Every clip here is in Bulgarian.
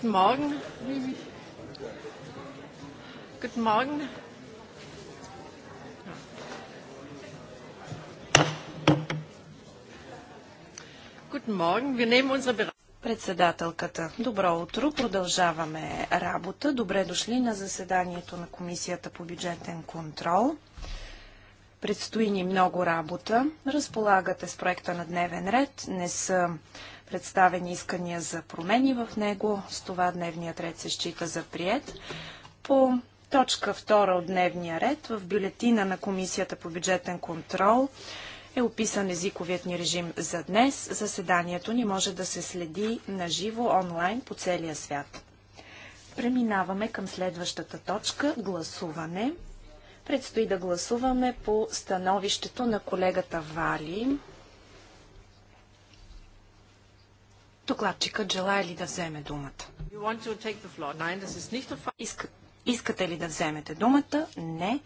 Guten Morgen. Guten Morgen. Guten Morgen. Wir nehmen unsere Председателката. Добро утро. Продължаваме работа. Добре дошли на заседанието на Комисията по бюджетен контрол. Предстои ни много работа. Разполагате с проекта на дневен ред. Не са представени искания за промени в него. С това дневният ред се счита за прият. По точка 2 от дневния ред в бюлетина на Комисията по бюджетен контрол е описан езиковият ни режим за днес. Заседанието ни може да се следи на живо онлайн по целия свят. Преминаваме към следващата точка – гласуване. Предстои да гласуваме по становището на колегата Вали Докладчикът желая ли да вземе думата? искате ли да вземете думата? Не.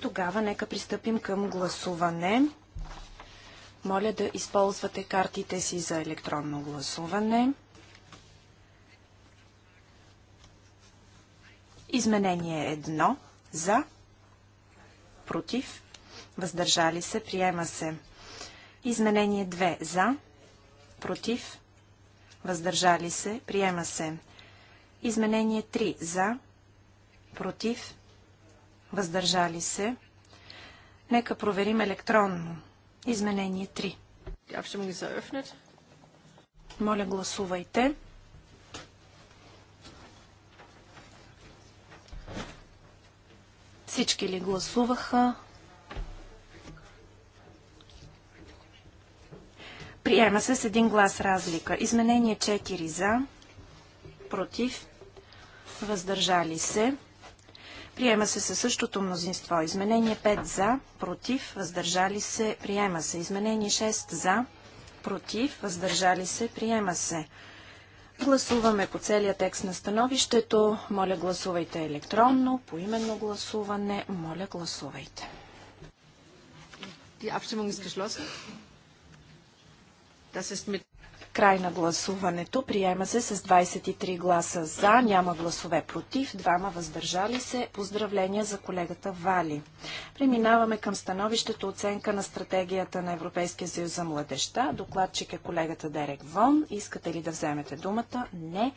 Тогава нека пристъпим към гласуване. Моля да използвате картите си за електронно гласуване. Изменение едно за, против, въздържали се, приема се. Изменение 2 за, против, въздържали се, приема се. Изменение 3 за, против, въздържали се. Нека проверим електронно. Изменение 3. Моля, гласувайте. Всички ли гласуваха? Приема се с един глас разлика. Изменение 4 за, против, въздържали се. Приема се със същото мнозинство. Изменение 5 за, против, въздържали се, приема се. Изменение 6 за, против, въздържали се, приема се. Гласуваме по целия текст на становището. Моля гласувайте електронно, по именно гласуване. Моля гласувайте. Die Abstimmung ist geschlossen. Край на гласуването. Приема се с 23 гласа за, няма гласове против, двама въздържали се. Поздравления за колегата Вали. Преминаваме към становището оценка на стратегията на Европейския съюз за младеща. Докладчик е колегата Дерек Вон. Искате ли да вземете думата? Не.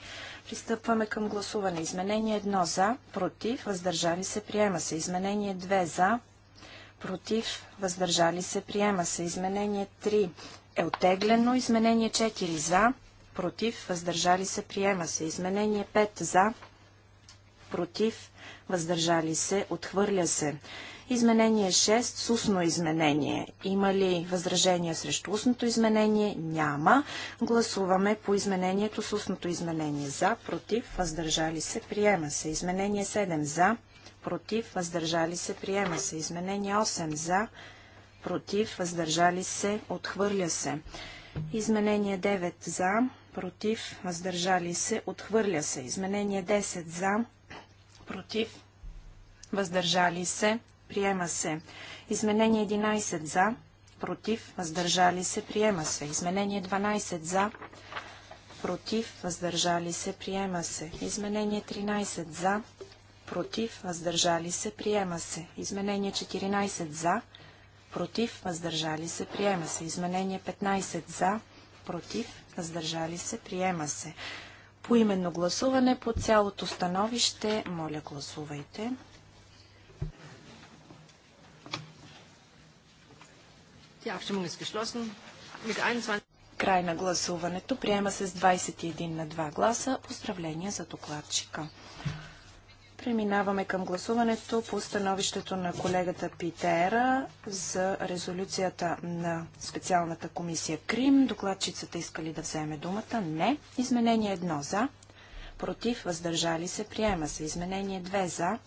Пристъпваме към гласуване. Изменение 1 за, против, въздържали се, приема се. Изменение 2 за, против, въздържали се, приема се. Изменение 3 е оттеглено. Изменение 4 за, против, въздържали се, приема се. Изменение 5 за, против, въздържали се, отхвърля се. Изменение 6 сусно изменение. Има ли възражения срещу устното изменение? Няма. Гласуваме по изменението с устното изменение. За, против, въздържали се, приема се. Изменение 7 за, против, въздържали се, приема се. Изменение 8 за, против, въздържали се, отхвърля се. Изменение 9 за, против, въздържали се, отхвърля се. Изменение 10 за, против, въздържали се, приема се. Изменение 11 за, против, въздържали се, приема се. Изменение 12 за, против, въздържали се, приема се. Изменение 13 за, против, въздържали се, приема се. Изменение 14 за, против, против, въздържали се, приема се. Изменение 15 за, против, въздържали се, приема се. По именно гласуване по цялото становище, моля гласувайте. Край на гласуването приема се с 21 на 2 гласа. Поздравления за докладчика. Преминаваме към гласуването по становището на колегата Питера за резолюцията на специалната комисия Крим. Докладчицата искали да вземе думата? Не. Изменение едно за. Против, въздържали се, приема се. Изменение 2 за.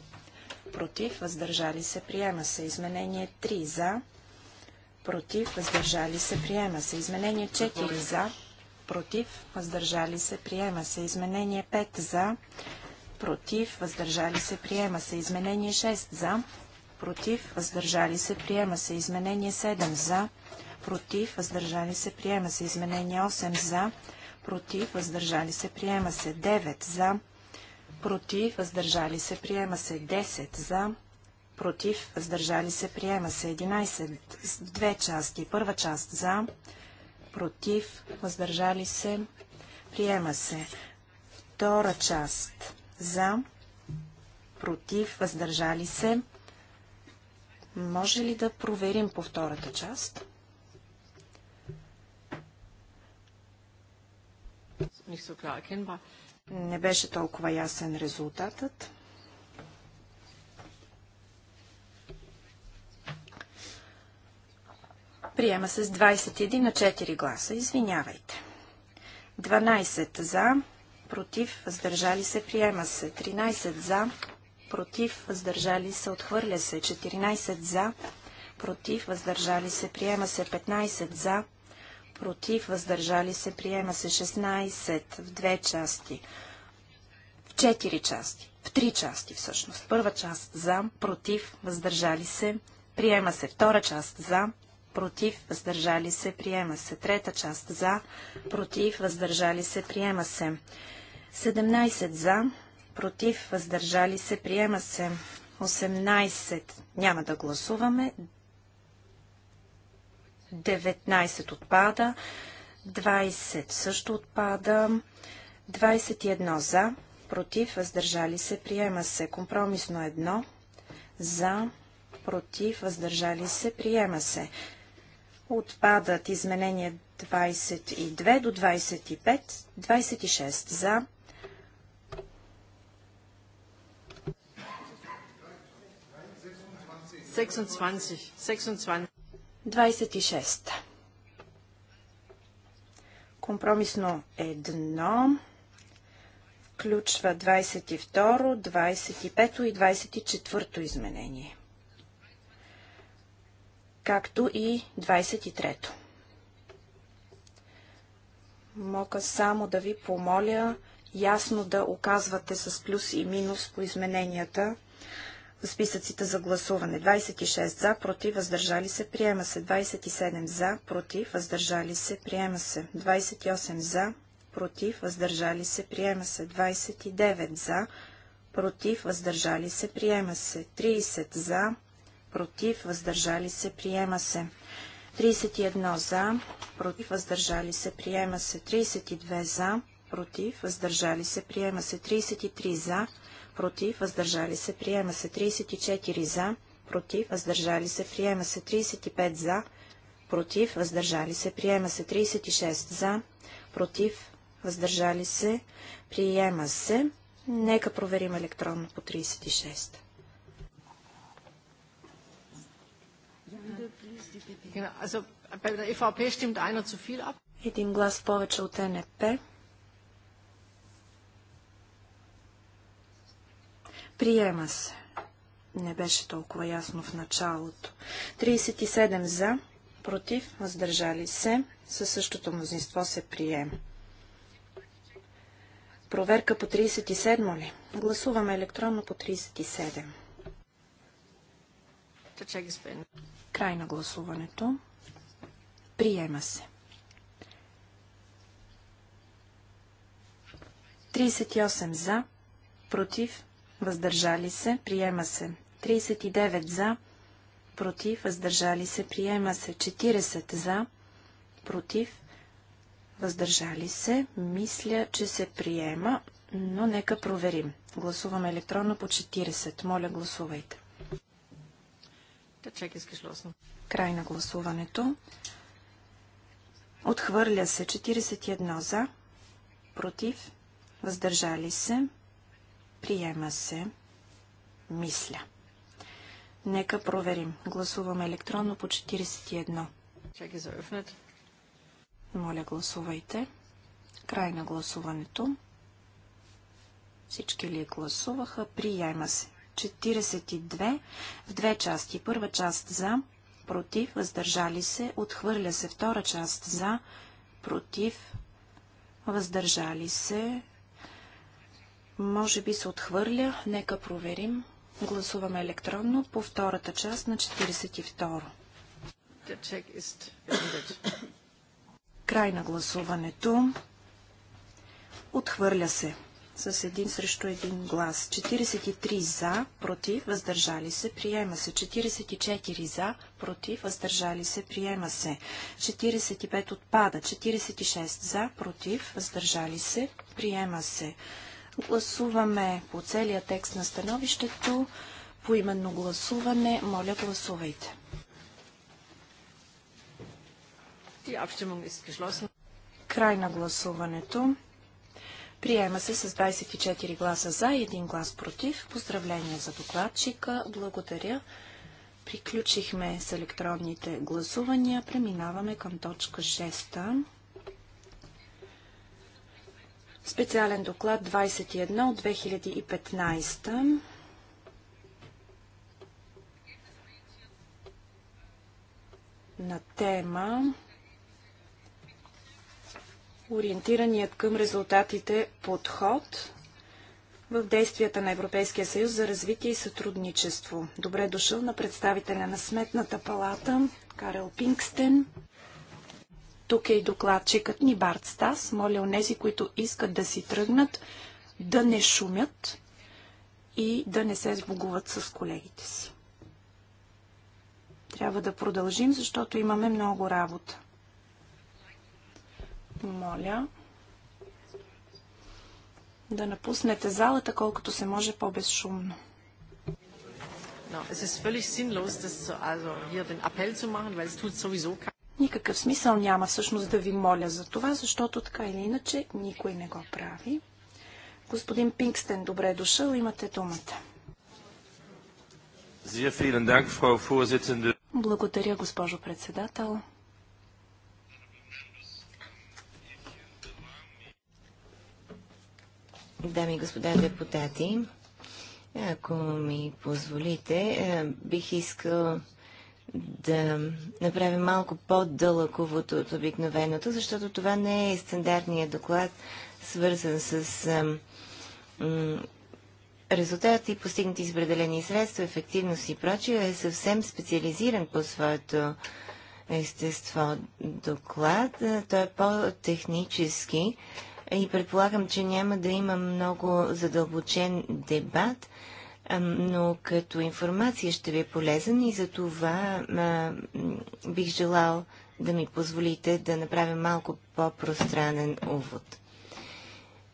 Против, въздържали се, приема се. Изменение 3 за. Против, въздържали се, приема се. Изменение 4 за. Против, въздържали се, приема се. Изменение 5 за против, въздържали се, приема се. Изменение 6 за, против, въздържали се, приема се. Изменение 7 за, против, въздържали се, приема се. Изменение 8 за, против, въздържали се, приема се. 9 за, против, въздържали се, приема се. 10 за, против, въздържали се, приема се. 11 две части. Първа част за, против, въздържали се, приема се. Втора част за, против, въздържали се. Може ли да проверим по втората част? Не беше толкова ясен резултатът. Приема се с 21 на 4 гласа. Извинявайте. 12 за, против, въздържали се, приема се. 13 за, против, въздържали се, отхвърля се. 14 за, против, въздържали се, приема се. 15 за, против, въздържали се, приема се. 16 в две части. В 4 части. В 3 части всъщност. Първа част за, против, въздържали се, приема се. Втора част за, против, въздържали се, приема се. Трета част за, против, въздържали се, приема се. 17 за, против, въздържали се, приема се. 18 няма да гласуваме. 19 отпада. 20 също отпада. 21 за, против, въздържали се, приема се. Компромисно 1 за, против, въздържали се, приема се. Отпадат изменения 22 до 25, 26 за, 26. 26. Компромисно едно включва 22, 25 и 24 изменение, както и 23. Мога само да ви помоля ясно да оказвате с плюс и минус по измененията, списъците за гласуване. 26 за, против, въздържали се, приема се. 27 за, против, въздържали се, приема се. 28 за, против, въздържали се, приема се. 29 за, против, въздържали се, приема се. 30 за, против, въздържали се, приема се. 31 за, против, въздържали се, приема се. 32 за, против, въздържали се, приема се. 33 за, против, въздържали се, приема се 34 за, против, въздържали се, приема се 35 за, против, въздържали се, приема се 36 за, против, въздържали се, приема се. Нека проверим електронно по 36. Един глас повече от НП. Приема се. Не беше толкова ясно в началото. 37 за, против, въздържали се. Със същото мнозинство се приема. Проверка по 37 ли? Гласуваме електронно по 37. Край на гласуването. Приема се. 38 за, против, въздържали се, приема се. 39 за, против, въздържали се, приема се. 40 за, против, въздържали се. Мисля, че се приема, но нека проверим. Гласуваме електронно по 40. Моля, гласувайте. Край на гласуването. Отхвърля се 41 за, против, въздържали се, Приема се. Мисля. Нека проверим. Гласуваме електронно по 41. Моля, гласувайте. Край на гласуването. Всички ли гласуваха? Приема се. 42 в две части. Първа част за, против, въздържали се, отхвърля се. Втора част за, против, въздържали се, може би се отхвърля. Нека проверим. Гласуваме електронно по втората част на 42. Край на гласуването. Отхвърля се с един срещу един глас. 43 за, против, въздържали се, приема се. 44 за, против, въздържали се, приема се. 45 отпада. 46 за, против, въздържали се, приема се. Гласуваме по целия текст на становището. По именно гласуване, моля гласувайте. Край на гласуването. Приема се с 24 гласа за и 1 глас против. Поздравления за докладчика. Благодаря. Приключихме с електронните гласувания. Преминаваме към точка 6. Специален доклад 21 от 2015. на тема ориентираният към резултатите подход в действията на Европейския съюз за развитие и сътрудничество. Добре дошъл на представителя на Сметната палата Карел Пинкстен. Тук е и докладчикът ни Барт Стас. Моля онези, които искат да си тръгнат, да не шумят и да не се сбогуват с колегите си. Трябва да продължим, защото имаме много работа. Моля да напуснете залата колкото се може по-безшумно. No, es ist völlig sinnlos, das, also hier den Appell zu machen, weil es tut sowieso keiner. Никакъв смисъл няма всъщност да ви моля за това, защото така или иначе никой не го прави. Господин Пинкстен, добре дошъл, имате думата. Благодаря, госпожо председател. Дами и господа депутати, ако ми позволите, е, бих искал да направим малко по-дълъговото от обикновеното, защото това не е стандартният доклад, свързан с ам, резултати, постигнати с определени средства, ефективност и прочие, е съвсем специализиран по своето естество доклад. Той е по-технически и предполагам, че няма да има много задълбочен дебат но като информация ще ви е полезен и за това а, бих желал да ми позволите да направя малко по-пространен увод.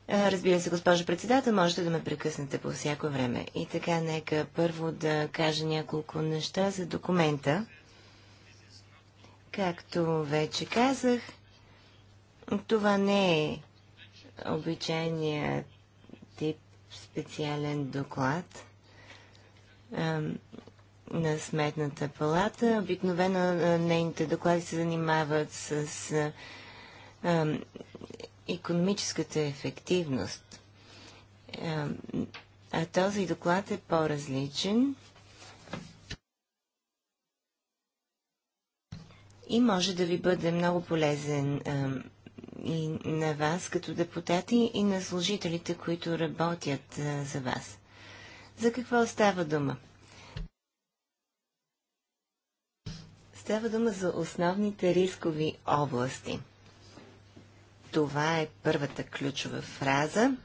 А, разбира се, госпожо председател, можете да ме прекъснете по всяко време. И така, нека първо да кажа няколко неща за документа. Както вече казах, това не е обичайният тип специален доклад – на Сметната палата. Обикновено нейните доклади се занимават с економическата ефективност. А този доклад е по-различен и може да ви бъде много полезен и на вас като депутати, и на служителите, които работят за вас. За какво става дума? Става дума за основните рискови области. Това е първата ключова фраза,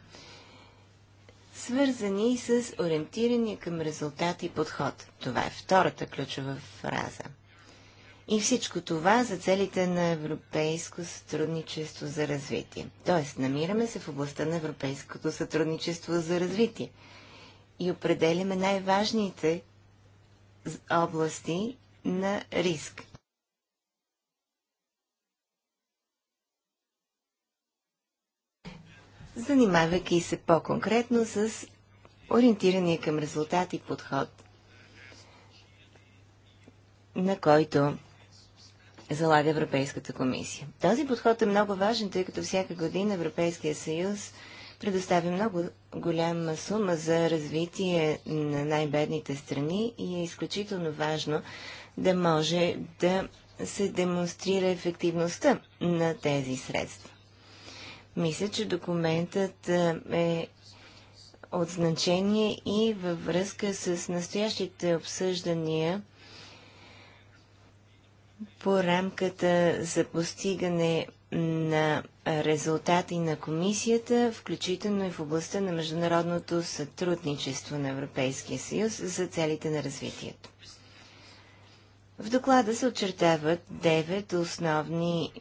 свързани с ориентирания към резултат и подход. Това е втората ключова фраза. И всичко това за целите на европейско сътрудничество за развитие. Тоест, намираме се в областта на европейското сътрудничество за развитие – и определяме най-важните области на риск. Занимавайки се по-конкретно с ориентирания към резултат и подход, на който залага Европейската комисия. Този подход е много важен, тъй като всяка година Европейския съюз Предостави много голяма сума за развитие на най-бедните страни и е изключително важно да може да се демонстрира ефективността на тези средства. Мисля, че документът е от значение и във връзка с настоящите обсъждания по рамката за постигане на резултати на комисията, включително и в областта на международното сътрудничество на Европейския съюз за целите на развитието. В доклада се очертават девет основни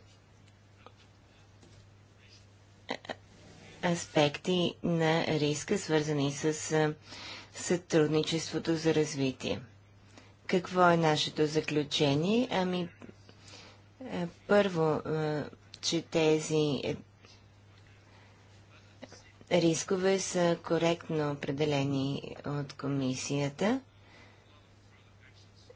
аспекти на риска, свързани с сътрудничеството за развитие. Какво е нашето заключение? Ами, първо, че тези е, рискове са коректно определени от комисията,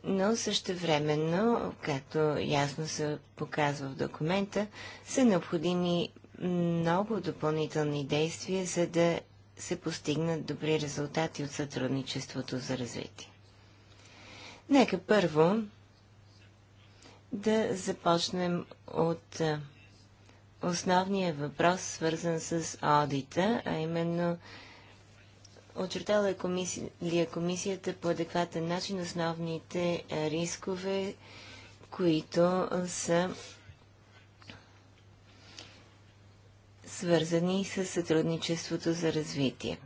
но същевременно, както ясно се показва в документа, са необходими много допълнителни действия, за да се постигнат добри резултати от сътрудничеството за развитие. Нека първо да започнем от основния въпрос, свързан с одита, а именно очертала е комисия, ли е комисията по адекватен начин основните рискове, които са свързани с сътрудничеството за развитие.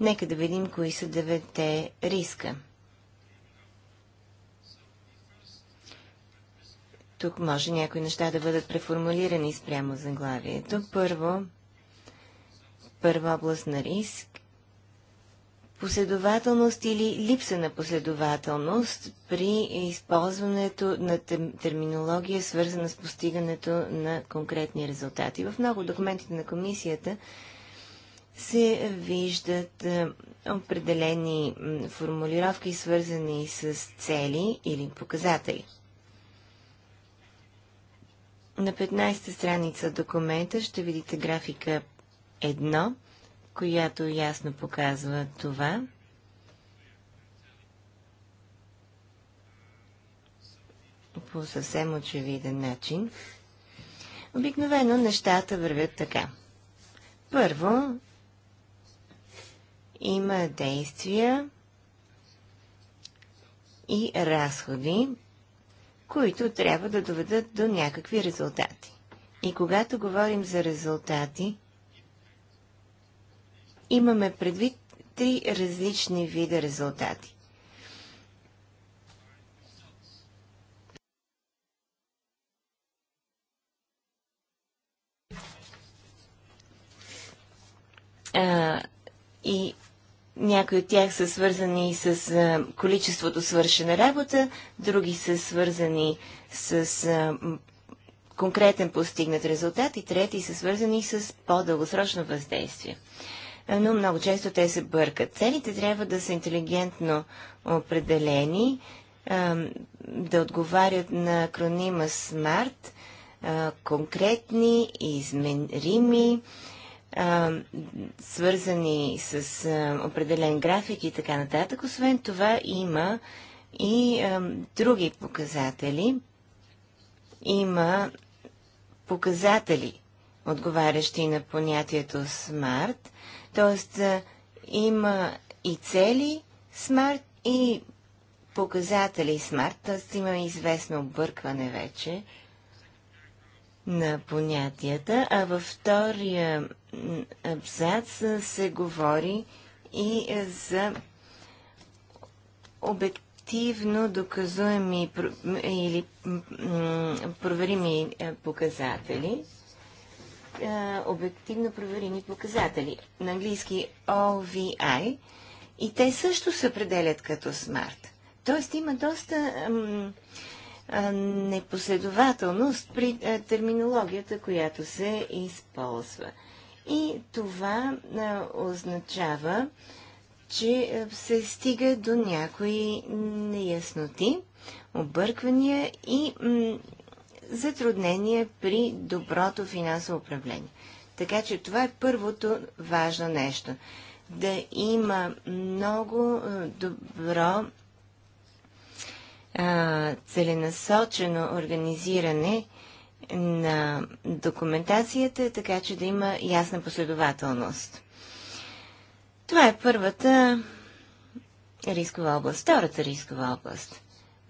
Нека да видим кои са девете риска – Тук може някои неща да бъдат преформулирани спрямо заглавието. Първо, първа област на риск, последователност или липса на последователност при използването на терминология, свързана с постигането на конкретни резултати. В много документите на комисията се виждат е, определени формулировки, свързани с цели или показатели. На 15-та страница документа ще видите графика 1, която ясно показва това. По съвсем очевиден начин. Обикновено нещата вървят така. Първо, има действия и разходи, които трябва да доведат до някакви резултати. И когато говорим за резултати, имаме предвид три различни вида резултати. А, и някои от тях са свързани с а, количеството свършена работа, други са свързани с а, конкретен постигнат резултат и трети са свързани с по-дългосрочно въздействие. Но много често те се бъркат. Целите трябва да са интелигентно определени, а, да отговарят на акронима SMART, конкретни, измерими, а, свързани с а, определен график и така нататък. Освен това има и а, други показатели. Има показатели, отговарящи на понятието смарт, т.е. има и цели смарт и показатели смарт, т.е. има известно объркване вече на понятията, а във втория абзац се говори и за обективно доказуеми или проверими е, показатели. Е, обективно проверими показатели. На английски OVI. И те също се определят като смарт. Тоест има доста непоследователност при терминологията, която се използва. И това означава, че се стига до някои неясноти, обърквания и затруднения при доброто финансово управление. Така че това е първото важно нещо. Да има много добро а, целенасочено организиране на документацията, така че да има ясна последователност. Това е първата рискова област. Втората рискова област.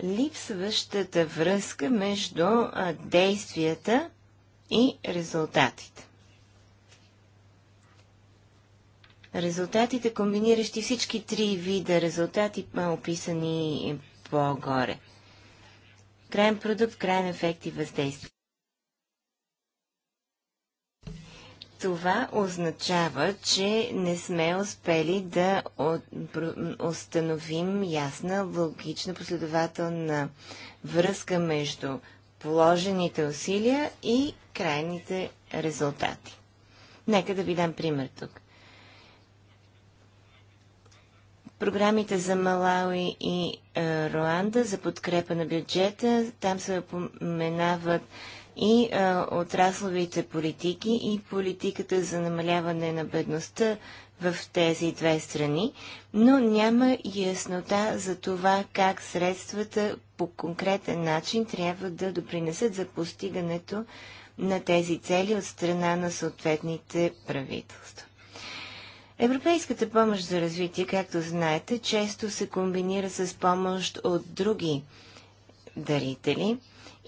Липсващата връзка между действията и резултатите. Резултатите, комбиниращи всички три вида резултати, описани по-горе. Крайен продукт, крайен ефект и въздействие. Това означава, че не сме успели да установим ясна, логична, последователна връзка между положените усилия и крайните резултати. Нека да ви дам пример тук. програмите за Малауи и е, Руанда за подкрепа на бюджета. Там се поменават и е, отрасловите политики и политиката за намаляване на бедността в тези две страни, но няма яснота за това как средствата по конкретен начин трябва да допринесат за постигането на тези цели от страна на съответните правителства. Европейската помощ за развитие, както знаете, често се комбинира с помощ от други дарители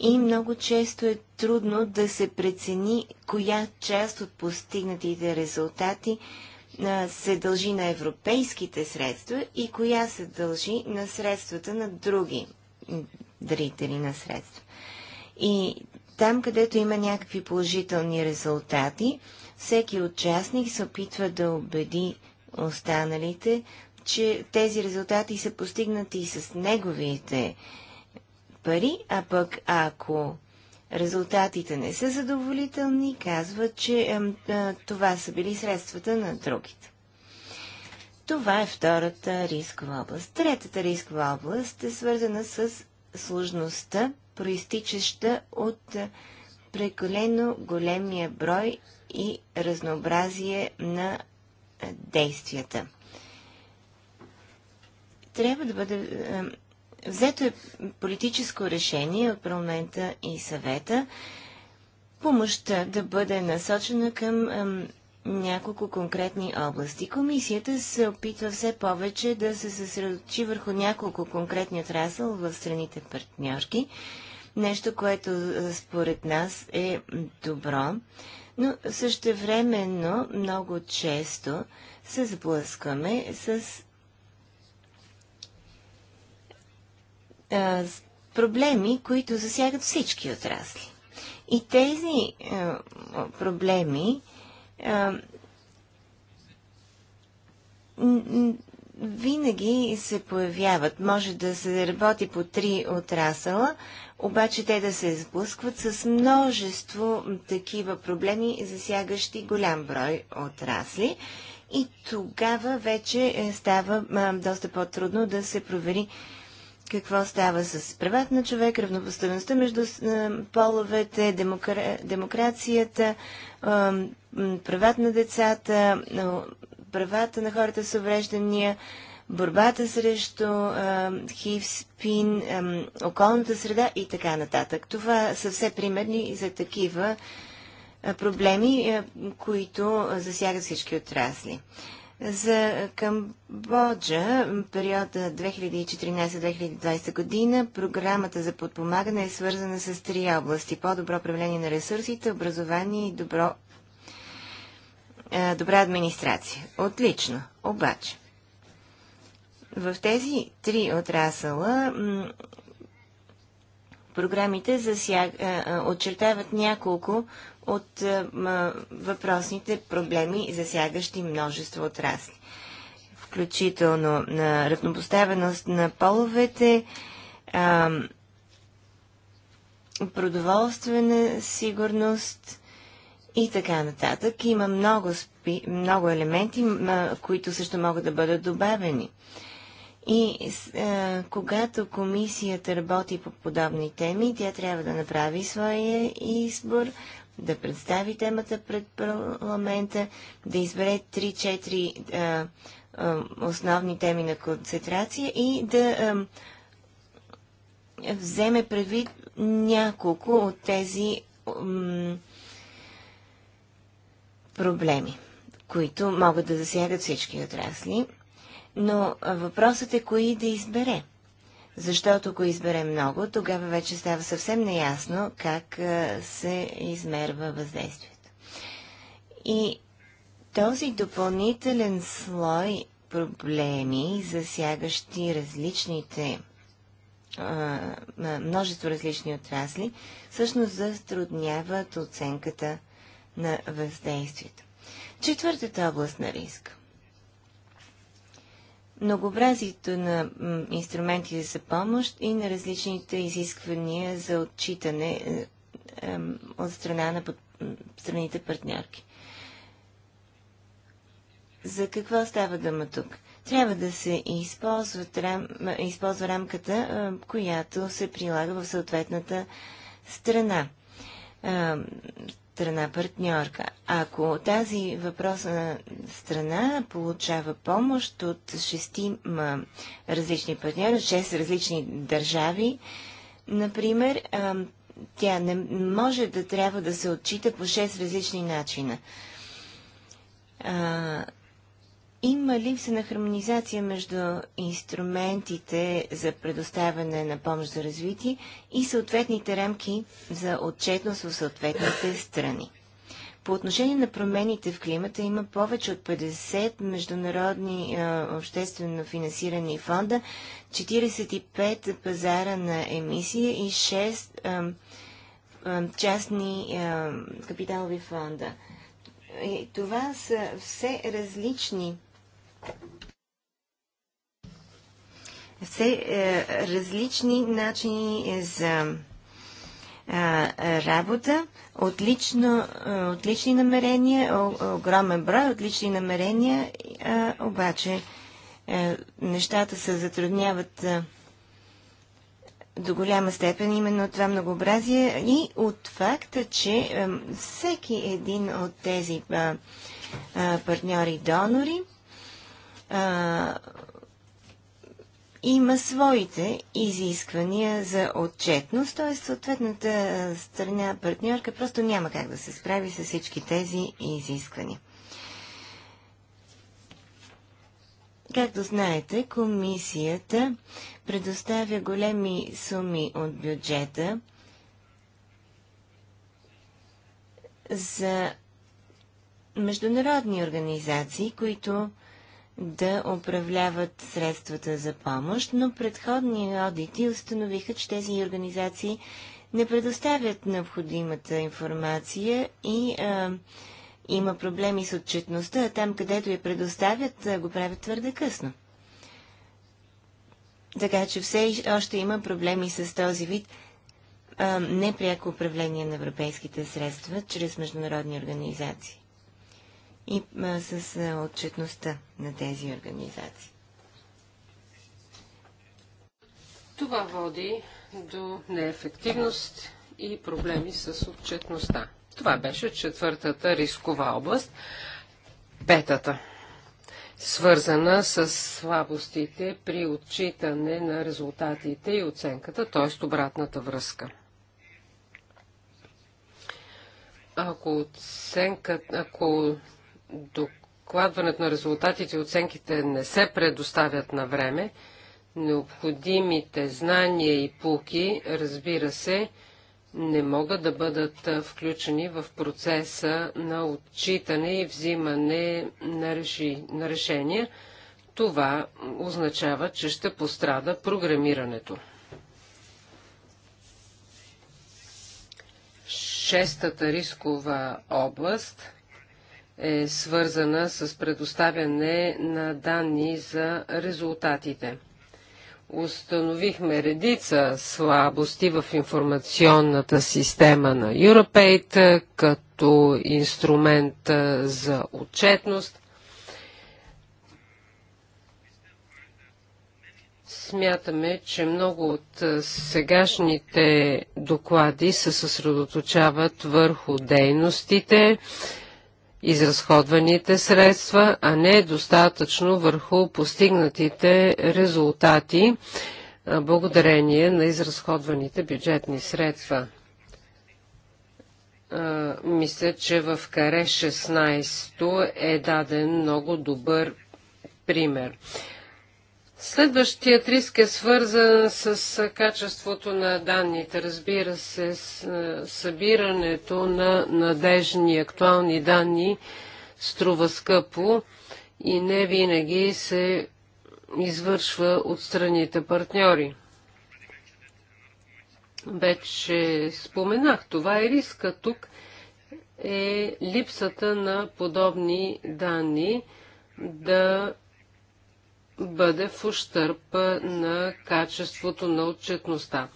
и много често е трудно да се прецени коя част от постигнатите резултати се дължи на европейските средства и коя се дължи на средствата на други дарители на средства. И там, където има някакви положителни резултати, всеки участник се опитва да убеди останалите, че тези резултати са постигнати и с неговите пари, а пък ако резултатите не са задоволителни, казва, че а, това са били средствата на другите. Това е втората рискова област. Третата рискова област е свързана с сложността, проистичаща от прекалено големия брой и разнообразие на действията. Трябва да бъде. Взето е политическо решение от парламента и съвета помощта да бъде насочена към няколко конкретни области. Комисията се опитва все повече да се съсредоточи върху няколко конкретни отрасъл в страните партньорки. Нещо, което според нас е добро но същевременно много често се сблъскваме с а, проблеми, които засягат всички отрасли. И тези а, проблеми а, винаги се появяват. Може да се работи по три отрасъла, обаче те да се сблъскват с множество такива проблеми, засягащи голям брой отрасли. И тогава вече е, става доста по-трудно да се провери какво става с правата на човек, равнопоставеността между половете, демокра... демокрацията, правата на децата, правата на хората с увреждания, борбата срещу хив, спин, околната среда и така нататък. Това са все примерни за такива проблеми, които засягат всички отрасли. За Камбоджа периода 2014-2020 година програмата за подпомагане е свързана с три области – по-добро управление на ресурсите, образование и добро е, добра администрация. Отлично. Обаче, в тези три отрасъла програмите засяг... Е, е, очертават няколко от въпросните проблеми, засягащи множество отрасли. Включително на равнопоставеност на половете, продоволствена сигурност, и така нататък. Има много, спи, много елементи, които също могат да бъдат добавени. И а, когато комисията работи по подобни теми, тя трябва да направи своя избор, да представи темата пред парламента, да избере 3-4 основни теми на концентрация и да вземе предвид няколко от тези проблеми, които могат да засягат всички отрасли, но въпросът е кои да избере. Защото ако избере много, тогава вече става съвсем неясно как се измерва въздействието. И този допълнителен слой проблеми, засягащи различните множество различни отрасли, всъщност затрудняват оценката на въздействието. Четвъртата област на риск. Многообразието на инструментите за помощ и на различните изисквания за отчитане е, е, от страна на страните партньорки. За какво става дума тук? Трябва да се рам... използва рамката, е, която се прилага в съответната страна страна партньорка. Ако тази въпросна страна получава помощ от шести различни партньори, шест различни държави, например, тя не може да трябва да се отчита по шест различни начина. Има липса на хармонизация между инструментите за предоставяне на помощ за развитие и съответните рамки за отчетност в съответните страни. По отношение на промените в климата има повече от 50 международни е, обществено финансирани фонда, 45 пазара на емисия и 6 е, е, частни е, капиталови фонда. И това са все различни все е, различни начини е, за работа, отлично, е, отлични намерения, огромен брой отлични намерения, обаче е, нещата се затрудняват до голяма степен именно от това многообразие и от факта, че всеки един от тези партньори-донори а, има своите изисквания за отчетност, т.е. съответната страна партньорка просто няма как да се справи с всички тези изисквания. Както знаете, комисията предоставя големи суми от бюджета за международни организации, които да управляват средствата за помощ, но предходни одити установиха, че тези организации не предоставят необходимата информация и а, има проблеми с отчетността, а там, където я предоставят, го правят твърде късно. Така че все още има проблеми с този вид а, непряко управление на европейските средства чрез международни организации и с отчетността на тези организации. Това води до неефективност и проблеми с отчетността. Това беше четвъртата рискова област. Петата свързана с слабостите при отчитане на резултатите и оценката, т.е. обратната връзка. Ако, оценка, ако докладването на резултатите и оценките не се предоставят на време, необходимите знания и пулки. разбира се, не могат да бъдат включени в процеса на отчитане и взимане на, реши, на решения. Това означава, че ще пострада програмирането. Шестата рискова област е свързана с предоставяне на данни за резултатите. Установихме редица слабости в информационната система на Europaid като инструмент за отчетност. Смятаме, че много от сегашните доклади се съсредоточават върху дейностите, изразходваните средства, а не достатъчно върху постигнатите резултати благодарение на изразходваните бюджетни средства. Мисля, че в каре 16 е даден много добър пример. Следващият риск е свързан с качеството на данните. Разбира се, е, събирането на надежни актуални данни струва скъпо и не винаги се извършва от страните партньори. Вече споменах, това е риска тук е липсата на подобни данни да бъде в ущърп на качеството на отчетността.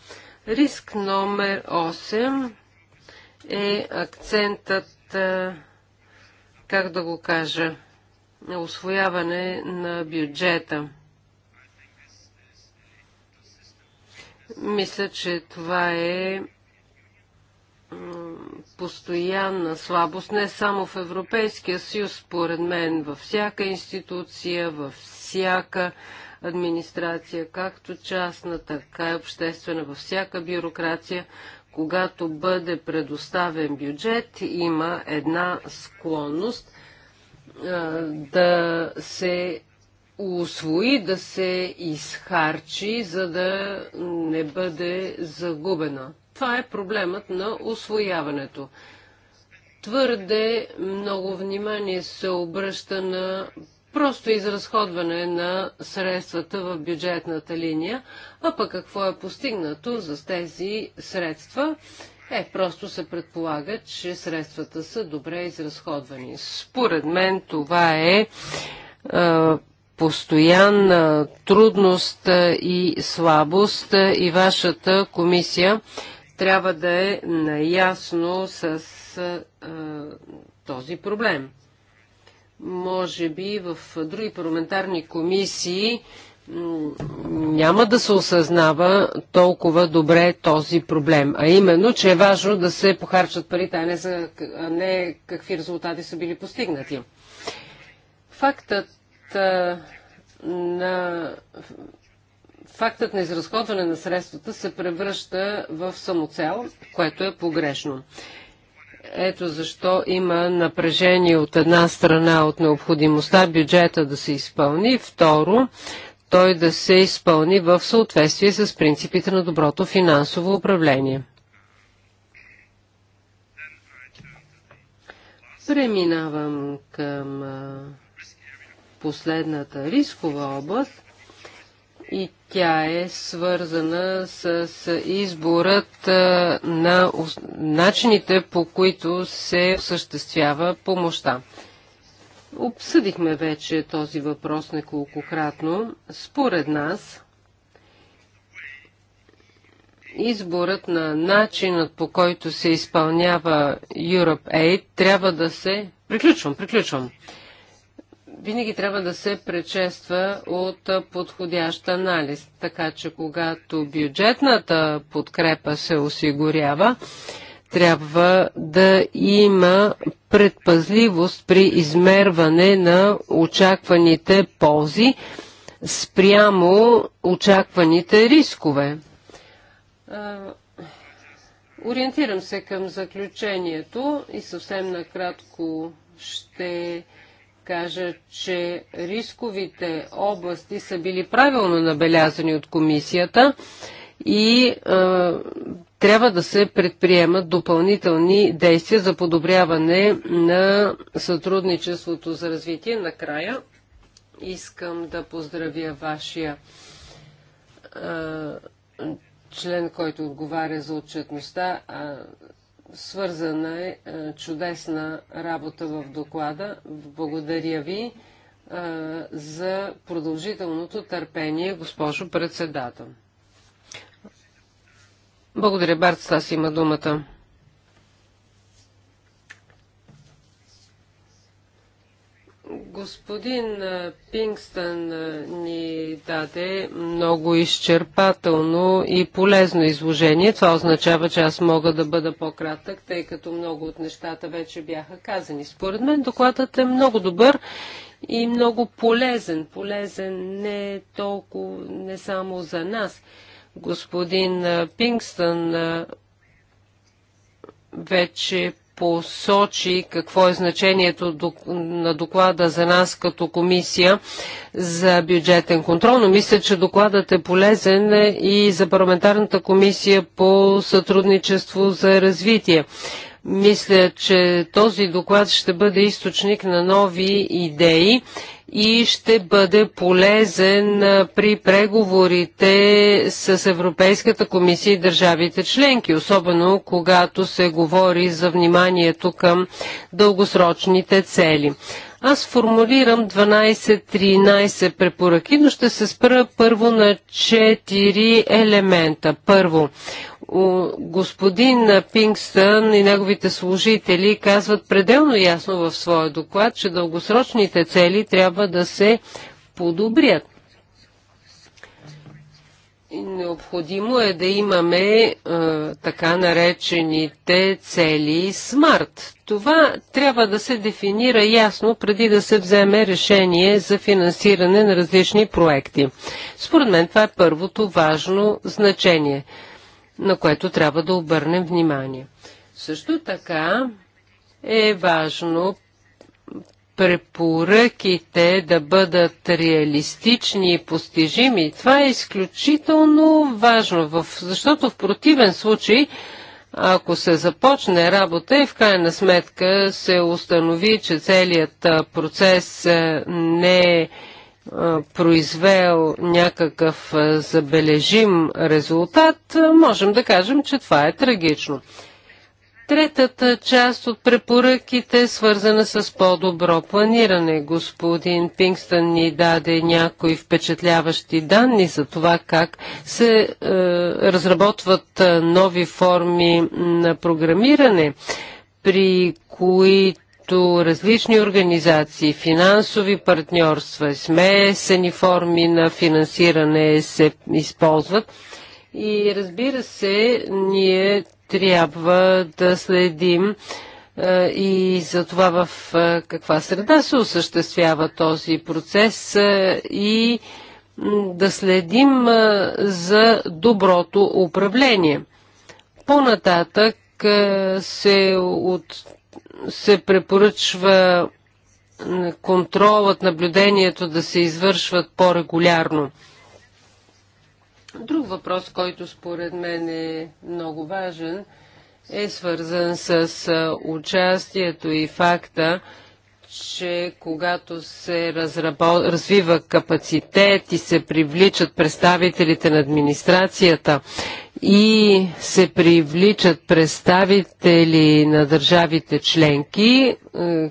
Риск номер 8 е акцентът, как да го кажа, освояване на бюджета. Мисля, че това е постоянна слабост, не само в Европейския съюз, според мен, във всяка институция, във всяка всяка администрация, както частна, така и обществена, във всяка бюрокрация, когато бъде предоставен бюджет, има една склонност а, да се усвои, да се изхарчи, за да не бъде загубена. Това е проблемът на освояването. Твърде много внимание се обръща на просто изразходване на средствата в бюджетната линия, а пък какво е постигнато за тези средства, е, просто се предполага, че средствата са добре изразходвани. Според мен това е, е постоянна трудност и слабост е, и вашата комисия трябва да е наясно с е, този проблем. Може би в други парламентарни комисии няма да се осъзнава толкова добре този проблем. А именно, че е важно да се похарчат парите, а не, за, а не какви резултати са били постигнати. Фактът а, на фактът на изразходване на средствата се превръща в самоцел, което е погрешно. Ето защо има напрежение от една страна от необходимостта бюджета да се изпълни, второ той да се изпълни в съответствие с принципите на доброто финансово управление. Преминавам към последната рискова област и тя е свързана с изборът на начините по които се осъществява помощта. Обсъдихме вече този въпрос неколкократно. Според нас, изборът на начинът по който се изпълнява Europe Aid трябва да се... Приключвам, приключвам винаги трябва да се пречества от подходящ анализ. Така че когато бюджетната подкрепа се осигурява, трябва да има предпазливост при измерване на очакваните ползи спрямо очакваните рискове. Ориентирам се към заключението и съвсем накратко ще кажа, че рисковите области са били правилно набелязани от комисията и е, трябва да се предприемат допълнителни действия за подобряване на сътрудничеството за развитие. Накрая искам да поздравя вашия е, член, който отговаря за отчетността. А, Свързана е, е чудесна работа в доклада. Благодаря ви е, за продължителното търпение, госпожо председател. Благодаря, Барт Стас има думата. Господин Пингстън ни даде много изчерпателно и полезно изложение. Това означава, че аз мога да бъда по-кратък, тъй като много от нещата вече бяха казани. Според мен докладът е много добър и много полезен. Полезен не толкова, не само за нас. Господин Пингстън вече посочи какво е значението на доклада за нас като комисия за бюджетен контрол, но мисля, че докладът е полезен и за парламентарната комисия по сътрудничество за развитие. Мисля, че този доклад ще бъде източник на нови идеи и ще бъде полезен при преговорите с Европейската комисия и държавите членки, особено когато се говори за вниманието към дългосрочните цели. Аз формулирам 12-13 препоръки, но ще се спра първо на 4 елемента. Първо, господин Пингстън и неговите служители казват пределно ясно в своя доклад, че дългосрочните цели трябва да се подобрят. Необходимо е да имаме а, е, така наречените цели смарт. Това трябва да се дефинира ясно преди да се вземе решение за финансиране на различни проекти. Според мен това е първото важно значение на което трябва да обърнем внимание. Също така е важно препоръките да бъдат реалистични и постижими. Това е изключително важно, защото в противен случай, ако се започне работа и в крайна сметка се установи, че целият процес не е произвел някакъв забележим резултат, можем да кажем, че това е трагично. Третата част от препоръките е свързана с по-добро планиране. Господин Пингстън ни даде някои впечатляващи данни за това как се е, разработват е, нови форми на програмиране, при които като различни организации, финансови партньорства, смесени форми на финансиране се използват. И разбира се, ние трябва да следим е, и за това в е, каква среда се осъществява този процес е, и да следим за доброто управление. По-нататък се от се препоръчва контролът, наблюдението да се извършват по-регулярно. Друг въпрос, който според мен е много важен, е свързан с участието и факта, че когато се разрабо... развива капацитет и се привличат представителите на администрацията и се привличат представители на държавите членки, е,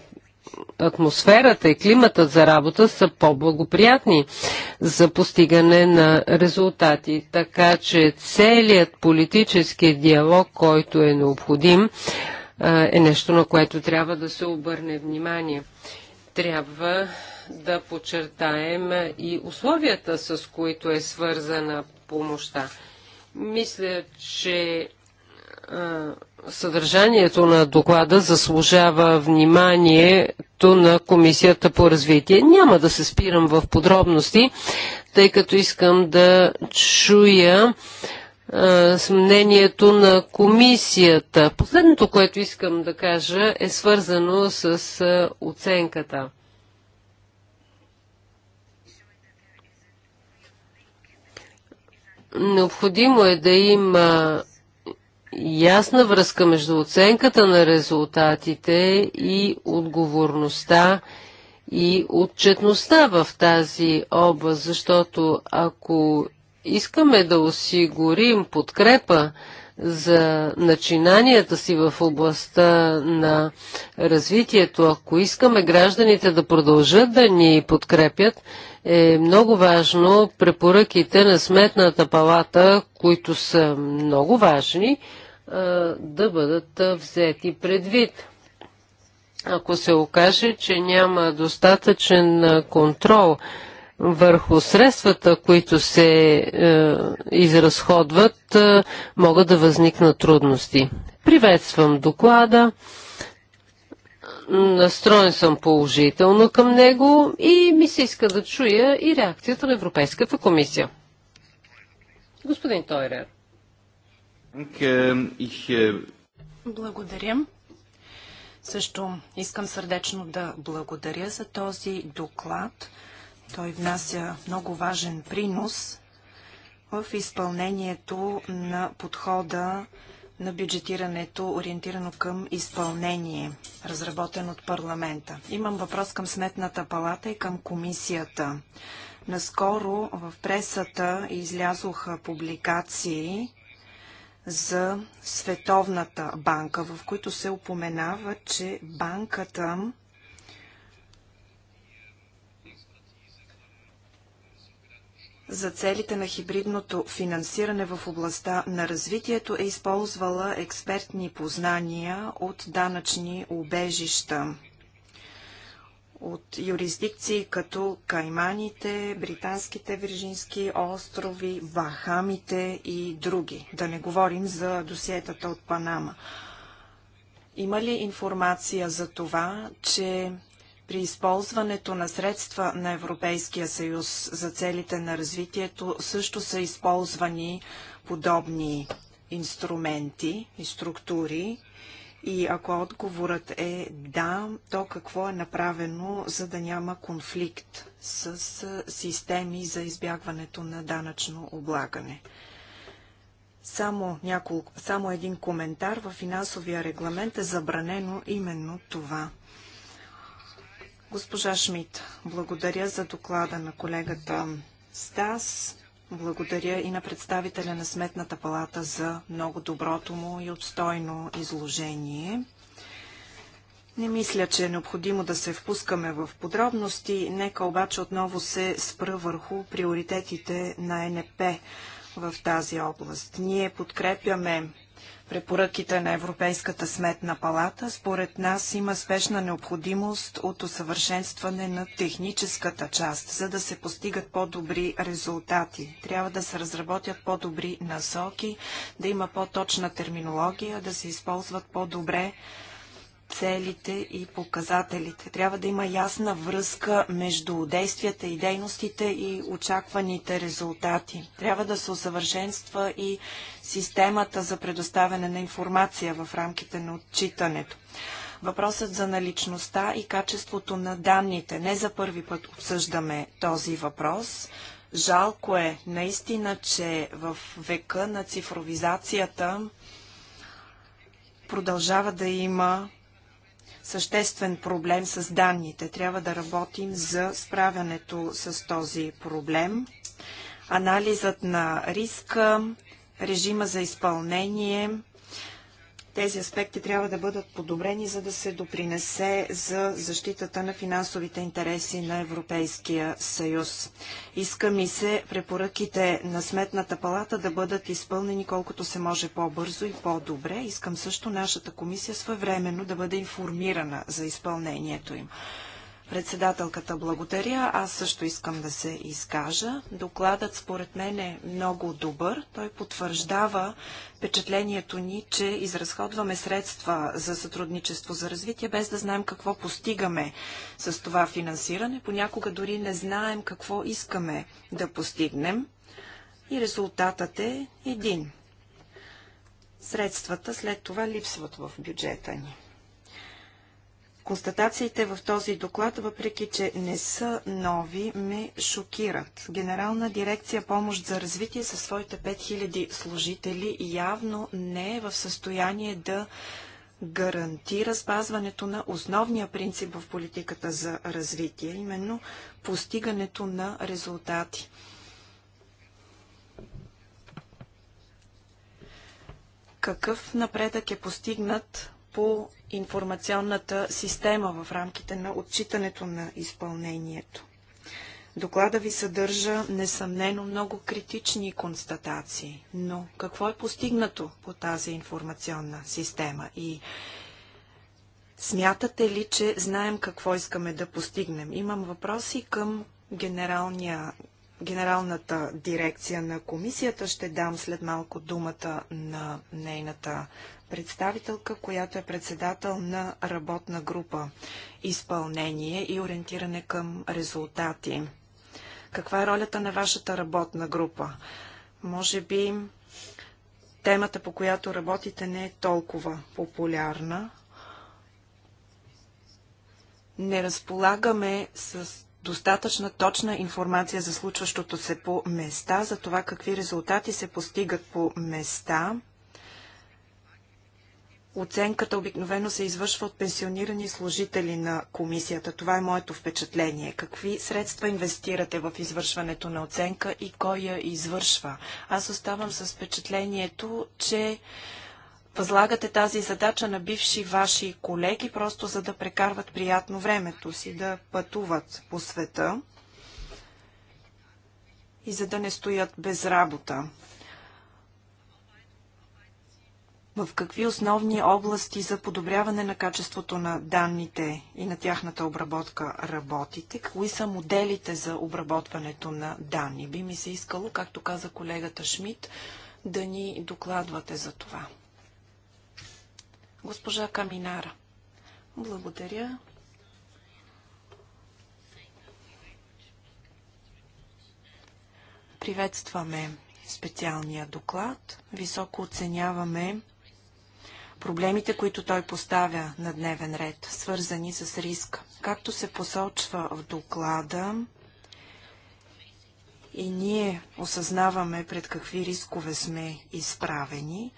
атмосферата и климатът за работа са по-благоприятни за постигане на резултати. Така че целият политически диалог, който е необходим, е, е нещо, на което трябва да се обърне внимание. Трябва да подчертаем и условията, с които е свързана помощта. Мисля, че съдържанието на доклада заслужава вниманието на Комисията по развитие. Няма да се спирам в подробности, тъй като искам да чуя с мнението на комисията. Последното, което искам да кажа, е свързано с оценката. Необходимо е да има ясна връзка между оценката на резултатите и отговорността и отчетността в тази област, защото ако искаме да осигурим подкрепа за начинанията си в областта на развитието, ако искаме гражданите да продължат да ни подкрепят, е много важно препоръките на Сметната палата, които са много важни, да бъдат взети предвид. Ако се окаже, че няма достатъчен контрол, върху средствата, които се е, изразходват, е, могат да възникнат трудности. Приветствам доклада, настроен съм положително към него и ми се иска да чуя и реакцията на Европейската комисия. Господин Тойрер. Е, благодаря. Също искам сърдечно да благодаря за този доклад. Той внася много важен принос в изпълнението на подхода на бюджетирането, ориентирано към изпълнение, разработен от парламента. Имам въпрос към Сметната палата и към комисията. Наскоро в пресата излязоха публикации за Световната банка, в които се упоменава, че банката за целите на хибридното финансиране в областта на развитието е използвала експертни познания от данъчни убежища от юрисдикции като Кайманите, Британските Виржински острови, Бахамите и други. Да не говорим за досиетата от Панама. Има ли информация за това, че при използването на средства на Европейския съюз за целите на развитието също са използвани подобни инструменти и структури. И ако отговорът е да, то какво е направено, за да няма конфликт с системи за избягването на данъчно облагане? Само, няколко, само един коментар. В финансовия регламент е забранено именно това. Госпожа Шмидт, благодаря за доклада на колегата Стас. Благодаря и на представителя на Сметната палата за много доброто му и отстойно изложение. Не мисля, че е необходимо да се впускаме в подробности, нека обаче отново се спра върху приоритетите на НП в тази област. Ние подкрепяме препоръките на Европейската сметна палата, според нас има спешна необходимост от усъвършенстване на техническата част, за да се постигат по-добри резултати. Трябва да се разработят по-добри насоки, да има по-точна терминология, да се използват по-добре целите и показателите. Трябва да има ясна връзка между действията и дейностите и очакваните резултати. Трябва да се усъвършенства и системата за предоставяне на информация в рамките на отчитането. Въпросът за наличността и качеството на данните. Не за първи път обсъждаме този въпрос. Жалко е наистина, че в века на цифровизацията продължава да има съществен проблем с данните. Трябва да работим за справянето с този проблем. Анализът на риска, режима за изпълнение. Тези аспекти трябва да бъдат подобрени, за да се допринесе за защитата на финансовите интереси на Европейския съюз. Иска ми се препоръките на Сметната палата да бъдат изпълнени колкото се може по-бързо и по-добре. Искам също нашата комисия своевременно да бъде информирана за изпълнението им. Председателката благодаря. Аз също искам да се изкажа. Докладът според мен е много добър. Той потвърждава впечатлението ни, че изразходваме средства за сътрудничество за развитие, без да знаем какво постигаме с това финансиране. Понякога дори не знаем какво искаме да постигнем. И резултатът е един. Средствата след това липсват в бюджета ни. Констатациите в този доклад, въпреки че не са нови, ме шокират. Генерална дирекция помощ за развитие със своите 5000 служители явно не е в състояние да гарантира спазването на основния принцип в политиката за развитие, именно постигането на резултати. Какъв напредък е постигнат по информационната система в рамките на отчитането на изпълнението. Доклада ви съдържа несъмнено много критични констатации, но какво е постигнато по тази информационна система и смятате ли, че знаем какво искаме да постигнем? Имам въпроси към генералния генералната дирекция на комисията. Ще дам след малко думата на нейната представителка, която е председател на работна група изпълнение и ориентиране към резултати. Каква е ролята на вашата работна група? Може би темата, по която работите, не е толкова популярна. Не разполагаме с достатъчна точна информация за случващото се по места, за това какви резултати се постигат по места – Оценката обикновено се извършва от пенсионирани служители на комисията. Това е моето впечатление. Какви средства инвестирате в извършването на оценка и кой я извършва? Аз оставам с впечатлението, че възлагате тази задача на бивши ваши колеги, просто за да прекарват приятно времето си, да пътуват по света и за да не стоят без работа. в какви основни области за подобряване на качеството на данните и на тяхната обработка работите? Кои са моделите за обработването на данни? Би ми се искало, както каза колегата Шмидт, да ни докладвате за това. Госпожа Каминара. Благодаря. Приветстваме специалния доклад. Високо оценяваме проблемите, които той поставя на дневен ред, свързани с риска. Както се посочва в доклада, и ние осъзнаваме пред какви рискове сме изправени,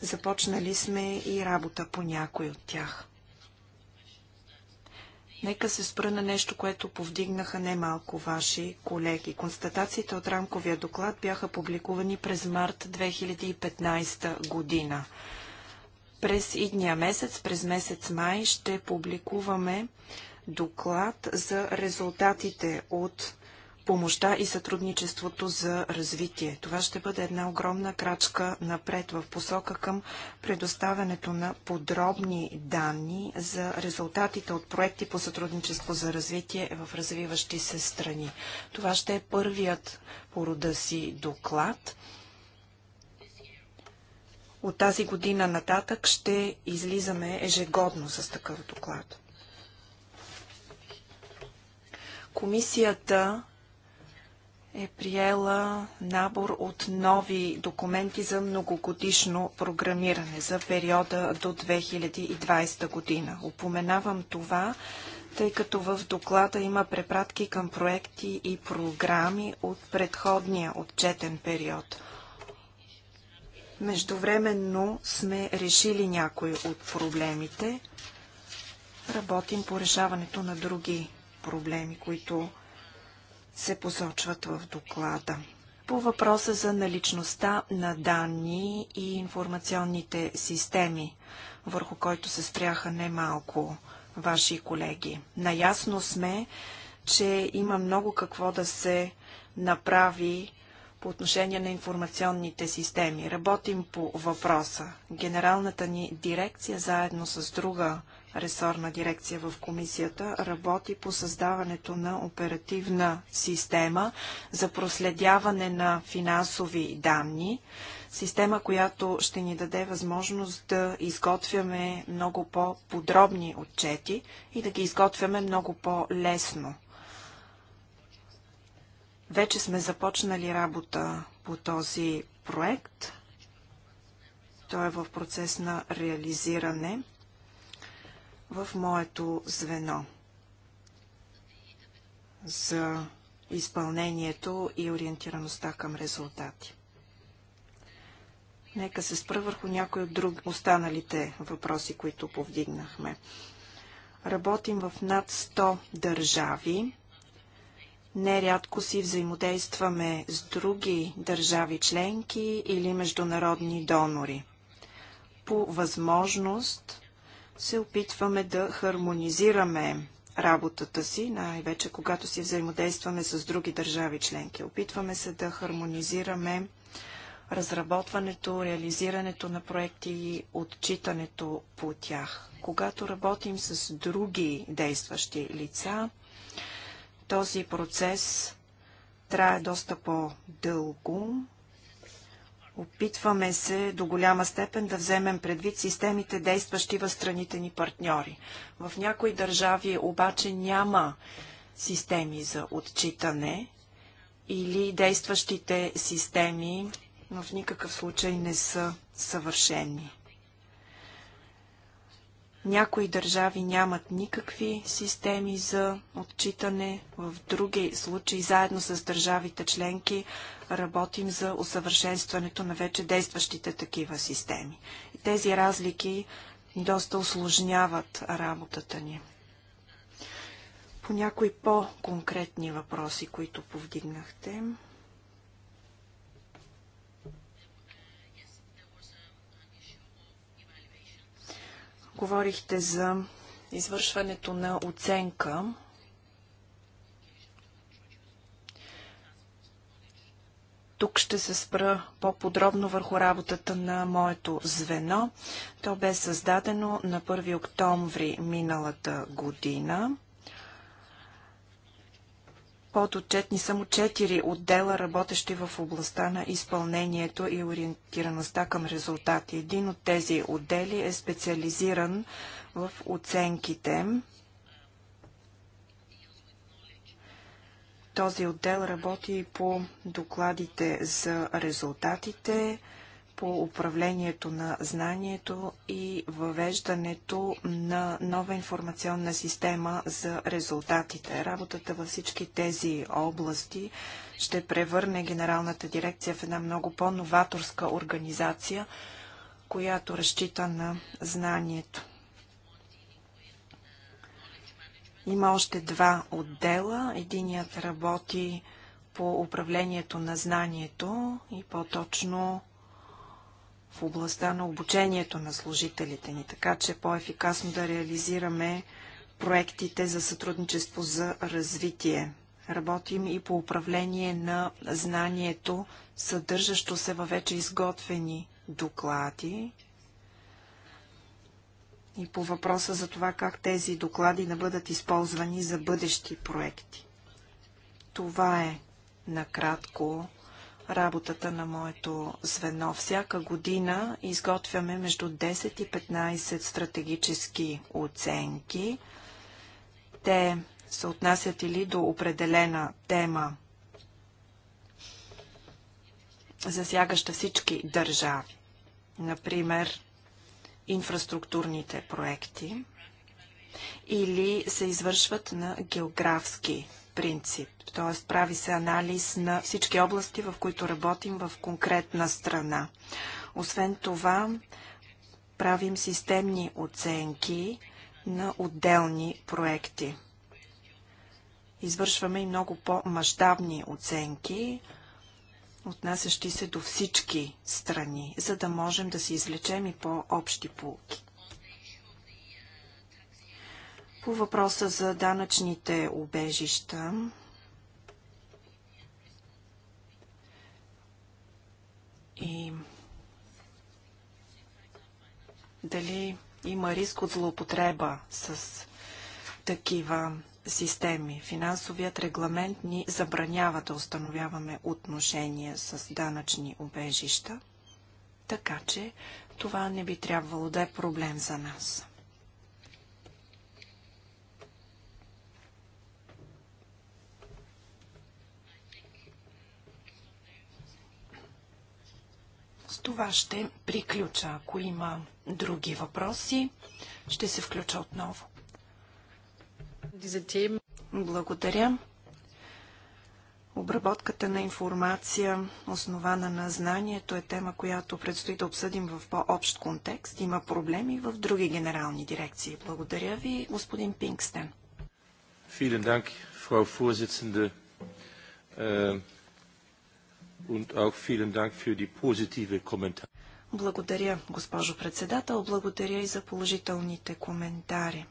започнали сме и работа по някой от тях. Нека се спра на нещо, което повдигнаха немалко ваши колеги. Констатациите от рамковия доклад бяха публикувани през март 2015 година. През идния месец, през месец май, ще публикуваме доклад за резултатите от помощта и сътрудничеството за развитие. Това ще бъде една огромна крачка напред в посока към предоставянето на подробни данни за резултатите от проекти по сътрудничество за развитие в развиващи се страни. Това ще е първият по рода си доклад – от тази година нататък ще излизаме ежегодно с такъв доклад. Комисията е приела набор от нови документи за многогодишно програмиране за периода до 2020 година. Опоменавам това, тъй като в доклада има препратки към проекти и програми от предходния отчетен период. Междувременно сме решили някои от проблемите. Работим по решаването на други проблеми, които се посочват в доклада. По въпроса за наличността на данни и информационните системи, върху който се спряха немалко ваши колеги. Наясно сме, че има много какво да се направи по отношение на информационните системи. Работим по въпроса. Генералната ни дирекция, заедно с друга ресорна дирекция в комисията, работи по създаването на оперативна система за проследяване на финансови данни. Система, която ще ни даде възможност да изготвяме много по-подробни отчети и да ги изготвяме много по-лесно. Вече сме започнали работа по този проект. Той е в процес на реализиране в моето звено за изпълнението и ориентираността към резултати. Нека се спра върху някои от друг, останалите въпроси, които повдигнахме. Работим в над 100 държави. Нерядко си взаимодействаме с други държави членки или международни донори. По възможност се опитваме да хармонизираме работата си, най-вече когато си взаимодействаме с други държави членки. Опитваме се да хармонизираме разработването, реализирането на проекти и отчитането по тях. Когато работим с други действащи лица, този процес трае доста по-дълго. Опитваме се до голяма степен да вземем предвид системите, действащи в страните ни партньори. В някои държави обаче няма системи за отчитане или действащите системи в никакъв случай не са съвършени. Някои държави нямат никакви системи за отчитане, в други случаи заедно с държавите членки работим за усъвършенстването на вече действащите такива системи. И тези разлики доста осложняват работата ни. По някои по-конкретни въпроси, които повдигнахте, Говорихте за извършването на оценка. Тук ще се спра по-подробно върху работата на моето звено. То бе създадено на 1 октомври миналата година. Подотчетни само 4 отдела, работещи в областта на изпълнението и ориентираността към резултати. Един от тези отдели е специализиран в оценките. Този отдел работи по докладите за резултатите, по управлението на знанието и въвеждането на нова информационна система за резултатите. Работата във всички тези области ще превърне Генералната дирекция в една много по-новаторска организация, която разчита на знанието. Има още два отдела. Единият работи по управлението на знанието и по-точно в областта на обучението на служителите ни, така че по-ефикасно да реализираме проектите за сътрудничество за развитие. Работим и по управление на знанието, съдържащо се във вече изготвени доклади и по въпроса за това как тези доклади да бъдат използвани за бъдещи проекти. Това е накратко работата на моето звено. Всяка година изготвяме между 10 и 15 стратегически оценки. Те се отнасят или до определена тема, засягаща всички държави. Например, инфраструктурните проекти или се извършват на географски принцип, т.е. прави се анализ на всички области, в които работим в конкретна страна. Освен това, правим системни оценки на отделни проекти. Извършваме и много по-масштабни оценки, отнасящи се до всички страни, за да можем да се извлечем и по-общи полки. По въпроса за данъчните убежища, и дали има риск от злоупотреба с такива системи. Финансовият регламент ни забранява да установяваме отношения с данъчни убежища, така че това не би трябвало да е проблем за нас. това ще приключа. Ако има други въпроси, ще се включа отново. Благодаря. Обработката на информация, основана на знанието, е тема, която предстои да обсъдим в по-общ контекст. Има проблеми в други генерални дирекции. Благодаря ви, господин Пинкстен. Vielen Dank, Frau Vorsitzende. Äh, благодаря, госпожо председател. Благодаря и за положителните коментари.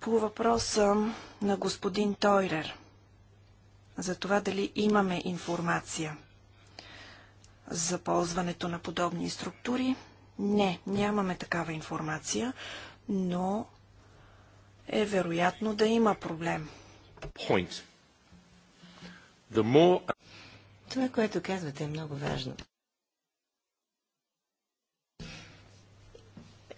По въпроса на господин Тойрер за това дали имаме информация за ползването на подобни структури, не, нямаме такава информация, но е вероятно да има проблем. Point. Това, което казвате, е много важно.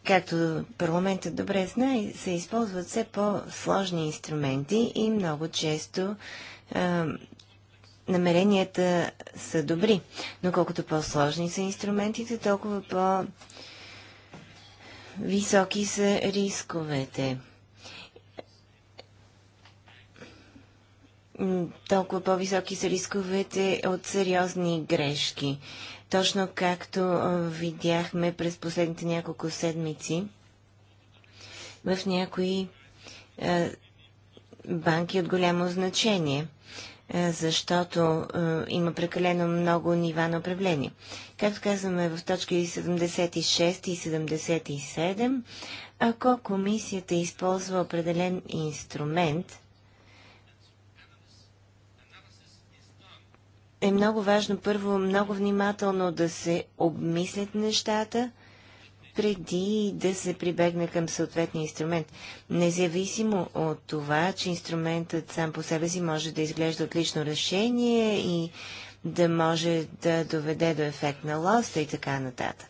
Както парламентът добре знае, се използват все по-сложни инструменти и много често намеренията са добри. Но колкото по-сложни са инструментите, толкова по-високи са рисковете. толкова по-високи са рисковете от сериозни грешки. Точно както видяхме през последните няколко седмици, в някои банки от голямо значение, защото има прекалено много нива на управление. Както казваме в точки 76 и 77, ако комисията използва определен инструмент – е много важно първо много внимателно да се обмислят нещата, преди да се прибегне към съответния инструмент. Независимо от това, че инструментът сам по себе си може да изглежда отлично решение и да може да доведе до ефект на лоста и така нататък.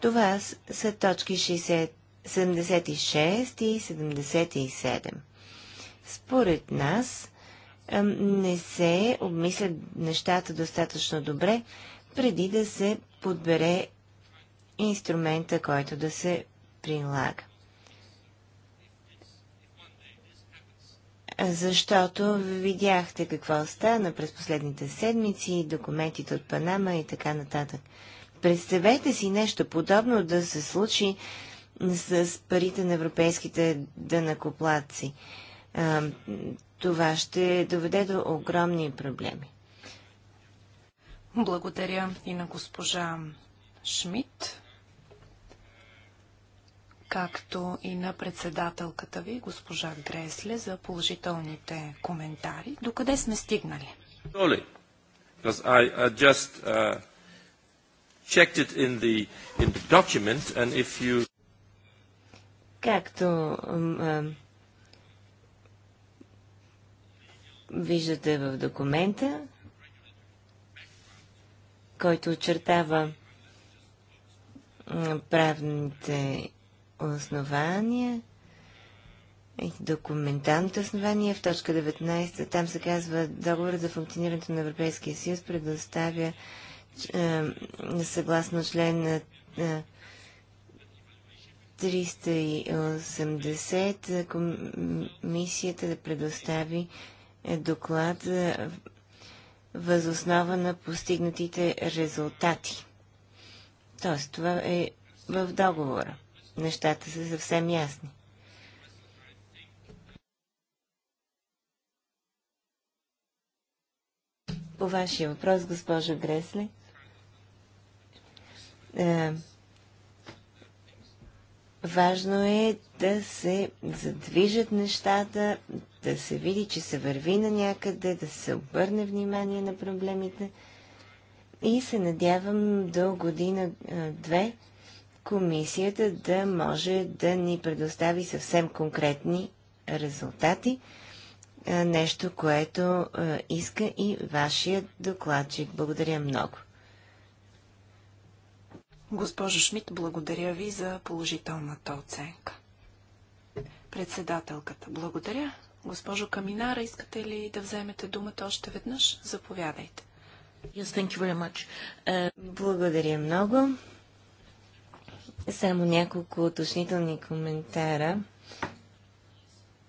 Това са точки 60, 76 и 77. Според нас, не се обмислят нещата достатъчно добре, преди да се подбере инструмента, който да се прилага. Защото видяхте какво стана през последните седмици, документите от Панама и така нататък. Представете си нещо подобно да се случи с парите на европейските дънакоплатци това ще доведе до огромни проблеми. Благодаря и на госпожа Шмидт, както и на председателката ви, госпожа Гресле, за положителните коментари. Докъде сме стигнали? Както виждате в документа, който очертава правните основания и документалните основания. В точка 19 там се казва Договор за функционирането на Европейския съюз предоставя е, съгласно член на е, 380 е, комисията да предостави е доклад е, възоснова на постигнатите резултати. Тоест, това е в договора. Нещата са съвсем ясни. По вашия въпрос, госпожо Гресли, е, Важно е да се задвижат нещата, да се види, че се върви на някъде, да се обърне внимание на проблемите. И се надявам до година-две комисията да може да ни предостави съвсем конкретни резултати. Нещо, което иска и вашият докладчик. Благодаря много. Госпожо Шмидт, благодаря ви за положителната оценка. Председателката, благодаря. Госпожо Каминара, искате ли да вземете думата още веднъж? Заповядайте. Yes, thank you very much. Uh... Благодаря много. Само няколко уточнителни коментара.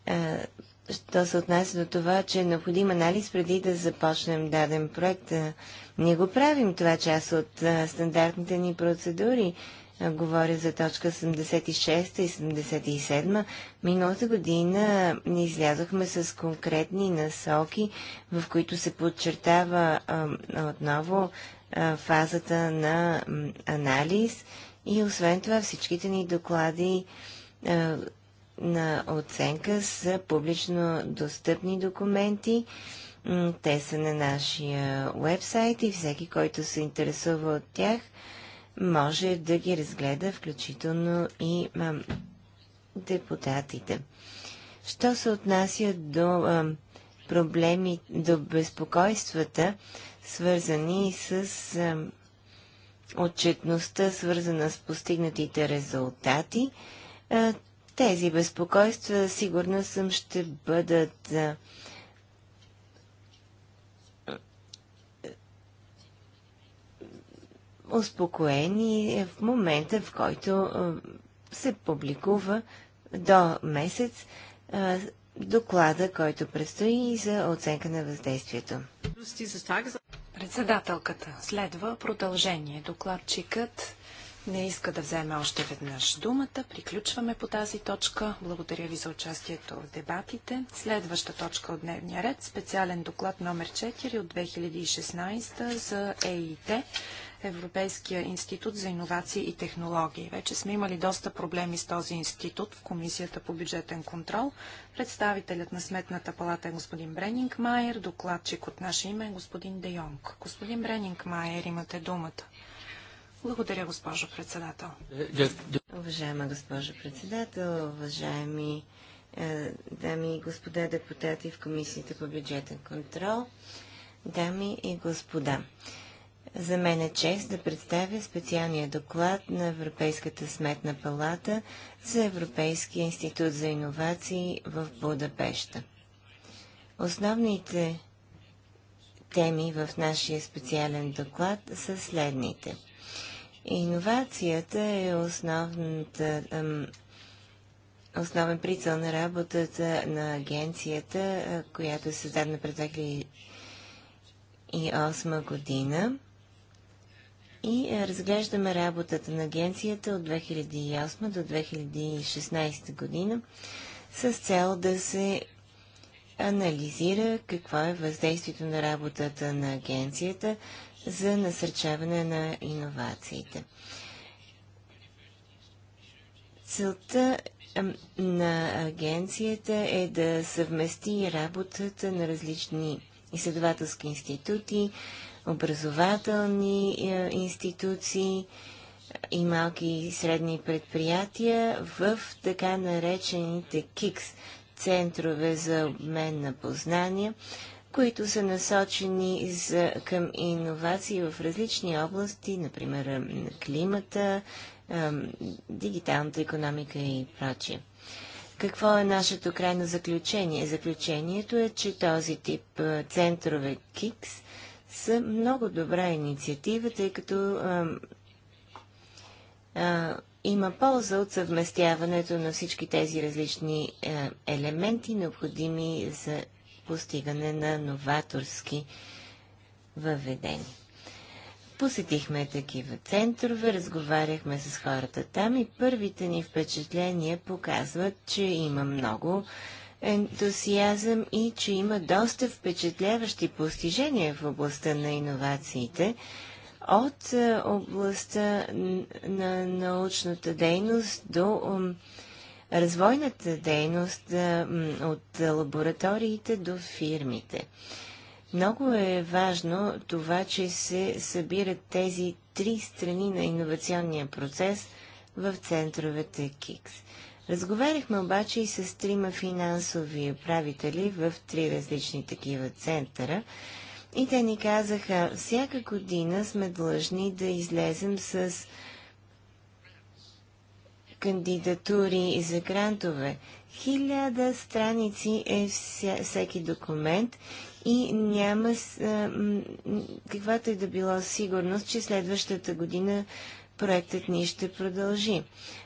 Uh, що се отнася до това, че е необходим анализ преди да започнем даден проект. Ние го правим, това е част от а, стандартните ни процедури. А, говоря за точка 76 и 77. Миналата година ни излязохме с конкретни насоки, в които се подчертава а, отново фазата на анализ и освен това всичките ни доклади на оценка са публично достъпни документи. Те са на нашия вебсайт и всеки, който се интересува от тях, може да ги разгледа, включително и депутатите. Що се отнася до проблеми, до безпокойствата, свързани с отчетността, свързана с постигнатите резултати, тези безпокойства сигурно съм ще бъдат успокоени в момента, в който се публикува до месец доклада, който предстои и за оценка на въздействието. Председателката следва продължение. Докладчикът не иска да вземе още веднъж думата. Приключваме по тази точка. Благодаря ви за участието в дебатите. Следваща точка от дневния ред. Специален доклад номер 4 от 2016 за ЕИТ. Европейския институт за иновации и технологии. Вече сме имали доста проблеми с този институт в Комисията по бюджетен контрол. Представителят на Сметната палата е господин Бренинг Майер, докладчик от наше име е господин Де Йонг. Господин Бренинг Майер, имате думата. Благодаря, госпожо председател. Е, Уважаема госпожо председател, уважаеми е, дами и господа депутати в Комисията по бюджетен контрол, дами и господа. За мен е чест да представя специалния доклад на Европейската сметна палата за Европейския институт за иновации в Будапешта. Основните теми в нашия специален доклад са следните. Иновацията е основната, основен прицел на работата на агенцията, която е създадена през 2008 година. И разглеждаме работата на агенцията от 2008 до 2016 година с цел да се анализира какво е въздействието на работата на агенцията за насърчаване на иновациите. Целта на агенцията е да съвмести работата на различни изследователски институти, образователни е, институции е, и малки и средни предприятия в така наречените КИКС – центрове за обмен на познания, които са насочени за, към иновации в различни области, например климата, дигиталната економика и прочие. Какво е нашето крайно заключение? Заключението е, че този тип центрове КИКС са много добра инициатива, тъй като а, а, има полза от съвместяването на всички тези различни а, елементи, необходими за постигане на новаторски въведения. Посетихме такива центрове, разговаряхме с хората там и първите ни впечатления показват, че има много ентусиазъм и че има доста впечатляващи постижения в областта на иновациите от е, областта на научната дейност до развойната дейност от лабораториите до фирмите. Много е важно това, че се събират тези три страни на иновационния процес в центровете КИКС. Разговаряхме обаче и с трима финансови управители в три различни такива центъра и те ни казаха, всяка година сме длъжни да излезем с кандидатури за грантове. Хиляда страници е вся, всеки документ и няма а, каквато и да било сигурност, че следващата година проектът ни ще продължи.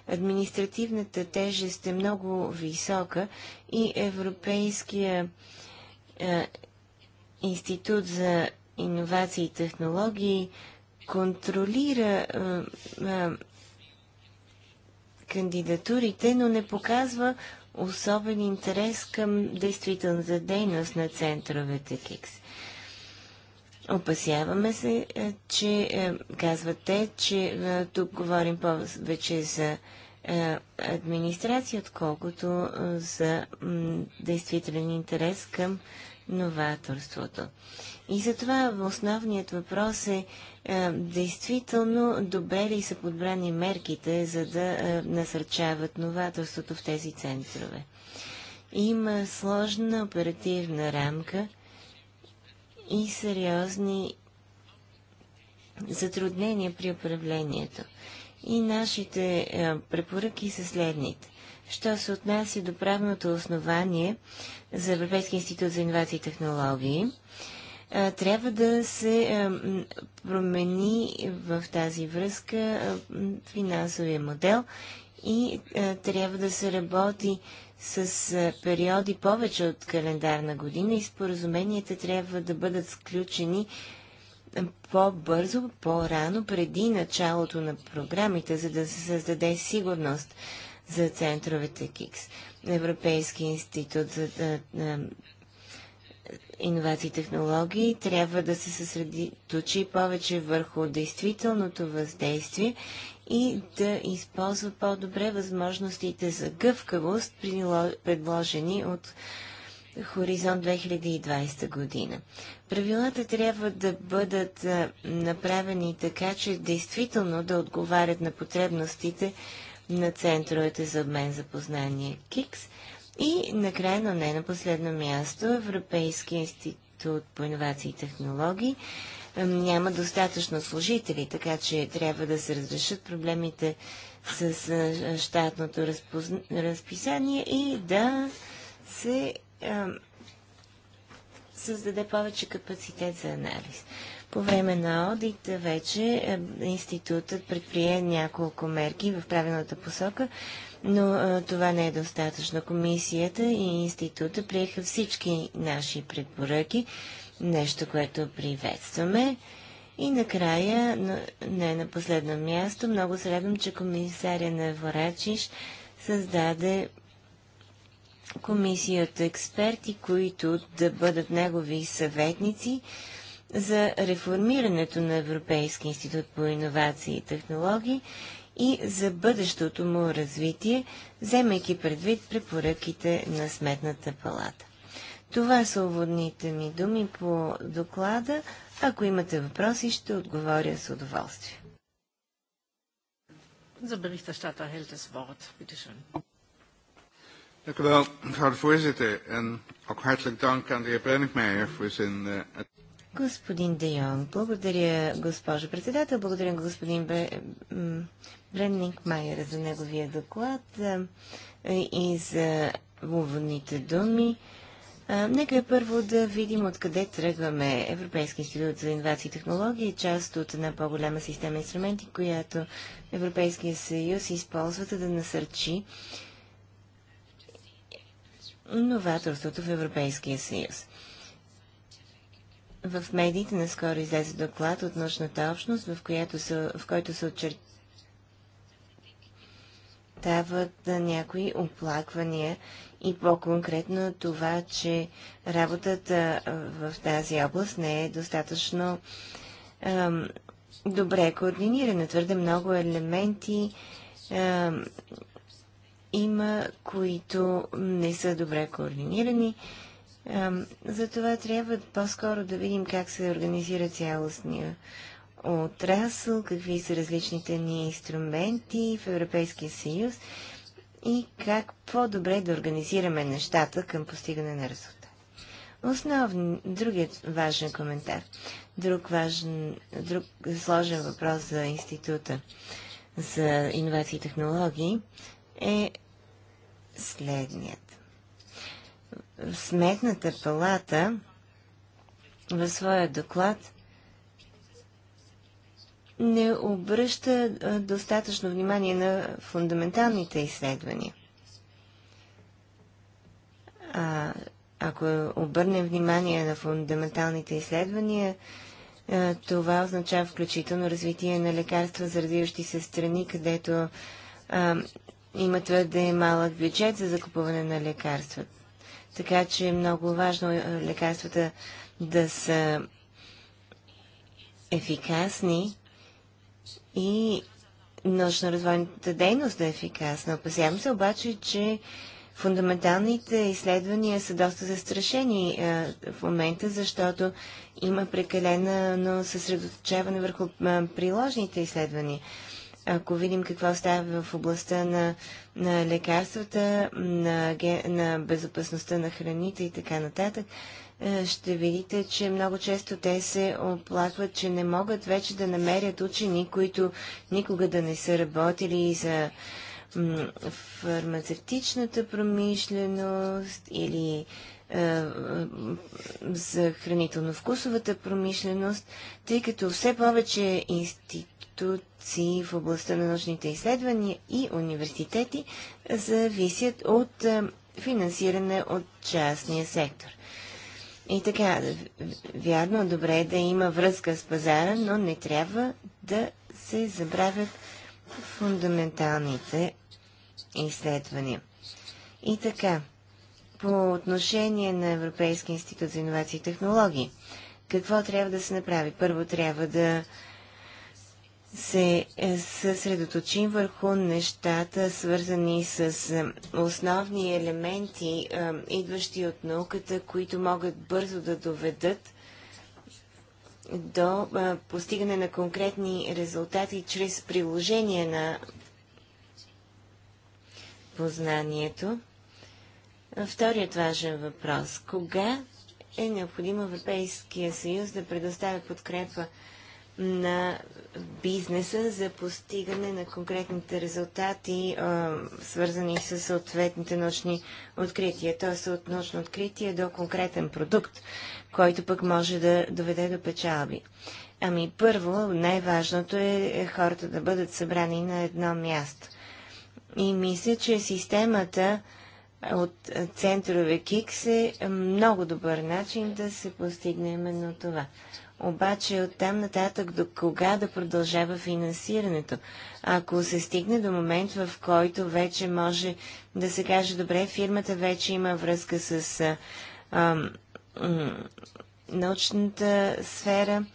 Административната тежест е много висока и Европейския а, институт за иновации и технологии контролира а, кандидатурите, но не показва особен интерес към действителната дейност на центровете КИКС. Опасяваме се, е, че е, казвате, че е, тук говорим повече за администрация, отколкото за действителен интерес към новаторството. И затова основният въпрос е, е действително добре ли са подбрани мерките, за да е, насърчават новаторството в тези центрове. Има сложна оперативна рамка и сериозни затруднения при управлението. И нашите е, препоръки са следните. Що се отнася до правното основание за Европейския институт за инновации и технологии, трябва да се промени в тази връзка финансовия модел и трябва да се работи с периоди повече от календарна година и споразуменията трябва да бъдат сключени по-бързо, по-рано, преди началото на програмите, за да се създаде сигурност за центровете КИКС. Европейски институт за иновации и технологии трябва да се съсредоточи повече върху действителното въздействие и да използва по-добре възможностите за гъвкавост, предложени от Хоризонт 2020 година. Правилата трябва да бъдат направени така, че действително да отговарят на потребностите на центровете за обмен за познание КИКС. И накрая, но не на последно място, Европейския институт по инновации и технологии няма достатъчно служители, така че трябва да се разрешат проблемите с е, щатното разпозна... разписание и да се а, създаде повече капацитет за анализ. По време на одит вече е, институтът предприе няколко мерки в правилната посока, но е, това не е достатъчно. Комисията и института приеха всички наши предпоръки, нещо, което приветстваме. И накрая, но не на последно място, много се радвам, че комисаря на Ворачиш създаде комисията експерти, които да бъдат негови съветници за реформирането на Европейски институт по иновации и технологии и за бъдещото му развитие, вземайки предвид препоръките на Сметната палата. Това са уводните ми думи по доклада. Ако имате въпроси, ще отговоря с удоволствие. За Berichterstatter hält das Wort. Bitte schön. Dank u wel, mevrouw de voorzitter. En ook hartelijk dank aan de heer Brenningmeijer voor zijn... Uh... Господин Де Йонг, благодаря госпожо председател, благодаря господин Бреннинг Майер за неговия доклад и за уводните думи. Нека първо да видим откъде тръгваме. Европейски институт за инновации и технологии е част от една по-голяма система инструменти, която Европейския съюз използва да насърчи новаторството в Европейския съюз. В медиите наскоро излезе доклад от научната общност, в, която се, в който се очертават някои оплаквания и по-конкретно това, че работата в тази област не е достатъчно ем, добре координирана. Твърде много елементи ем, има, които не са добре координирани за това трябва по-скоро да видим как се организира цялостния отрасъл, какви са различните ни инструменти в Европейския съюз и как по-добре да организираме нещата към постигане на резултат. Основни, другият важен коментар, друг важен, друг сложен въпрос за института за иновации и технологии е следният. Сметната палата в своя доклад не обръща достатъчно внимание на фундаменталните изследвания. А, ако обърнем внимание на фундаменталните изследвания, това означава включително развитие на лекарства за развиващи се страни, където а, има твърде малък бюджет за закупуване на лекарствата. Така че е много важно е, лекарствата да са ефикасни и научно-развойната дейност да е ефикасна. Опасявам се обаче, че фундаменталните изследвания са доста застрашени е, в момента, защото има прекалено съсредоточаване върху е, приложните изследвания. Ако видим какво става в областта на, на лекарствата, на, на безопасността на храните и така нататък, е, ще видите, че много често те се оплакват, че не могат вече да намерят учени, които никога да не са работили за фармацевтичната промишленост или е, е, за хранително-вкусовата промишленост, тъй като все повече институции в областта на научните изследвания и университети зависят от е, финансиране от частния сектор. И така, вярно, добре е да има връзка с пазара, но не трябва да се забравят фундаменталните изследвания. И така, по отношение на Европейския институт за инновации и технологии. Какво трябва да се направи? Първо трябва да се е, съсредоточим върху нещата, свързани с е, основни елементи, е, идващи от науката, които могат бързо да доведат до постигане на конкретни резултати чрез приложение на познанието. Вторият важен въпрос. Кога е необходимо Европейския съюз да предоставя подкрепа на бизнеса за постигане на конкретните резултати, свързани с съответните научни открития, т.е. от научно откритие до конкретен продукт, който пък може да доведе до печалби. Ами първо, най-важното е, е хората да бъдат събрани на едно място. И мисля, че системата от центрове КИКС е много добър начин да се постигне именно това. Обаче от там нататък до кога да продължава финансирането? Ако се стигне до момент, в който вече може да се каже, добре, фирмата вече има връзка с а, а, научната сфера,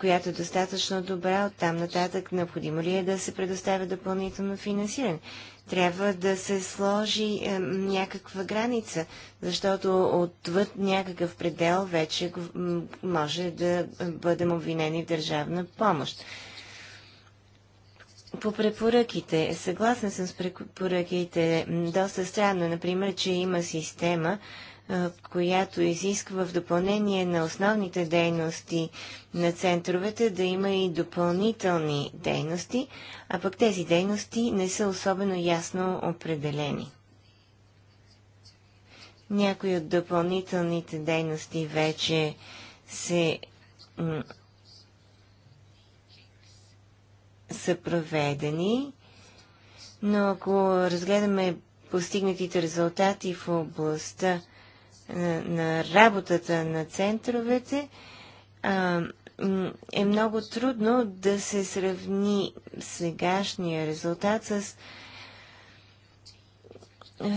която е достатъчно добра, от там нататък необходимо ли е да се предоставя допълнително финансиране? трябва да се сложи е, някаква граница, защото отвъд някакъв предел вече може да бъдем обвинени в държавна помощ. По препоръките. Съгласна съм с препоръките. Доста странно, например, че има система, която изисква в допълнение на основните дейности на центровете да има и допълнителни дейности, а пък тези дейности не са особено ясно определени. Някои от допълнителните дейности вече се са проведени, но ако разгледаме постигнатите резултати в областта на, е, на работата на центровете, а, е много трудно да се сравни сегашния резултат с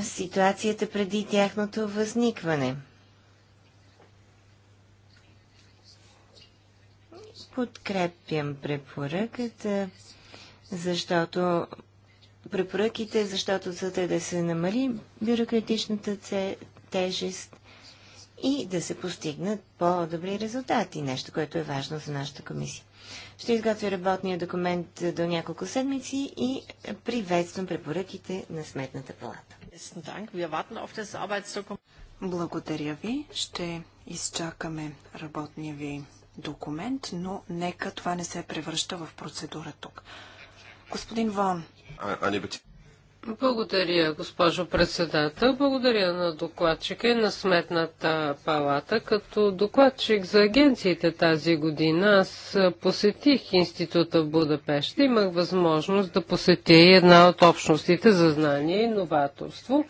ситуацията преди тяхното възникване. Подкрепям препоръката, защото препоръките, защото за е да се намали бюрократичната тежест и да се постигнат по-добри резултати, нещо, което е важно за нашата комисия. Ще изготвя работния документ до няколко седмици и приветствам препоръките на Сметната палата. Благодаря ви. Ще изчакаме работния ви документ, но нека това не се превръща в процедура тук. Господин Вон. Благодаря, госпожо председател. Благодаря на докладчика и на сметната палата. Като докладчик за агенциите тази година аз посетих института в Будапешта. Имах възможност да посетя една от общностите за знание и новаторство.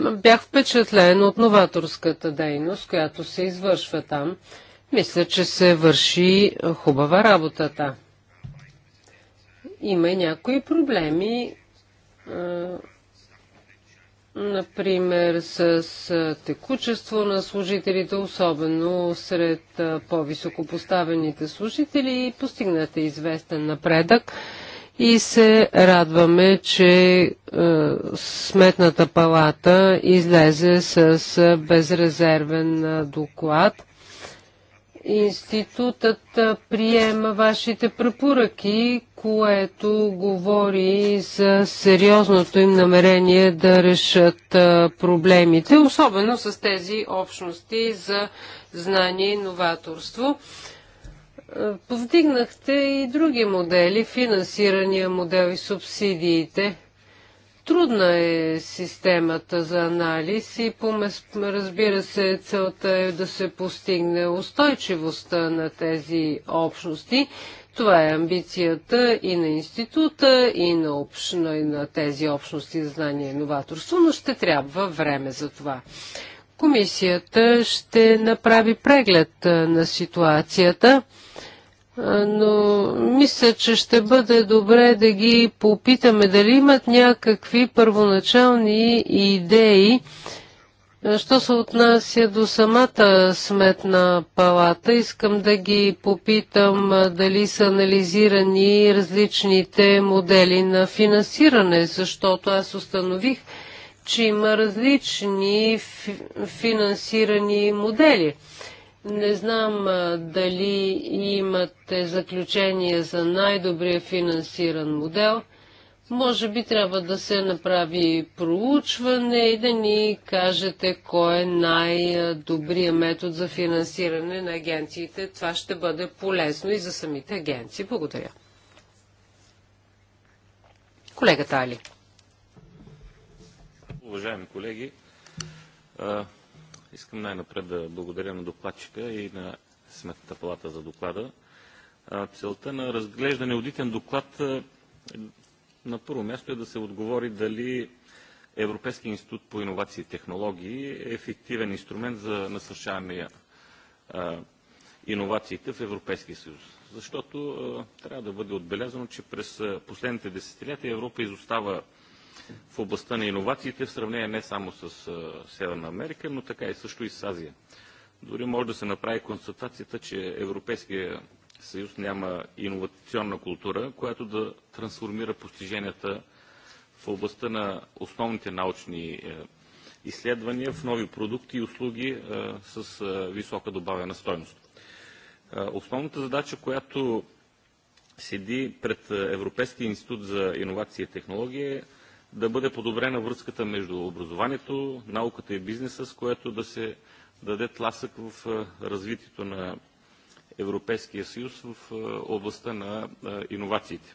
Бях впечатлен от новаторската дейност, която се извършва там. Мисля, че се върши хубава работа там има и някои проблеми, например с текучество на служителите, особено сред по-високопоставените служители. Постигнате известен напредък и се радваме, че е, Сметната палата излезе с безрезервен доклад Институтът приема вашите препоръки, което говори за сериозното им намерение да решат проблемите, особено с тези общности за знание и новаторство. Повдигнахте и други модели, финансирания модел и субсидиите. Трудна е системата за анализ и помес, разбира се, целта е да се постигне устойчивостта на тези общности. Това е амбицията и на института, и на, общна, и на тези общности за знание и новаторство, но ще трябва време за това. Комисията ще направи преглед на ситуацията но мисля, че ще бъде добре да ги попитаме дали имат някакви първоначални идеи, Що се отнася до самата сметна палата, искам да ги попитам дали са анализирани различните модели на финансиране, защото аз установих, че има различни финансирани модели. Не знам дали имате заключение за най-добрия финансиран модел. Може би трябва да се направи проучване и да ни кажете кой е най-добрият метод за финансиране на агенциите. Това ще бъде полезно и за самите агенции. Благодаря. Колегата Али. Уважаеми колеги, Искам най-напред да благодаря на докладчика и на Сметната палата за доклада. Целта на разглеждане аудитен доклад на първо място е да се отговори дали Европейския институт по иновации и технологии е ефективен инструмент за насърчаване иновациите в Европейския съюз. Защото трябва да бъде отбелязано, че през последните десетилетия Европа изостава в областта на иновациите в сравнение не само с Северна Америка, но така и също и с Азия. Дори може да се направи констатацията, че Европейския съюз няма иновационна култура, която да трансформира постиженията в областта на основните научни е, изследвания в нови продукти и услуги е, с е, висока добавена стойност. Основната задача, която седи пред Европейския институт за иновация и технология е да бъде подобрена връзката между образованието, науката и бизнеса, с което да се даде тласък в развитието на Европейския съюз в областта на иновациите.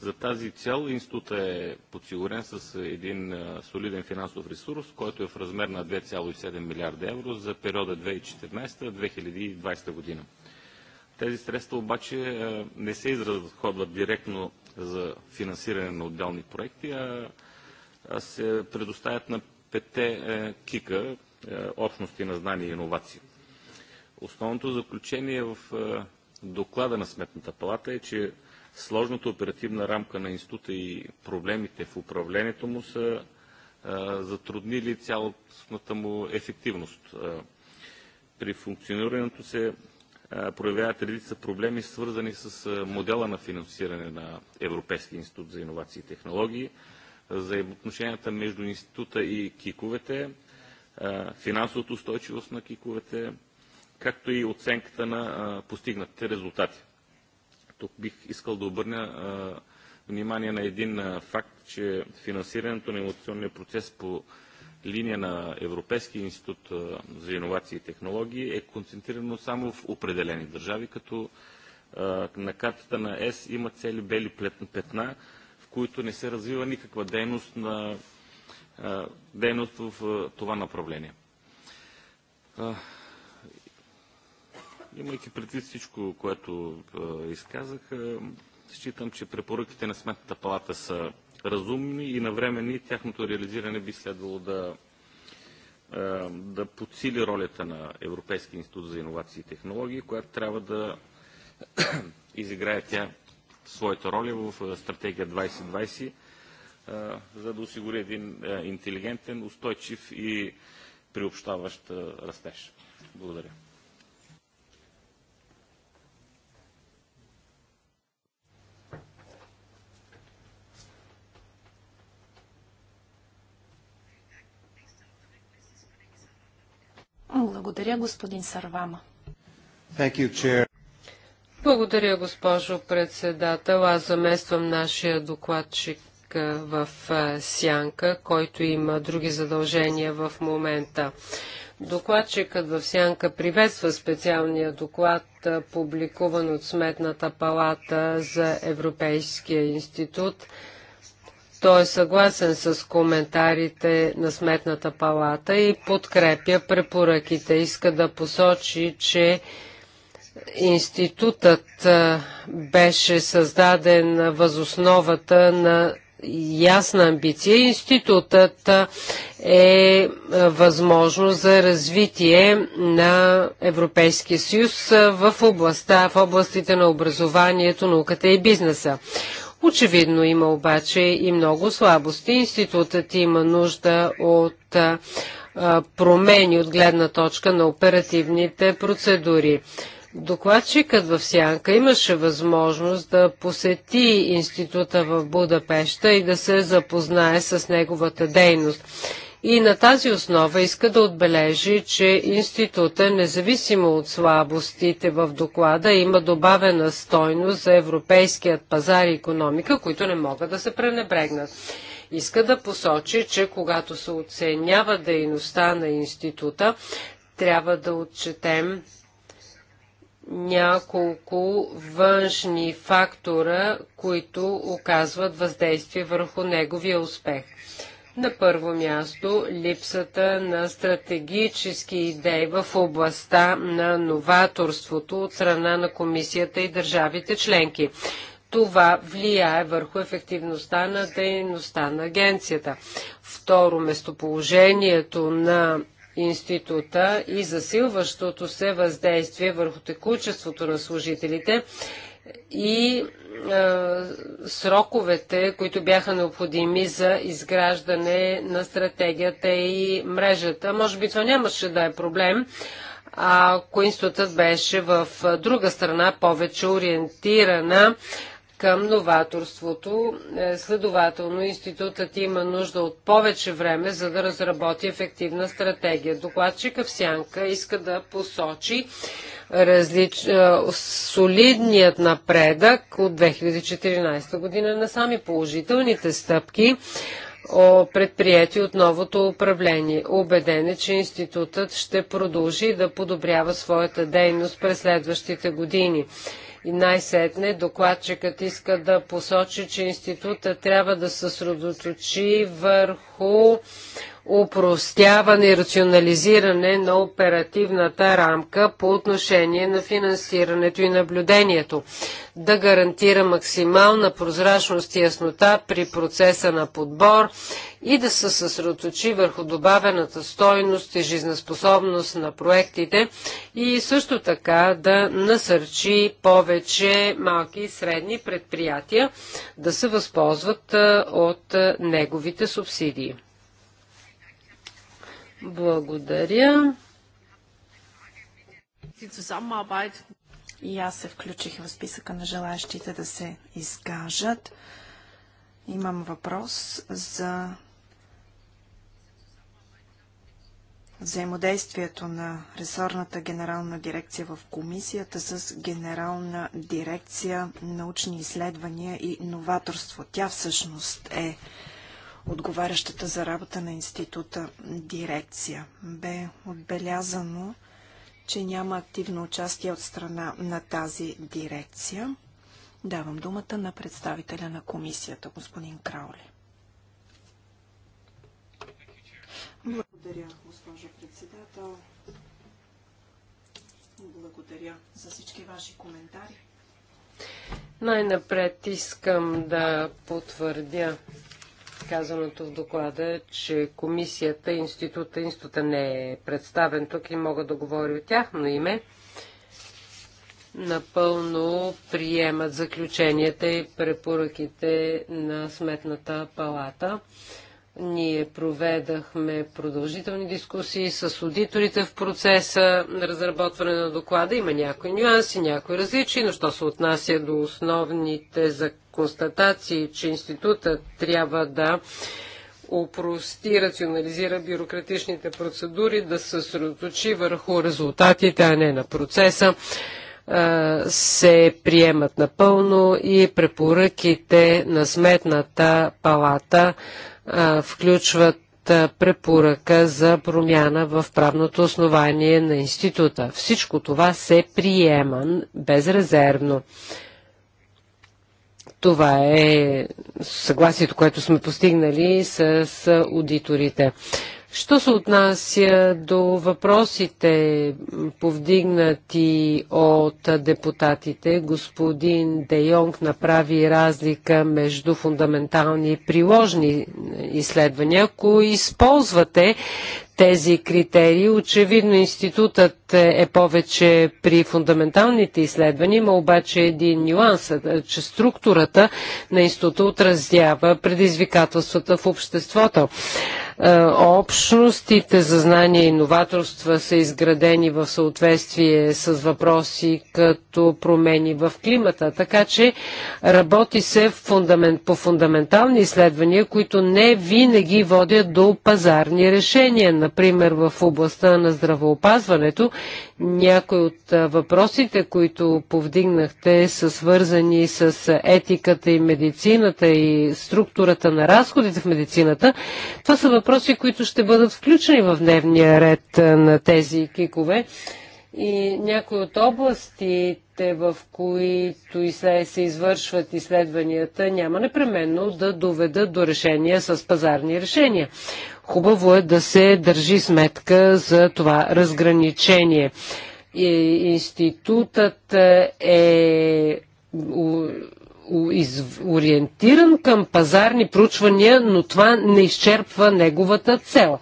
За тази цел института е подсигурен с един солиден финансов ресурс, който е в размер на 2,7 милиарда евро за периода 2014-2020 година. Тези средства обаче не се изразходват директно за финансиране на отделни проекти, а, а се предоставят на пете е, кика, е, общности на знания и иновации. Основното заключение в е, доклада на Сметната палата е, че сложната оперативна рамка на института и проблемите в управлението му са е, затруднили цялостната му ефективност. Е, при функционирането се проявяват редица проблеми, свързани с модела на финансиране на Европейския институт за иновации и технологии, за отношенията между института и киковете, финансовата устойчивост на киковете, както и оценката на постигнатите резултати. Тук бих искал да обърна внимание на един факт, че финансирането на инновационния процес по линия на Европейския институт за иновации и технологии е концентрирано само в определени държави, като на картата на ЕС има цели бели петна, в които не се развива никаква дейност, на, дейност в това направление. Имайки предвид всичко, което изказах, считам, че препоръките на Сметната палата са разумни и навремени тяхното реализиране би следвало да, е, да подсили ролята на Европейския институт за иновации и технологии, която трябва да изиграе тя своята роля в е, стратегия 2020, е, за да осигури един интелигентен, устойчив и приобщаващ растеж. Благодаря. Благодаря, господин Сарвама. You, Благодаря, госпожо председател. Аз замествам нашия докладчик в Сянка, който има други задължения в момента. Докладчикът в Сянка приветства специалния доклад, публикуван от Сметната палата за Европейския институт той е съгласен с коментарите на Сметната палата и подкрепя препоръките. Иска да посочи, че институтът беше създаден възосновата на ясна амбиция. Институтът е възможно за развитие на Европейския съюз в областта, в областите на образованието, науката и бизнеса. Очевидно има обаче и много слабости. Институтът има нужда от промени от гледна точка на оперативните процедури. Докладчикът в Сянка имаше възможност да посети института в Будапешта и да се запознае с неговата дейност. И на тази основа иска да отбележи, че института, независимо от слабостите в доклада, има добавена стойност за европейският пазар и економика, които не могат да се пренебрегнат. Иска да посочи, че когато се оценява дейността на института, трябва да отчетем няколко външни фактора, които оказват въздействие върху неговия успех. На първо място липсата на стратегически идеи в областта на новаторството от страна на комисията и държавите членки. Това влияе върху ефективността на дейността на агенцията. Второ, местоположението на института и засилващото се въздействие върху текучеството на служителите и е, сроковете, които бяха необходими за изграждане на стратегията и мрежата. Може би това нямаше да е проблем, ако институтът беше в друга страна, повече ориентирана към новаторството. Е, следователно, институтът има нужда от повече време, за да разработи ефективна стратегия. Докладчика в Сянка иска да посочи различ... Е, солидният напредък от 2014 година на сами положителните стъпки предприяти от новото управление. Обеден е, че институтът ще продължи да подобрява своята дейност през следващите години. И най-сетне докладчикът иска да посочи, че института трябва да се съсредоточи върху упростяване и рационализиране на оперативната рамка по отношение на финансирането и наблюдението, да гарантира максимална прозрачност и яснота при процеса на подбор и да се съсредоточи върху добавената стойност и жизнеспособност на проектите и също така да насърчи повече малки и средни предприятия да се възползват от неговите субсидии. Благодаря. И аз се включих в списъка на желаящите да се изкажат. Имам въпрос за взаимодействието на ресорната генерална дирекция в комисията с генерална дирекция научни изследвания и новаторство. Тя всъщност е отговарящата за работа на института дирекция. Бе отбелязано, че няма активно участие от страна на тази дирекция. Давам думата на представителя на комисията, господин Краули. Благодаря, госпожо председател. Благодаря за всички ваши коментари. Най-напред искам да потвърдя казаното в доклада, че комисията, института, института не е представен тук и мога да говоря от тяхно име, напълно приемат заключенията и препоръките на Сметната палата. Ние проведахме продължителни дискусии с аудиторите в процеса на разработване на доклада. Има някои нюанси, някои различия, но що се отнася до основните за констатации, че институтът трябва да упрости, рационализира бюрократичните процедури, да се съсредоточи върху резултатите, а не на процеса, се приемат напълно и препоръките на Сметната палата включват препоръка за промяна в правното основание на института. Всичко това се приема безрезервно. Това е съгласието, което сме постигнали с аудиторите. Що се отнася до въпросите, повдигнати от депутатите, господин Де Йонг направи разлика между фундаментални и приложни изследвания. Ако използвате тези критерии, очевидно институтът е повече при фундаменталните изследвания, има обаче един нюанс, че структурата на института отразява предизвикателствата в обществото. Е, общностите за знания и иноваторства са изградени в съответствие с въпроси като промени в климата, така че работи се фундамент, по фундаментални изследвания, които не винаги водят до пазарни решения. Например, в областта на здравоопазването някои от е, въпросите, които повдигнахте, са свързани с етиката и медицината и структурата на разходите в медицината. Това са въпроси, въпроси, които ще бъдат включени в дневния ред на тези кикове. И някои от областите, в които и след се извършват изследванията, няма непременно да доведат до решения с пазарни решения. Хубаво е да се държи сметка за това разграничение. И институтът е ориентиран към пазарни проучвания, но това не изчерпва неговата цел.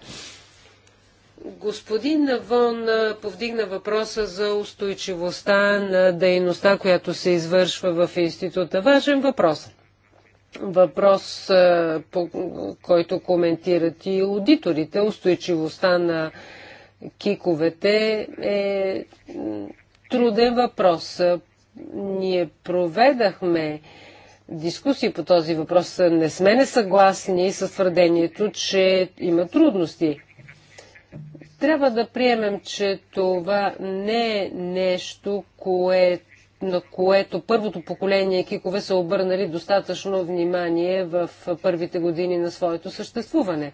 Господин Навон повдигна въпроса за устойчивостта на дейността, която се извършва в института. Важен въпрос. Въпрос, по който коментират и аудиторите. Устойчивостта на киковете е труден въпрос. Ние проведахме дискусии по този въпрос. Не сме несъгласни с твърдението, че има трудности. Трябва да приемем, че това не е нещо, кое, на което първото поколение кикове са обърнали достатъчно внимание в първите години на своето съществуване.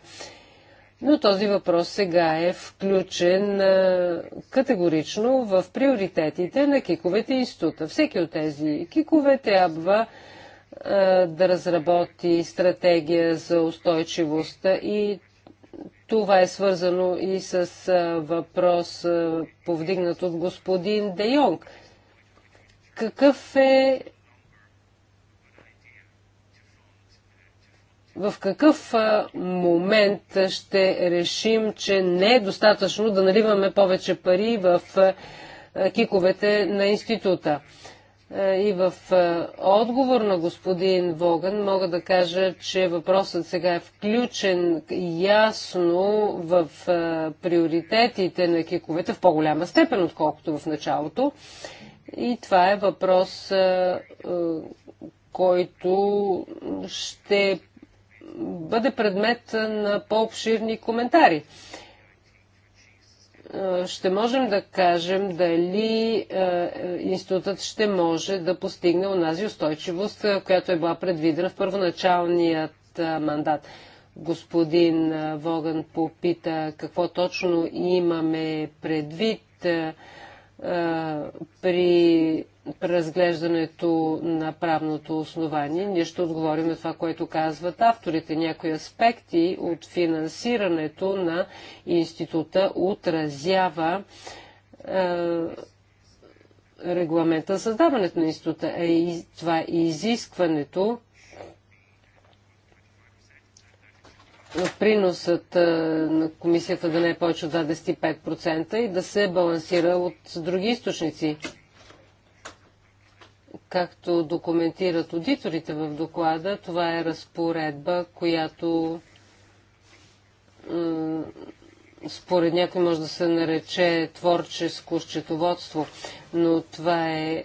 Но този въпрос сега е включен категорично в приоритетите на киковете института. Всеки от тези кикове трябва да разработи стратегия за устойчивост и това е свързано и с въпрос повдигнат от господин Де Йонг. Какъв е в какъв момент ще решим, че не е достатъчно да наливаме повече пари в киковете на института? И в отговор на господин Воган мога да кажа, че въпросът сега е включен ясно в приоритетите на киковете в по-голяма степен, отколкото в началото. И това е въпрос, който ще бъде предмет на по-обширни коментари. Е, ще можем да кажем дали е, институтът ще може да постигне онази устойчивост, е, която е била предвидена в първоначалният мандат. Господин Воган попита какво точно имаме предвид при разглеждането на правното основание. Ние ще отговорим на това, което казват авторите. Някои аспекти от финансирането на института отразява регламента регламента създаването на института. това е изискването приносът на комисията да не е повече от 25% и да се балансира от други източници. Както документират аудиторите в доклада, това е разпоредба, която според някой може да се нарече творческо счетоводство, но това е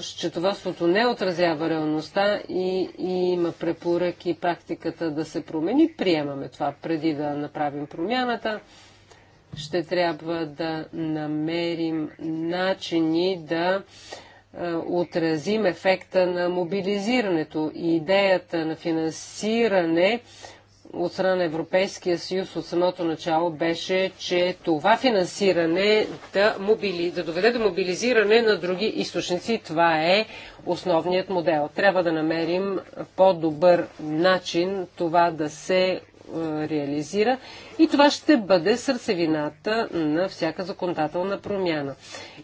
счетоводството не отразява реалността и, и има препоръки практиката да се промени, приемаме това преди да направим промяната. Ще трябва да намерим начини да отразим ефекта на мобилизирането и идеята на финансиране от страна на Европейския съюз от самото начало беше, че това финансиране да, мобили, да доведе до мобилизиране на други източници. Това е основният модел. Трябва да намерим по-добър начин това да се реализира и това ще бъде сърцевината на всяка законодателна промяна.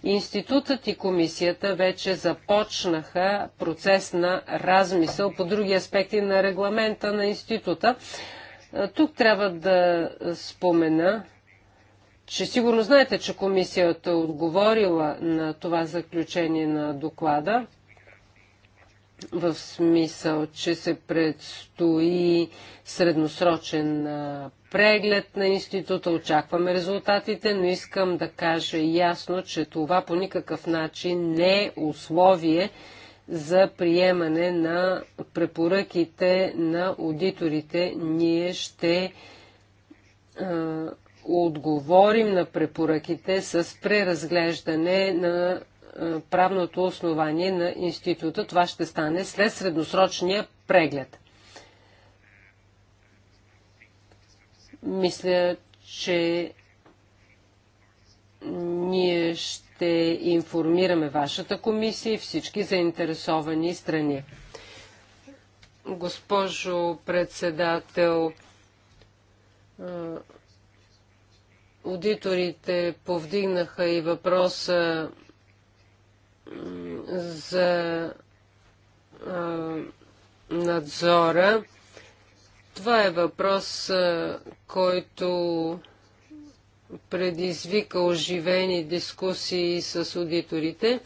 Институтът и комисията вече започнаха процес на размисъл по други аспекти на регламента на института. Тук трябва да спомена, че сигурно знаете, че комисията е отговорила на това заключение на доклада в смисъл, че се предстои средносрочен преглед на института, очакваме резултатите, но искам да кажа ясно, че това по никакъв начин не е условие за приемане на препоръките на аудиторите. Ние ще отговорим на препоръките с преразглеждане на е, правното основание на института. Това ще стане след средносрочния преглед. Мисля, че ние ще информираме вашата комисия и всички заинтересовани страни. Госпожо председател, е, аудиторите повдигнаха и въпроса за а, надзора. Това е въпрос, а, който предизвика оживени дискусии с аудиторите.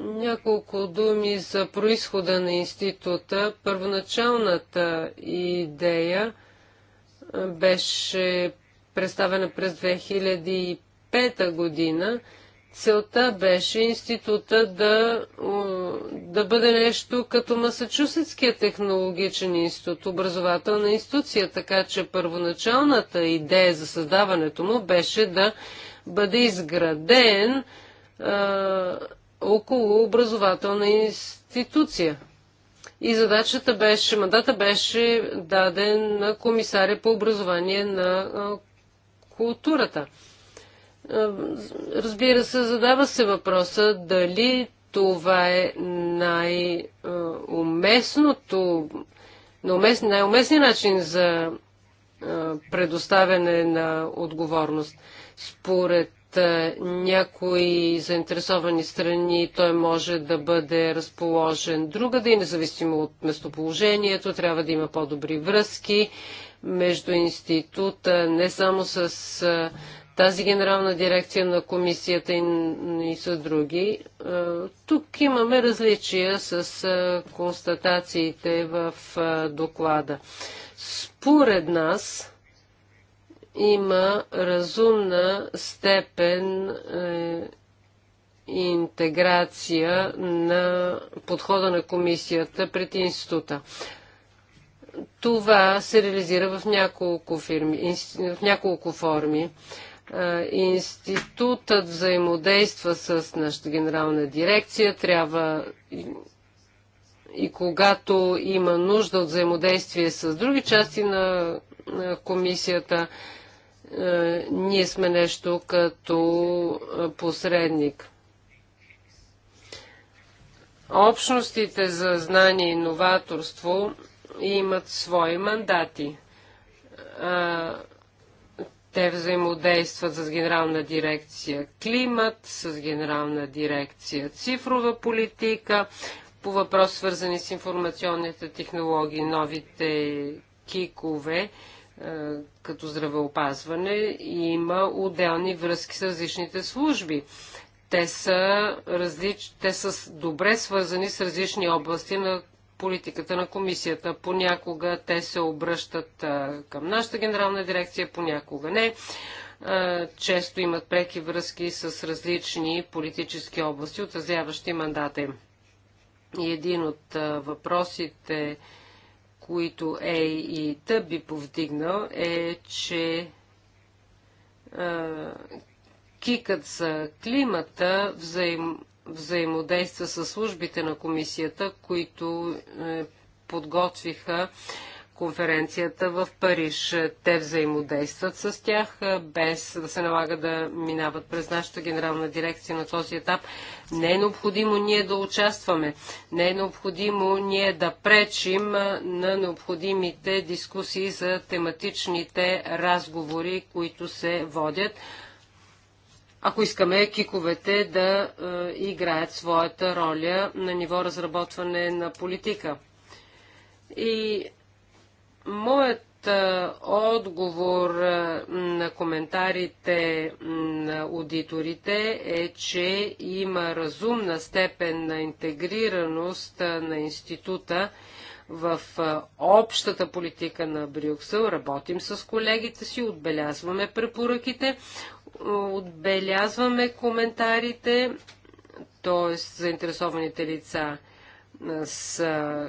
Няколко думи за происхода на института. Първоначалната идея беше представена през 2005 година. Целта беше института да, да бъде нещо като Масачусетския технологичен институт, образователна институция, така че първоначалната идея за създаването му беше да бъде изграден а, около образователна институция. И задачата беше, мандата беше даден на комисаря по образование на културата. Е, разбира се, задава се въпроса дали това е най-уместното, най-уместният начин за е, предоставяне на отговорност. Според е, някои заинтересовани страни той може да бъде разположен другаде да и независимо от местоположението, трябва да има по-добри връзки между института, не само с тази генерална дирекция на комисията и, и с други. Тук имаме различия с констатациите в доклада. Според нас има разумна степен е, интеграция на подхода на комисията пред института това се реализира в няколко, фирми, в няколко форми. Институтът взаимодейства с нашата генерална дирекция, трябва и, и когато има нужда от взаимодействие с други части на, на комисията, ние сме нещо като посредник. Общностите за знание и новаторство имат свои мандати. Те взаимодействат с Генерална дирекция Климат, с Генерална дирекция Цифрова политика, по въпрос свързани с информационните технологии, новите кикове, като здравеопазване, има отделни връзки с различните служби. Те са, различ... Те са добре свързани с различни области, на политиката на комисията. Понякога те се обръщат към нашата генерална дирекция, понякога не. често имат преки връзки с различни политически области, отразяващи мандата им. И един от въпросите, които е и тъб би повдигнал, е, че кикът за климата взаимодействие взаимодейства с службите на комисията, които е, подготвиха конференцията в Париж. Те взаимодействат с тях, е, без да се налага да минават през нашата генерална дирекция на този етап. Не е необходимо ние да участваме. Не е необходимо ние да пречим е, на необходимите дискусии за тематичните разговори, които се водят ако искаме киковете да е, играят своята роля на ниво разработване на политика. И моят е, отговор е, на коментарите на аудиторите е, че има разумна степен на интегрираност на института в общата политика на Брюксел. Работим с колегите си, отбелязваме препоръките, отбелязваме коментарите, т.е. заинтересованите лица са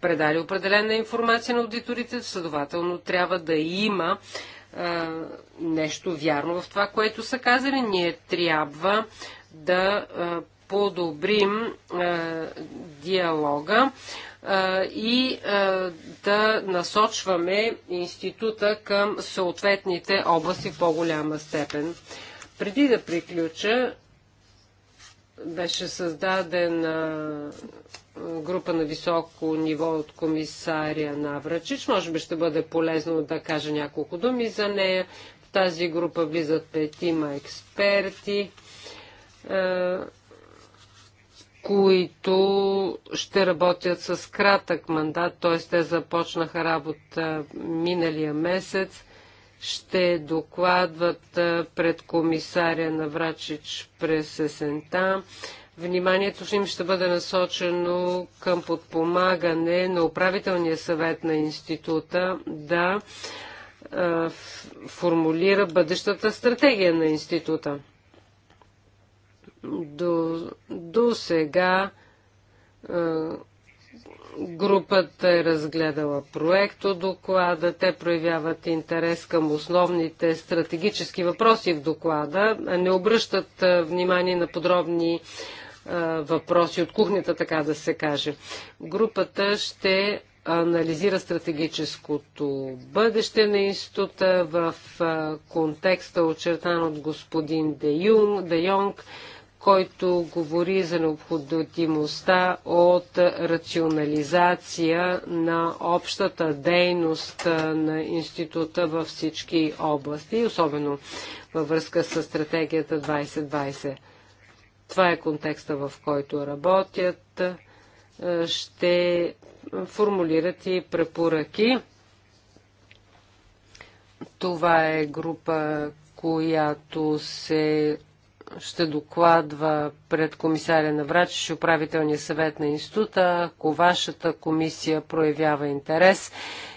предали определена информация на аудиторите, следователно трябва да има нещо вярно в това, което са казали. Ние трябва да подобрим диалога и да насочваме института към съответните области в по-голяма степен. Преди да приключа, беше създадена група на високо ниво от комисария Навръчич. Може би ще бъде полезно да кажа няколко думи за нея. В тази група влизат петима експерти които ще работят с кратък мандат, т.е. те започнаха работа миналия месец, ще докладват пред комисаря на Врачич през есента. Вниманието им ще бъде насочено към подпомагане на управителния съвет на института да формулира бъдещата стратегия на института. До, до сега групата е разгледала проекто доклада. Те проявяват интерес към основните стратегически въпроси в доклада, а не обръщат внимание на подробни въпроси от кухнята, така да се каже. Групата ще анализира стратегическото бъдеще на института в контекста очертан от господин Де, Де Йонг който говори за необходимостта от рационализация на общата дейност на института във всички области, особено във връзка с стратегията 2020. Това е контекста, в който работят. Ще формулират и препоръки. Това е група, която се ще докладва пред комисаря Врачиш, управителния съвет на института, ако вашата комисия проявява интерес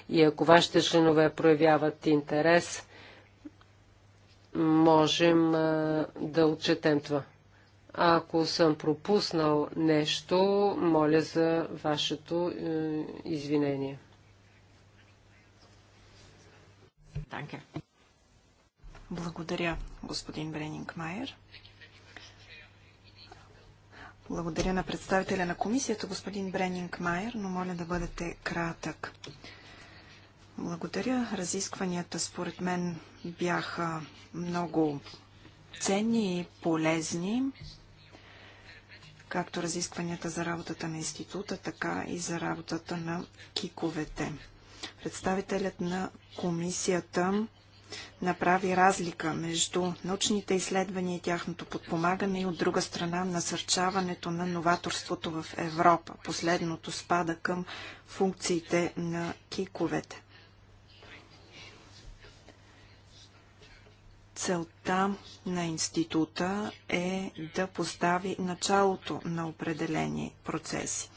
и ако вашите членове проявяват интерес, можем да отчетем това. Ако съм пропуснал нещо, моля за вашето е, извинение. Благодаря господин Бренинг Майер. Благодаря на представителя на комисията, господин Бренинг Майер, но моля да бъдете кратък. Благодаря. Разискванията според мен бяха много ценни и полезни, както разискванията за работата на института, така и за работата на киковете. Представителят на комисията направи разлика между научните изследвания и тяхното подпомагане и от друга страна насърчаването на новаторството в Европа. Последното спада към функциите на киковете. Целта на института е да постави началото на определени процеси.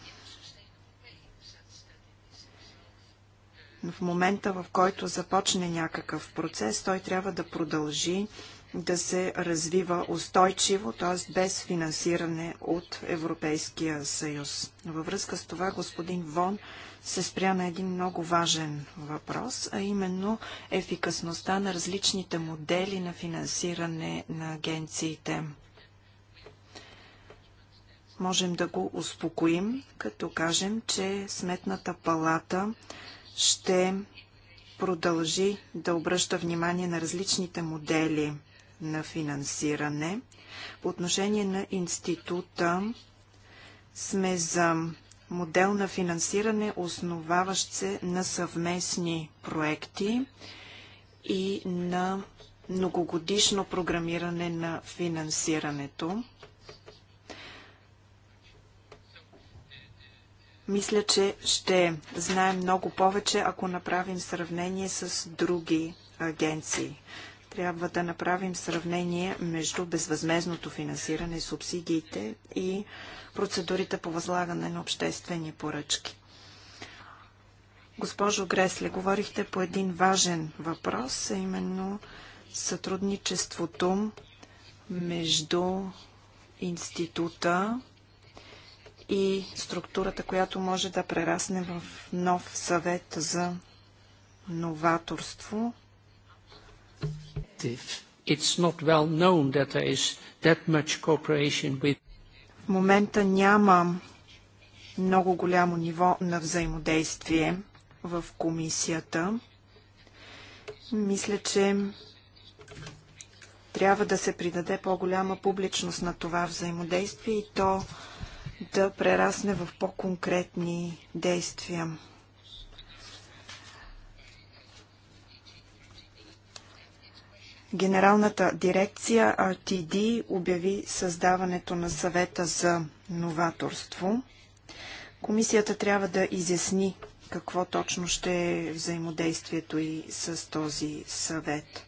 но в момента, в който започне някакъв процес, той трябва да продължи да се развива устойчиво, т.е. без финансиране от Европейския съюз. Във връзка с това господин Вон се спря на един много важен въпрос, а именно ефикасността на различните модели на финансиране на агенциите. Можем да го успокоим, като кажем, че Сметната палата ще продължи да обръща внимание на различните модели на финансиране. По отношение на института сме за модел на финансиране, основаващ се на съвместни проекти и на многогодишно програмиране на финансирането. Мисля, че ще знаем много повече, ако направим сравнение с други агенции. Трябва да направим сравнение между безвъзмезното финансиране, субсидиите и процедурите по възлагане на обществени поръчки. Госпожо Гресле, говорихте по един важен въпрос, а именно сътрудничеството между института и структурата, която може да прерасне в нов съвет за новаторство. Well with... В момента няма много голямо ниво на взаимодействие в комисията. Мисля, че трябва да се придаде по-голяма публичност на това взаимодействие и то да прерасне в по-конкретни действия. Генералната дирекция RTD обяви създаването на съвета за новаторство. Комисията трябва да изясни какво точно ще е взаимодействието и с този съвет.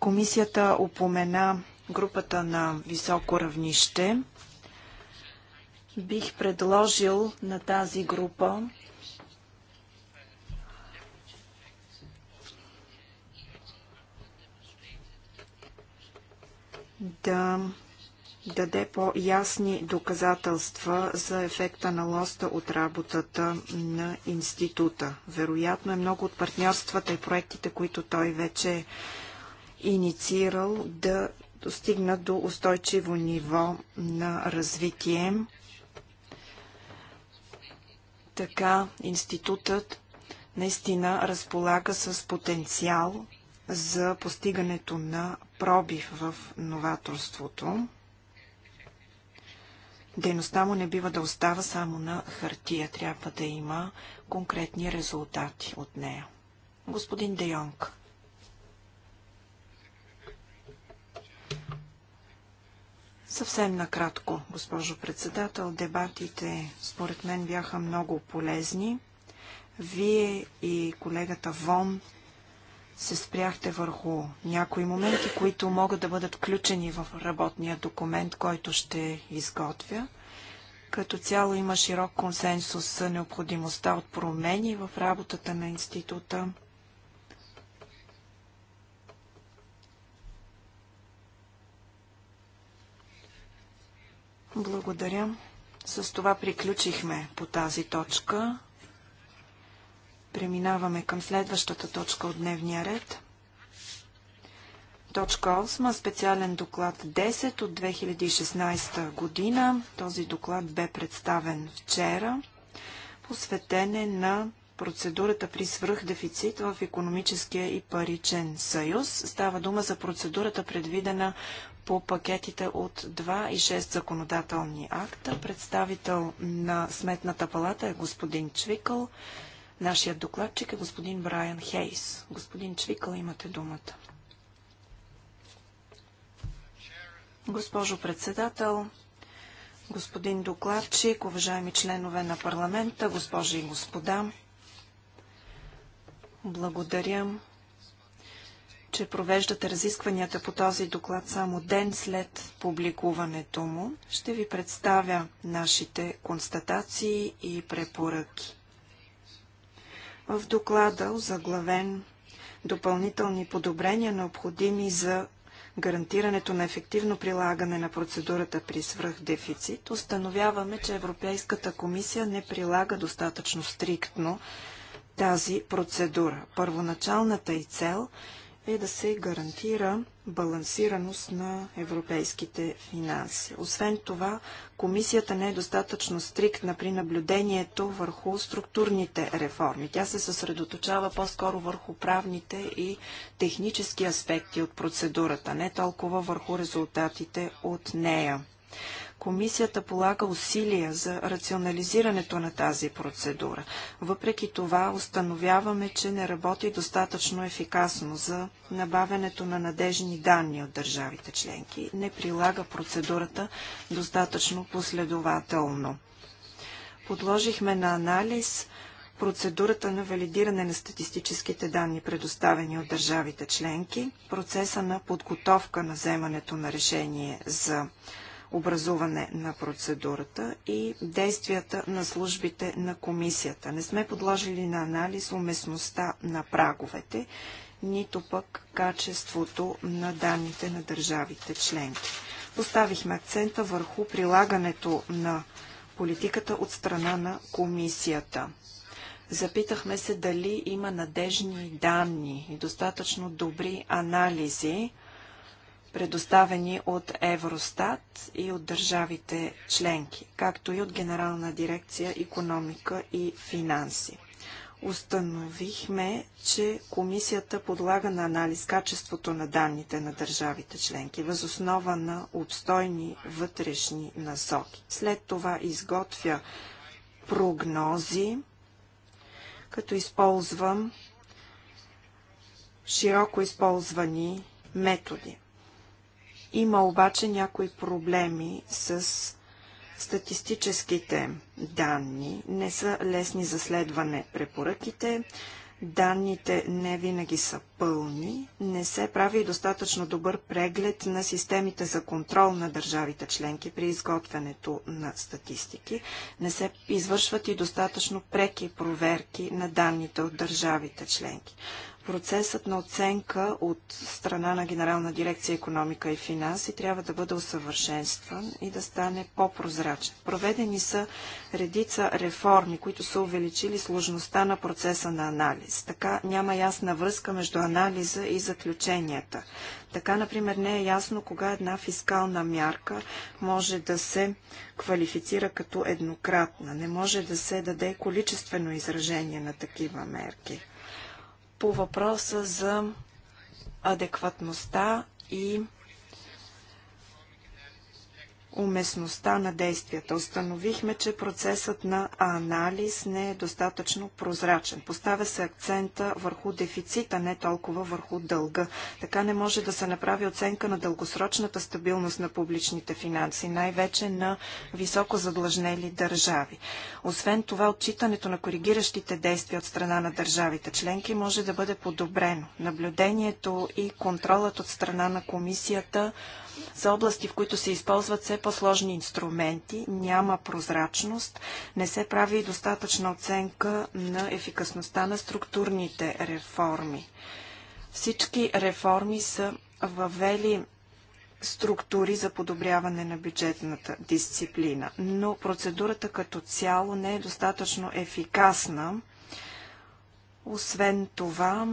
Комисията упомена групата на високо равнище, бих предложил на тази група да даде по-ясни доказателства за ефекта на лоста от работата на института. Вероятно е много от партньорствата и проектите, които той вече е инициирал, да достигна до устойчиво ниво на развитие. Така институтът наистина разполага с потенциал за постигането на пробив в новаторството. Дейността му не бива да остава само на хартия. Трябва да има конкретни резултати от нея. Господин Де Йонг. Съвсем накратко, госпожо председател, дебатите според мен бяха много полезни. Вие и колегата Вон се спряхте върху някои моменти, които могат да бъдат включени в работния документ, който ще изготвя. Като цяло има широк консенсус за необходимостта от промени в работата на института. Благодаря. С това приключихме по тази точка. Преминаваме към следващата точка от дневния ред. Точка 8. Специален доклад 10 от 2016 година. Този доклад бе представен вчера. Посветен е на процедурата при свръхдефицит в економическия и паричен съюз. Става дума за процедурата предвидена по пакетите от 2 и 6 законодателни акта. Представител на Сметната палата е господин Чвикъл. Нашият докладчик е господин Брайан Хейс. Господин Чвикъл, имате думата. Госпожо председател, господин докладчик, уважаеми членове на парламента, госпожи и господа, благодаря че провеждате разискванията по този доклад само ден след публикуването му. Ще ви представя нашите констатации и препоръки. В доклада, заглавен допълнителни подобрения, необходими за гарантирането на ефективно прилагане на процедурата при свръхдефицит, установяваме, че Европейската комисия не прилага достатъчно стриктно тази процедура. Първоначалната и цел е е да се гарантира балансираност на европейските финанси. Освен това, комисията не е достатъчно стриктна при наблюдението върху структурните реформи. Тя се съсредоточава по-скоро върху правните и технически аспекти от процедурата, не толкова върху резултатите от нея. Комисията полага усилия за рационализирането на тази процедура. Въпреки това установяваме, че не работи достатъчно ефикасно за набавянето на надежни данни от държавите членки. Не прилага процедурата достатъчно последователно. Подложихме на анализ процедурата на валидиране на статистическите данни, предоставени от държавите членки, процеса на подготовка на вземането на решение за образуване на процедурата и действията на службите на комисията. Не сме подложили на анализ уместността на праговете, нито пък качеството на данните на държавите членки. Поставихме акцента върху прилагането на политиката от страна на комисията. Запитахме се дали има надежни данни и достатъчно добри анализи, предоставени от Евростат и от държавите членки, както и от Генерална дирекция економика и финанси. Установихме, че комисията подлага на анализ качеството на данните на държавите членки, възоснова на обстойни вътрешни насоки. След това изготвя прогнози, като използвам широко използвани методи. Има обаче някои проблеми с статистическите данни. Не са лесни за следване препоръките. Данните не винаги са пълни. Не се прави достатъчно добър преглед на системите за контрол на държавите членки при изготвянето на статистики. Не се извършват и достатъчно преки проверки на данните от държавите членки. Процесът на оценка от страна на Генерална дирекция економика и финанси трябва да бъде усъвършенстван и да стане по-прозрачен. Проведени са редица реформи, които са увеличили сложността на процеса на анализ. Така няма ясна връзка между анализа и заключенията. Така, например, не е ясно кога една фискална мярка може да се квалифицира като еднократна. Не може да се даде количествено изражение на такива мерки по въпроса за адекватността и уместността на действията. Установихме, че процесът на анализ не е достатъчно прозрачен. Поставя се акцента върху дефицита, не толкова върху дълга. Така не може да се направи оценка на дългосрочната стабилност на публичните финанси, най-вече на високо задлъжнели държави. Освен това, отчитането на коригиращите действия от страна на държавите членки може да бъде подобрено. Наблюдението и контролът от страна на комисията за области, в които се използват все по-сложни инструменти, няма прозрачност, не се прави и достатъчна оценка на ефикасността на структурните реформи. Всички реформи са въвели структури за подобряване на бюджетната дисциплина, но процедурата като цяло не е достатъчно ефикасна. Освен това,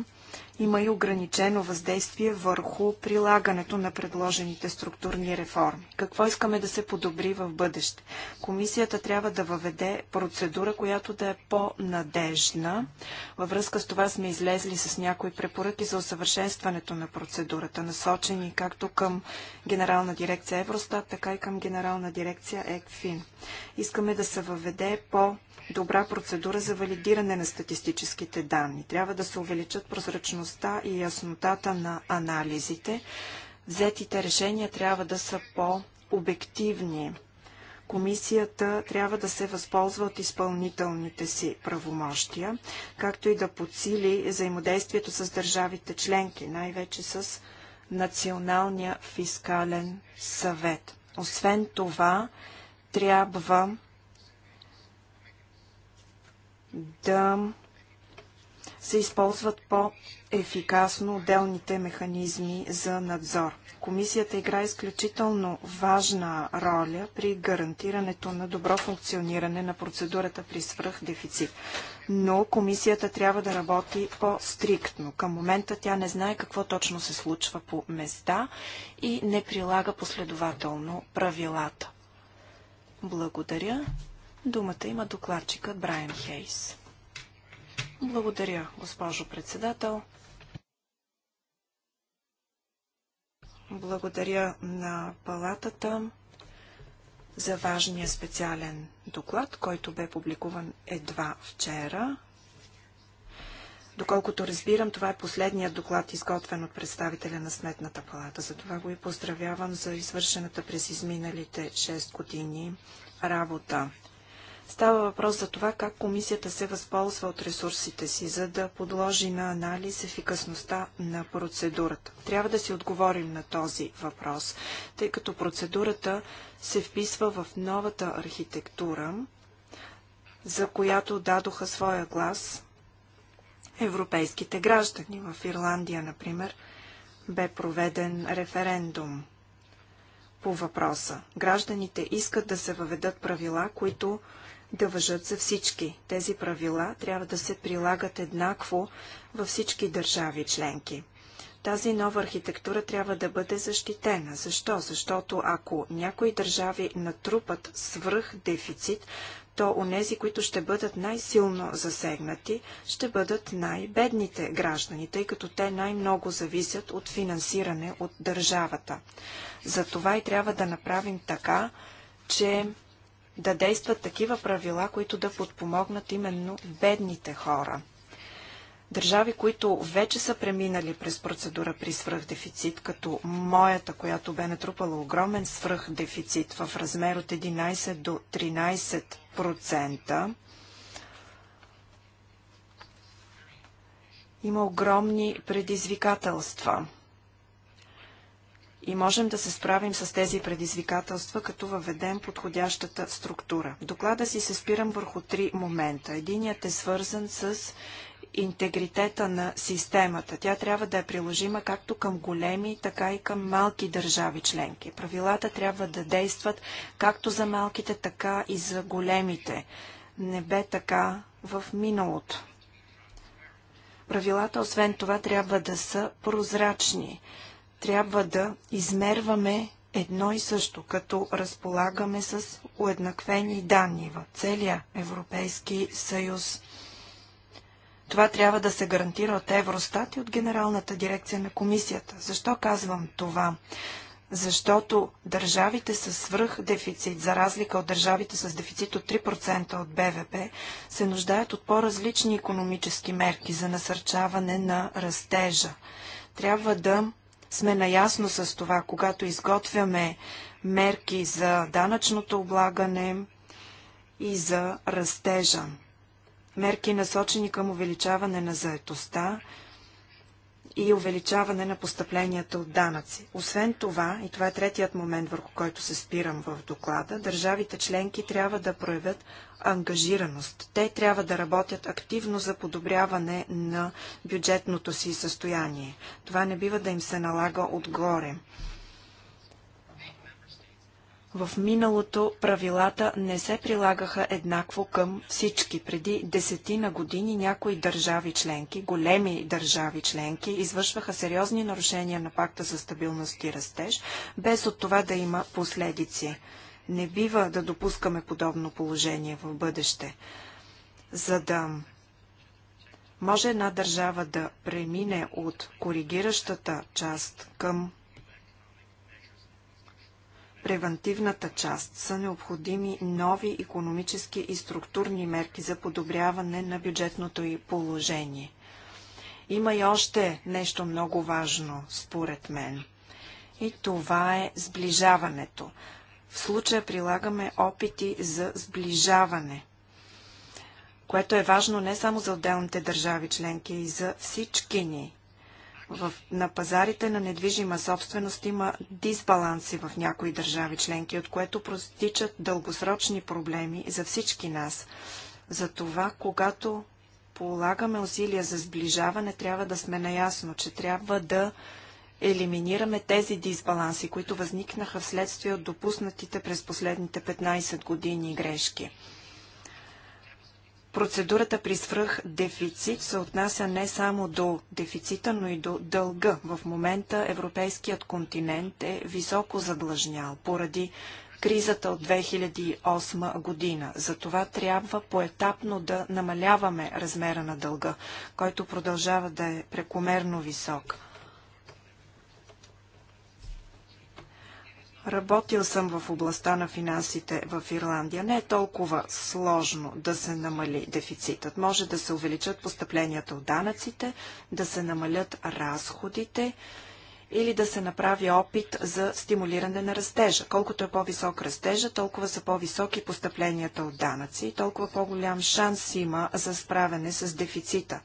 има и ограничено въздействие върху прилагането на предложените структурни реформи. Какво искаме да се подобри в бъдеще? Комисията трябва да въведе процедура, която да е по-надежна. Във връзка с това сме излезли с някои препоръки за усъвършенстването на процедурата, насочени както към Генерална дирекция Евростат, така и към Генерална дирекция ЕКФИН. Искаме да се въведе по добра процедура за валидиране на статистическите данни. Трябва да се увеличат прозрачността и яснотата на анализите. Взетите решения трябва да са по-обективни. Комисията трябва да се възползва от изпълнителните си правомощия, както и да подсили взаимодействието с държавите членки, най-вече с Националния фискален съвет. Освен това, трябва да се използват по-ефикасно отделните механизми за надзор. Комисията игра изключително важна роля при гарантирането на добро функциониране на процедурата при свръхдефицит. Но комисията трябва да работи по-стриктно. Към момента тя не знае какво точно се случва по места и не прилага последователно правилата. Благодаря. Думата има докладчикът Брайан Хейс. Благодаря, госпожо председател. Благодаря на палатата за важния специален доклад, който бе публикуван едва вчера. Доколкото разбирам, това е последният доклад, изготвен от представителя на Сметната палата. Затова го и поздравявам за извършената през изминалите 6 години работа. Става въпрос за това как комисията се възползва от ресурсите си, за да подложи на анализ ефикасността на процедурата. Трябва да си отговорим на този въпрос, тъй като процедурата се вписва в новата архитектура, за която дадоха своя глас европейските граждани. В Ирландия, например, бе проведен референдум по въпроса. Гражданите искат да се въведат правила, които да въжат за всички. Тези правила трябва да се прилагат еднакво във всички държави членки. Тази нова архитектура трябва да бъде защитена. Защо? Защото ако някои държави натрупат свръх дефицит, то онези, които ще бъдат най-силно засегнати, ще бъдат най-бедните граждани, тъй като те най-много зависят от финансиране от държавата. Затова и трябва да направим така, че да действат такива правила, които да подпомогнат именно бедните хора. Държави, които вече са преминали през процедура при свръхдефицит, като моята, която бе натрупала огромен свръхдефицит в размер от 11 до 13%, има огромни предизвикателства – и можем да се справим с тези предизвикателства, като въведем подходящата структура. В доклада си се спирам върху три момента. Единият е свързан с интегритета на системата. Тя трябва да е приложима както към големи, така и към малки държави членки. Правилата трябва да действат както за малките, така и за големите. Не бе така в миналото. Правилата, освен това, трябва да са прозрачни трябва да измерваме едно и също, като разполагаме с уеднаквени данни в целия Европейски съюз. Това трябва да се гарантира от Евростат и от Генералната дирекция на комисията. Защо казвам това? Защото държавите с свръх дефицит, за разлика от държавите с дефицит от 3% от БВП, се нуждаят от по-различни економически мерки за насърчаване на растежа. Трябва да сме наясно с това, когато изготвяме мерки за данъчното облагане и за растежа. Мерки насочени към увеличаване на заетостта, и увеличаване на постъпленията от данъци. Освен това, и това е третият момент, върху който се спирам в доклада, държавите членки трябва да проявят ангажираност. Те трябва да работят активно за подобряване на бюджетното си състояние. Това не бива да им се налага отгоре. В миналото правилата не се прилагаха еднакво към всички. Преди десетина години някои държави членки, големи държави членки, извършваха сериозни нарушения на пакта за стабилност и растеж, без от това да има последици. Не бива да допускаме подобно положение в бъдеще. За да може една държава да премине от коригиращата част към Превентивната част са необходими нови економически и структурни мерки за подобряване на бюджетното и положение. Има и още нещо много важно, според мен. И това е сближаването. В случая прилагаме опити за сближаване, което е важно не само за отделните държави членки, и за всички ни. В, на пазарите на недвижима собственост има дисбаланси в някои държави членки, от което простичат дългосрочни проблеми за всички нас. Затова, когато полагаме усилия за сближаване, трябва да сме наясно, че трябва да елиминираме тези дисбаланси, които възникнаха вследствие от допуснатите през последните 15 години грешки. Процедурата при свръхдефицит се отнася не само до дефицита, но и до дълга. В момента европейският континент е високо задлъжнял поради кризата от 2008 година. Затова трябва поетапно да намаляваме размера на дълга, който продължава да е прекомерно висок. Работил съм в областта на финансите в Ирландия. Не е толкова сложно да се намали дефицитът. Може да се увеличат постъпленията от данъците, да се намалят разходите, или да се направи опит за стимулиране на растежа. Колкото е по-висок растежа, толкова са по-високи постъпленията от данъци и толкова по-голям шанс има за справяне с дефицита.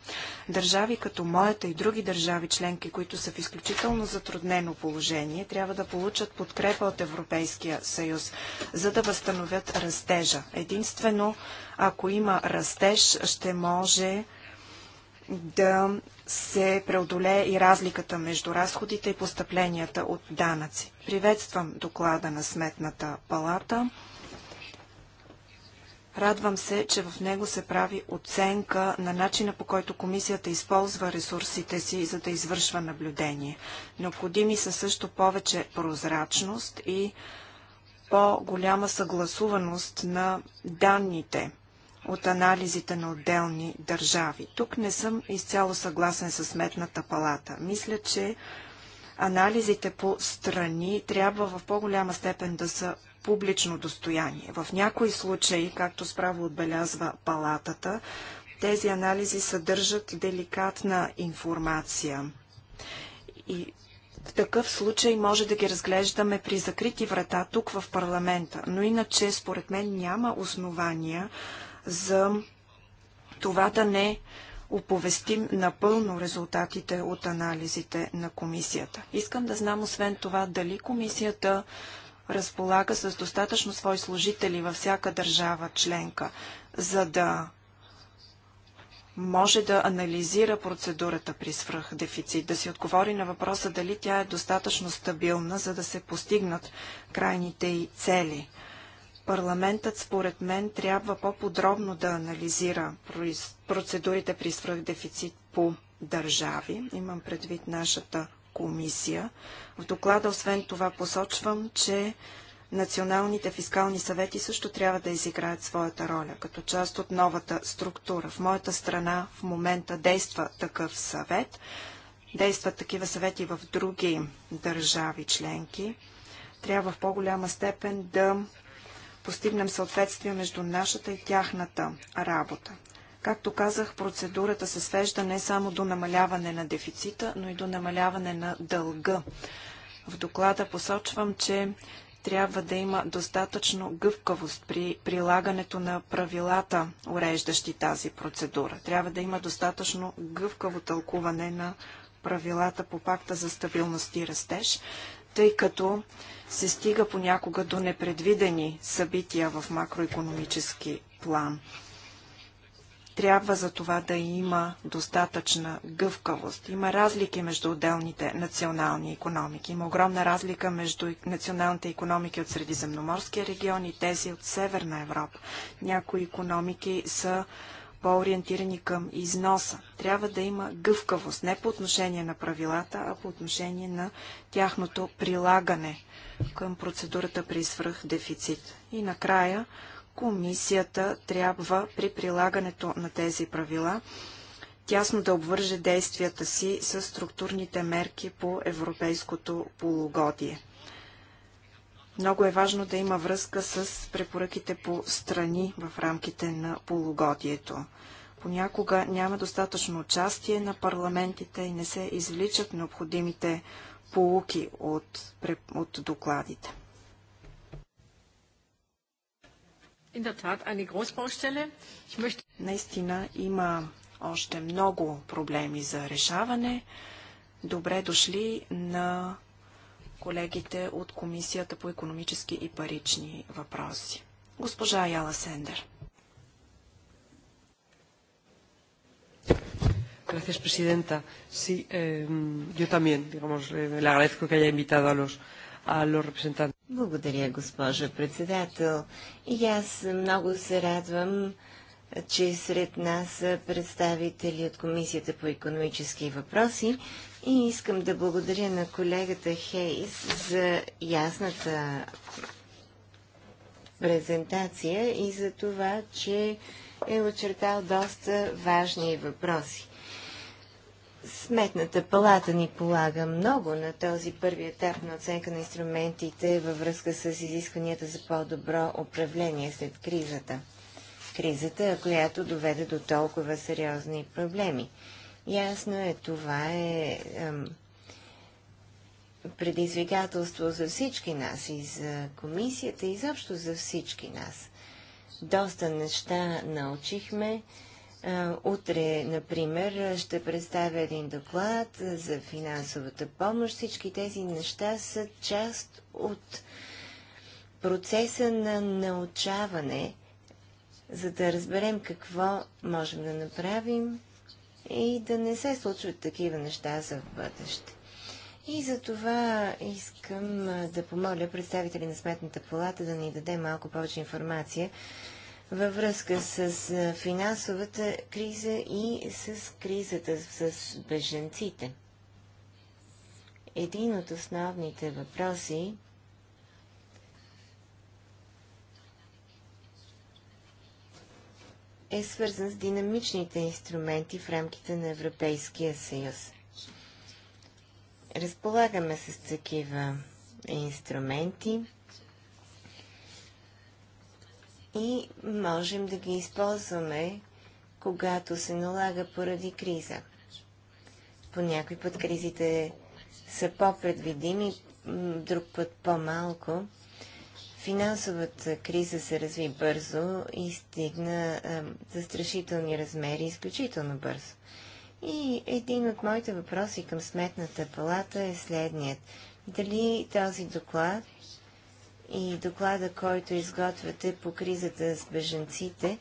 Държави като моята и други държави членки, които са в изключително затруднено положение, трябва да получат подкрепа от Европейския съюз, за да възстановят растежа. Единствено, ако има растеж, ще може да се преодолее и разликата между разходите и постъпленията от данъци. Приветствам доклада на Сметната палата. Радвам се, че в него се прави оценка на начина по който комисията използва ресурсите си, за да извършва наблюдение. Необходими са също повече прозрачност и по-голяма съгласуваност на данните – от анализите на отделни държави. Тук не съм изцяло съгласен с Сметната палата. Мисля, че анализите по страни трябва в по-голяма степен да са публично достояние. В някои случаи, както справо отбелязва палатата, тези анализи съдържат деликатна информация. И в такъв случай може да ги разглеждаме при закрити врата тук в парламента, но иначе според мен няма основания за това да не оповестим напълно резултатите от анализите на комисията. Искам да знам освен това дали комисията разполага с достатъчно свои служители във всяка държава членка, за да може да анализира процедурата при свръхдефицит, да си отговори на въпроса дали тя е достатъчно стабилна, за да се постигнат крайните й цели – Парламентът, според мен, трябва по-подробно да анализира процедурите при свръхдефицит по държави. Имам предвид нашата комисия. В доклада, освен това, посочвам, че националните фискални съвети също трябва да изиграят своята роля, като част от новата структура. В моята страна в момента действа такъв съвет. Действат такива съвети в други държави членки. Трябва в по-голяма степен да постигнем съответствие между нашата и тяхната работа. Както казах, процедурата се свежда не само до намаляване на дефицита, но и до намаляване на дълга. В доклада посочвам, че трябва да има достатъчно гъвкавост при прилагането на правилата, уреждащи тази процедура. Трябва да има достатъчно гъвкаво тълкуване на правилата по пакта за стабилност и растеж, тъй като се стига понякога до непредвидени събития в макроекономически план. Трябва за това да има достатъчна гъвкавост. Има разлики между отделните национални економики. Има огромна разлика между националните економики от Средиземноморския регион и тези от Северна Европа. Някои економики са по-ориентирани към износа. Трябва да има гъвкавост не по отношение на правилата, а по отношение на тяхното прилагане към процедурата при свръхдефицит. И накрая комисията трябва при прилагането на тези правила тясно да обвърже действията си с структурните мерки по европейското полугодие. Много е важно да има връзка с препоръките по страни в рамките на полугодието. Понякога няма достатъчно участие на парламентите и не се извличат необходимите полуки от, от докладите. Наистина има още много проблеми за решаване. Добре дошли на колегите от Комисията по економически и парични въпроси. Госпожа Яла Сендер. Gracias, Presidenta. Sí, eh, yo también, digamos, eh, le agradezco que haya invitado a los, a los representantes. Благодаря, госпожа председател. И аз много се радвам, че сред нас представители от Комисията по економически въпроси, и искам да благодаря на колегата Хейс за ясната презентация и за това, че е очертал доста важни въпроси. Сметната палата ни полага много на този първи етап на оценка на инструментите във връзка с изискванията за по-добро управление след кризата. Кризата, която доведе до толкова сериозни проблеми. Ясно е, това е предизвикателство за всички нас и за комисията, и заобщо за всички нас. Доста неща научихме. утре, например, ще представя един доклад за финансовата помощ. Всички тези неща са част от процеса на научаване, за да разберем какво можем да направим и да не се случват такива неща за в бъдеще. И за това искам да помоля представители на Сметната палата да ни даде малко повече информация във връзка с финансовата криза и с кризата с беженците. Един от основните въпроси е свързан с динамичните инструменти в рамките на Европейския съюз. Разполагаме с такива инструменти и можем да ги използваме, когато се налага поради криза. По някой път кризите са по-предвидими, друг път по-малко. Финансовата криза се разви бързо и стигна а, застрашителни размери изключително бързо. И един от моите въпроси към Сметната палата е следният. Дали този доклад и доклада, който изготвяте по кризата с беженците,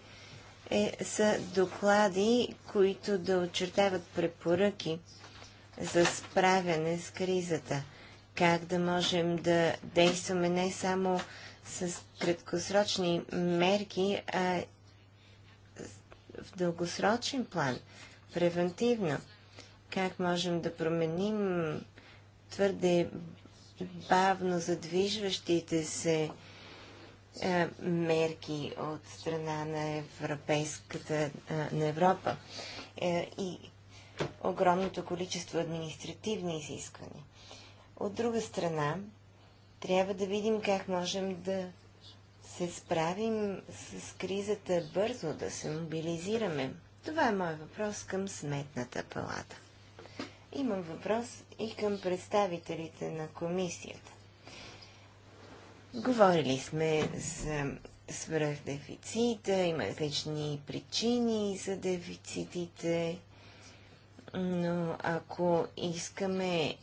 е, са доклади, които да очертават препоръки за справяне с кризата? Как да можем да действаме не само с краткосрочни мерки, а в дългосрочен план, превентивно. Как можем да променим твърде бавно задвижващите се мерки от страна на Европейската, на Европа е, и огромното количество административни изисквания. От друга страна, трябва да видим как можем да се справим с кризата бързо, да се мобилизираме. Това е мой въпрос към Сметната палата. Имам въпрос и към представителите на комисията. Говорили сме за свръхдефицита, има различни причини за дефицитите, но ако искаме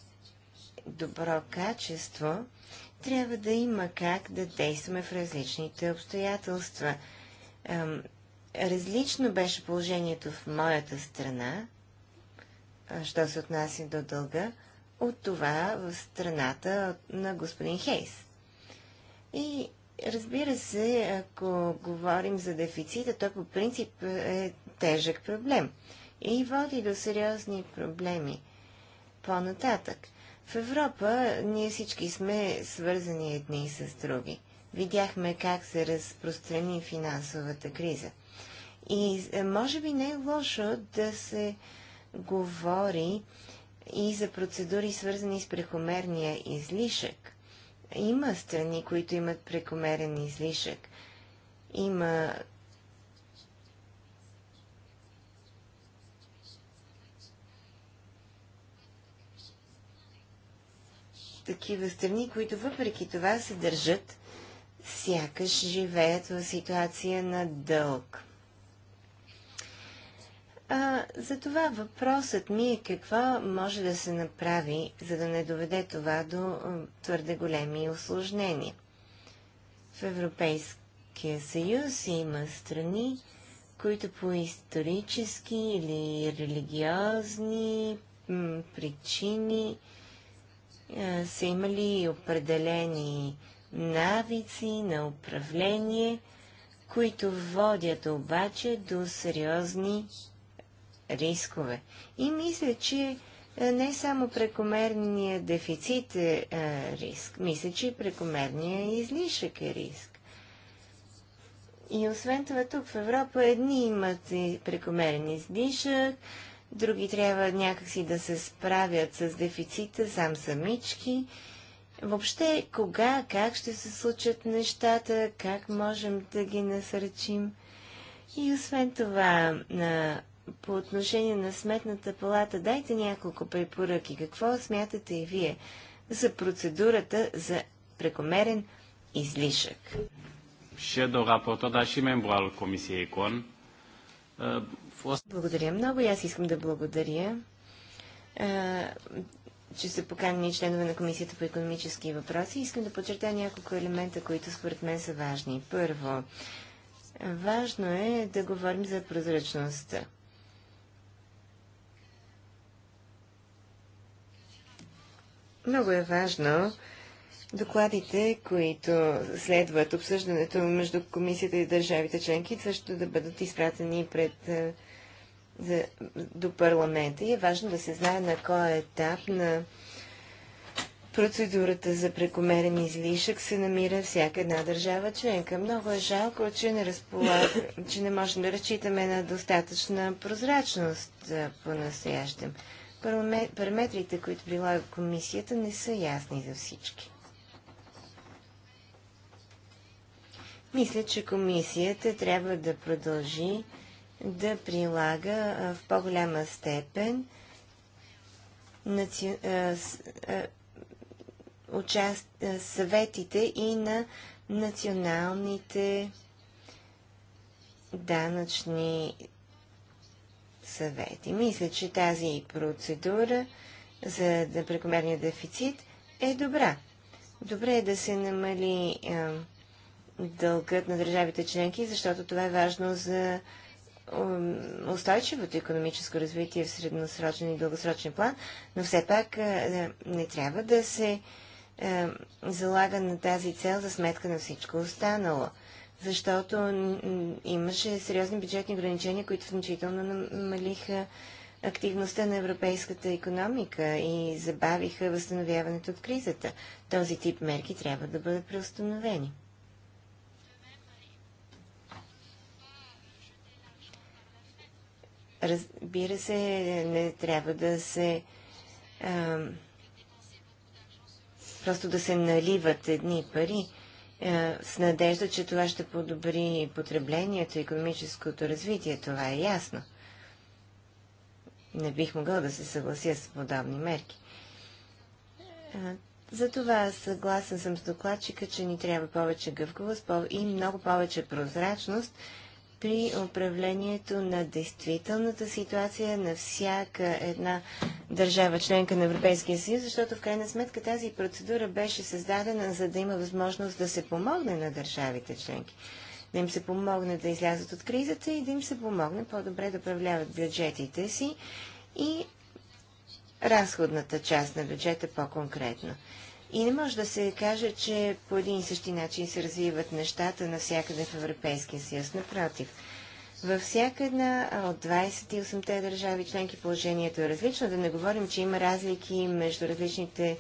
добро качество, трябва да има как да действаме в различните обстоятелства. Различно беше положението в моята страна, що се отнася до дълга, от това в страната на господин Хейс. И разбира се, ако говорим за дефицита, то по принцип е тежък проблем и води до сериозни проблеми по-нататък. В Европа ние всички сме свързани едни с други. Видяхме как се разпространи финансовата криза. И е, може би не е лошо да се говори и за процедури, свързани с прекомерния излишък. Има страни, които имат прекомерен излишък. Има такива страни, които въпреки това се държат, сякаш живеят в ситуация на дълг. А, затова въпросът ми е какво може да се направи, за да не доведе това до твърде големи осложнения. В Европейския съюз има страни, които по исторически или религиозни причини е, са имали определени навици на управление, които водят обаче до сериозни рискове. И мисля, че е, не само прекомерният дефицит е, е риск, мисля, че прекомерният излишък е риск. И освен това, тук в Европа едни имат прекомерен излишък, други трябва някакси да се справят с дефицита сам самички. Въобще, кога, как ще се случат нещата, как можем да ги насърчим. И освен това, на, по отношение на сметната палата, дайте няколко препоръки. Какво смятате и вие за процедурата за прекомерен излишък? Ще до рапорта, да, ще мембро комисия ИКОН. Благодаря много и аз искам да благодаря, че са поканени членове на Комисията по економически въпроси. Искам да подчертая няколко елемента, които според мен са важни. Първо, важно е да говорим за прозрачността. Много е важно докладите, които следват обсъждането между комисията и държавите членки, също да бъдат изпратени пред за, до парламента и е важно да се знае на кой етап на процедурата за прекомерен излишък се намира всяка една държава членка. Много е жалко, че не, разполаг... че не можем да разчитаме на достатъчна прозрачност по-настоящем. Параметрите, които прилага комисията, не са ясни за всички. Мисля, че комисията трябва да продължи да прилага в по-голяма степен наци... участ... съветите и на националните данъчни съвети. Мисля, че тази процедура за прекомерния дефицит е добра. Добре е да се намали дългът на държавите членки, защото това е важно за устойчивото економическо развитие в средносрочен и дългосрочен план, но все пак не трябва да се залага на тази цел за сметка на всичко останало защото имаше сериозни бюджетни ограничения, които значително намалиха активността на европейската економика и забавиха възстановяването от кризата. Този тип мерки трябва да бъдат преустановени. Разбира се, не трябва да се а, просто да се наливат едни пари а, с надежда, че това ще подобри потреблението, економическото развитие. Това е ясно. Не бих могъл да се съглася с подобни мерки. А, затова съгласен съм с докладчика, че ни трябва повече гъвкавост и много повече прозрачност, при управлението на действителната ситуация на всяка една държава, членка на Европейския съюз, защото в крайна сметка тази процедура беше създадена, за да има възможност да се помогне на държавите членки. Да им се помогне да излязат от кризата и да им се помогне по-добре да управляват бюджетите си и разходната част на бюджета по-конкретно. И не може да се каже, че по един и същи начин се развиват нещата навсякъде в Европейския съюз. Напротив, във всяка една от 28-те държави членки положението е различно. Да не говорим, че има разлики между различните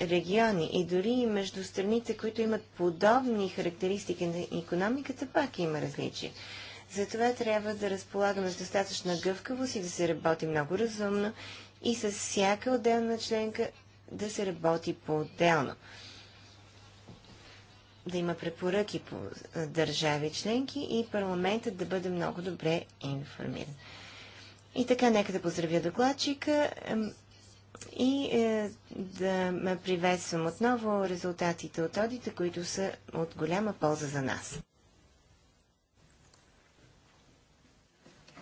региони и дори и между страните, които имат подобни характеристики на економиката, пак има различия. Затова трябва да разполагаме с достатъчна гъвкавост и да се работи много разумно и с всяка отделна членка, да се работи по-отделно. Да има препоръки по държави членки и парламентът да бъде много добре информиран. И така, нека да поздравя докладчика и е, да ме приветствам отново резултатите от одите, които са от голяма полза за нас.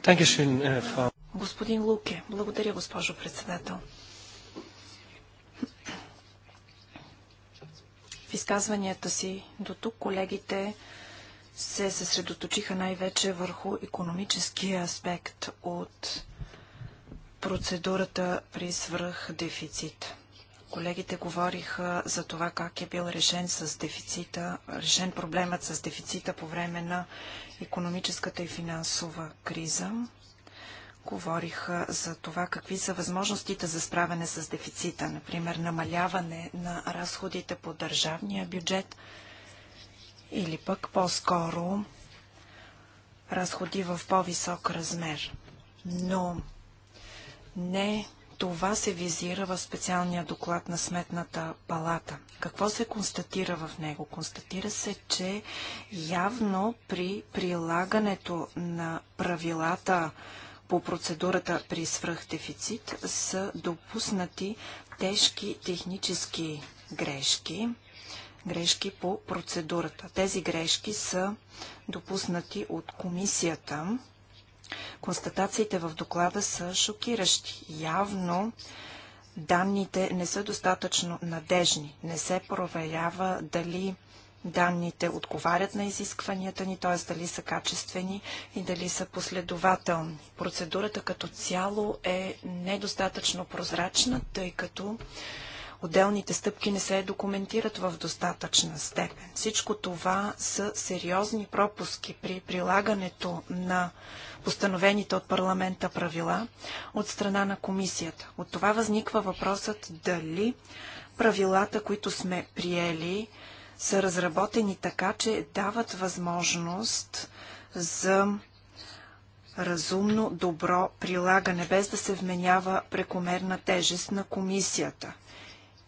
Е, Господин Луке, благодаря, госпожо председател. В изказванията си до тук колегите се съсредоточиха най-вече върху економическия аспект от процедурата при свръхдефицит. Колегите говориха за това как е бил решен с дефицита, решен проблемът с дефицита по време на економическата и финансова криза говориха за това какви са възможностите за справяне с дефицита, например намаляване на разходите по държавния бюджет или пък по-скоро разходи в по-висок размер. Но не това се визира в специалния доклад на Сметната палата. Какво се констатира в него? Констатира се, че явно при прилагането на правилата по процедурата при свръхдефицит са допуснати тежки технически грешки, грешки по процедурата. Тези грешки са допуснати от комисията. Констатациите в доклада са шокиращи. Явно данните не са достатъчно надежни. Не се проверява дали данните отговарят на изискванията ни, т.е. дали са качествени и дали са последователни. Процедурата като цяло е недостатъчно прозрачна, тъй като отделните стъпки не се документират в достатъчна степен. Всичко това са сериозни пропуски при прилагането на постановените от парламента правила от страна на комисията. От това възниква въпросът дали правилата, които сме приели, са разработени така, че дават възможност за разумно, добро прилагане, без да се вменява прекомерна тежест на комисията.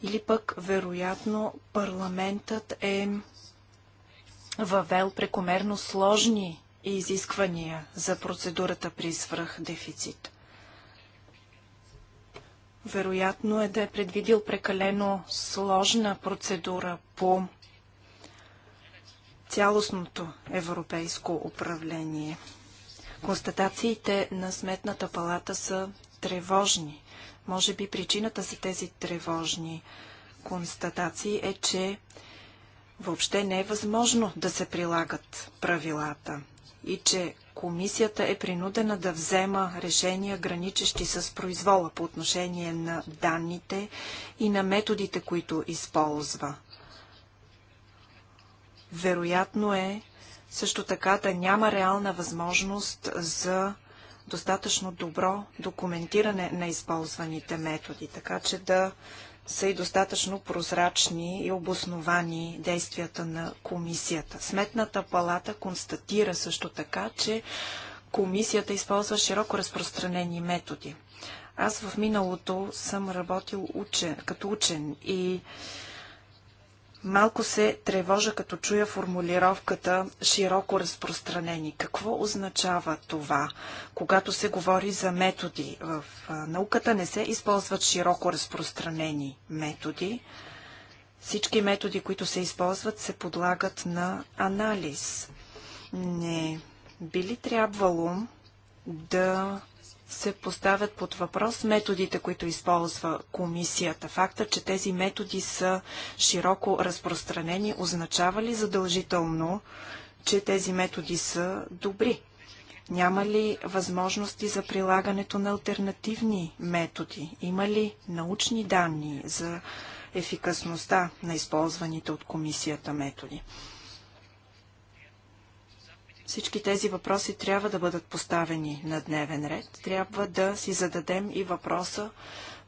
Или пък, вероятно, парламентът е въвел прекомерно сложни изисквания за процедурата при свръхдефицит. Вероятно е да е предвидил прекалено сложна процедура по цялостното европейско управление. Констатациите на Сметната палата са тревожни. Може би причината за тези тревожни констатации е, че въобще не е възможно да се прилагат правилата и че комисията е принудена да взема решения, граничещи с произвола по отношение на данните и на методите, които използва. Вероятно е също така да няма реална възможност за достатъчно добро документиране на използваните методи, така че да са и достатъчно прозрачни и обосновани действията на комисията. Сметната палата констатира също така, че комисията използва широко разпространени методи. Аз в миналото съм работил учен, като учен и Малко се тревожа, като чуя формулировката широко разпространени. Какво означава това? Когато се говори за методи в науката, не се използват широко разпространени методи. Всички методи, които се използват, се подлагат на анализ. Не би ли трябвало да се поставят под въпрос методите, които използва комисията. Факта, че тези методи са широко разпространени, означава ли задължително, че тези методи са добри? Няма ли възможности за прилагането на альтернативни методи? Има ли научни данни за ефикасността на използваните от комисията методи? Всички тези въпроси трябва да бъдат поставени на дневен ред. Трябва да си зададем и въпроса,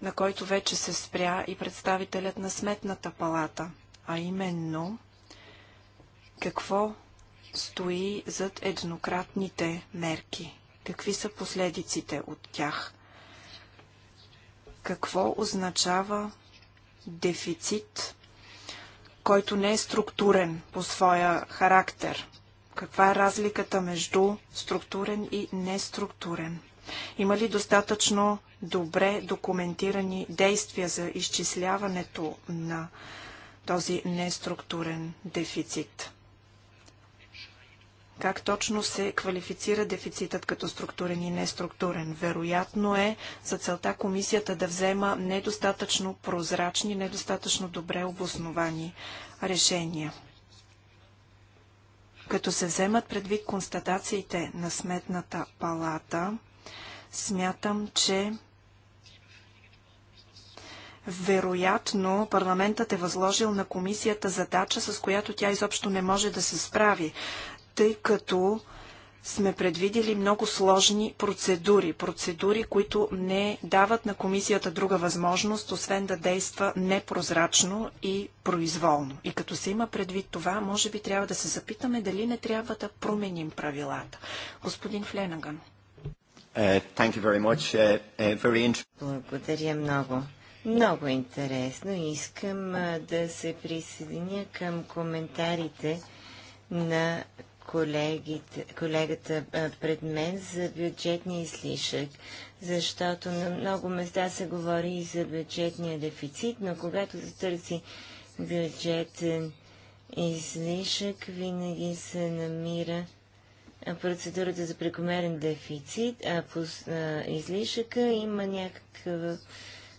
на който вече се спря и представителят на Сметната палата, а именно какво стои зад еднократните мерки, какви са последиците от тях, какво означава дефицит, който не е структурен по своя характер. Каква е разликата между структурен и неструктурен? Има ли достатъчно добре документирани действия за изчисляването на този неструктурен дефицит? Как точно се квалифицира дефицитът като структурен и неструктурен? Вероятно е за целта комисията да взема недостатъчно прозрачни, недостатъчно добре обосновани решения. Като се вземат предвид констатациите на Сметната палата, смятам, че вероятно парламентът е възложил на комисията задача, с която тя изобщо не може да се справи, тъй като сме предвидели много сложни процедури. Процедури, които не дават на комисията друга възможност, освен да действа непрозрачно и произволно. И като се има предвид това, може би трябва да се запитаме дали не трябва да променим правилата. Господин Фленаган. Е, е, е, Благодаря много. Много интересно. Искам да се присъединя към коментарите на колегите, колегата пред мен за бюджетния излишък, защото на много места се говори и за бюджетния дефицит, но когато се търси бюджетен излишък, винаги се намира процедурата за прекомерен дефицит, а по излишъка има някакъв,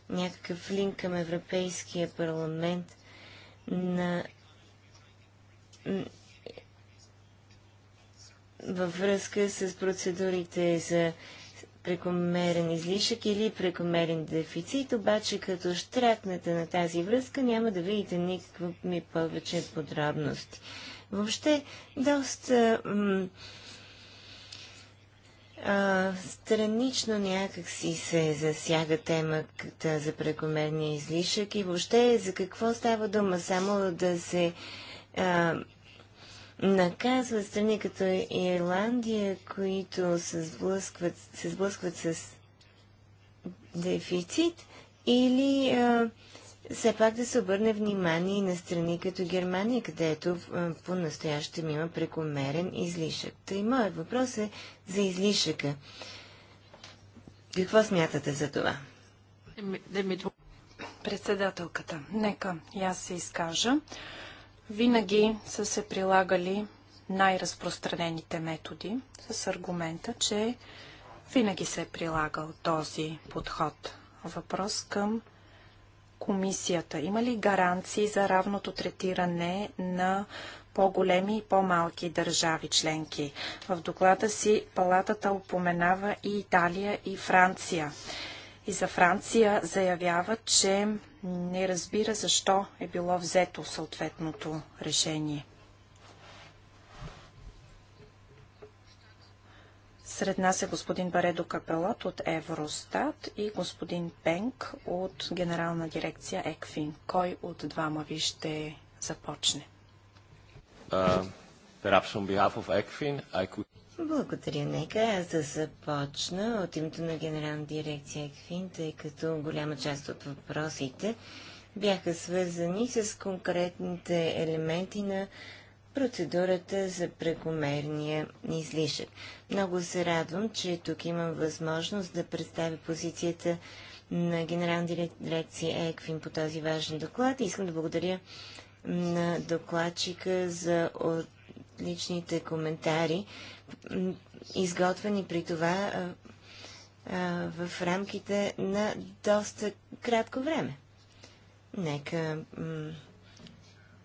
някакъв линк към Европейския парламент на във връзка с процедурите за прекомерен излишък или прекомерен дефицит, обаче като штракната на тази връзка няма да видите никакви повече подробности. Въобще, доста а, странично някак си се засяга темата за прекомерния излишък и въобще за какво става дума, само да се а, наказва страни като Ирландия, които се сблъскват, се сблъскват с дефицит или а, все пак да се обърне внимание и на страни като Германия, където по-настоящем има прекомерен излишък. Та и моят въпрос е за излишъка. Какво смятате за това? Председателката, нека и аз се изкажа винаги са се прилагали най-разпространените методи с аргумента, че винаги се е прилагал този подход. Въпрос към комисията. Има ли гаранции за равното третиране на по-големи и по-малки държави членки? В доклада си палатата упоменава и Италия и Франция и за Франция заявява, че не разбира защо е било взето съответното решение. Сред нас е господин Баредо Капелот от Евростат и господин Пенк от Генерална дирекция ЕКФИН. Кой от двама ви ще започне? Uh, ECFIN, could... Благодаря. Нека аз да започна от името на Генерална дирекция ЕКФИН, тъй като голяма част от въпросите бяха свързани с конкретните елементи на процедурата за прекомерния излишък. Много се радвам, че тук имам възможност да представя позицията на Генерална дирекция ЕКФИН по този важен доклад. Искам да благодаря на докладчика за отличните коментари изготвени при това в рамките на доста кратко време. Нека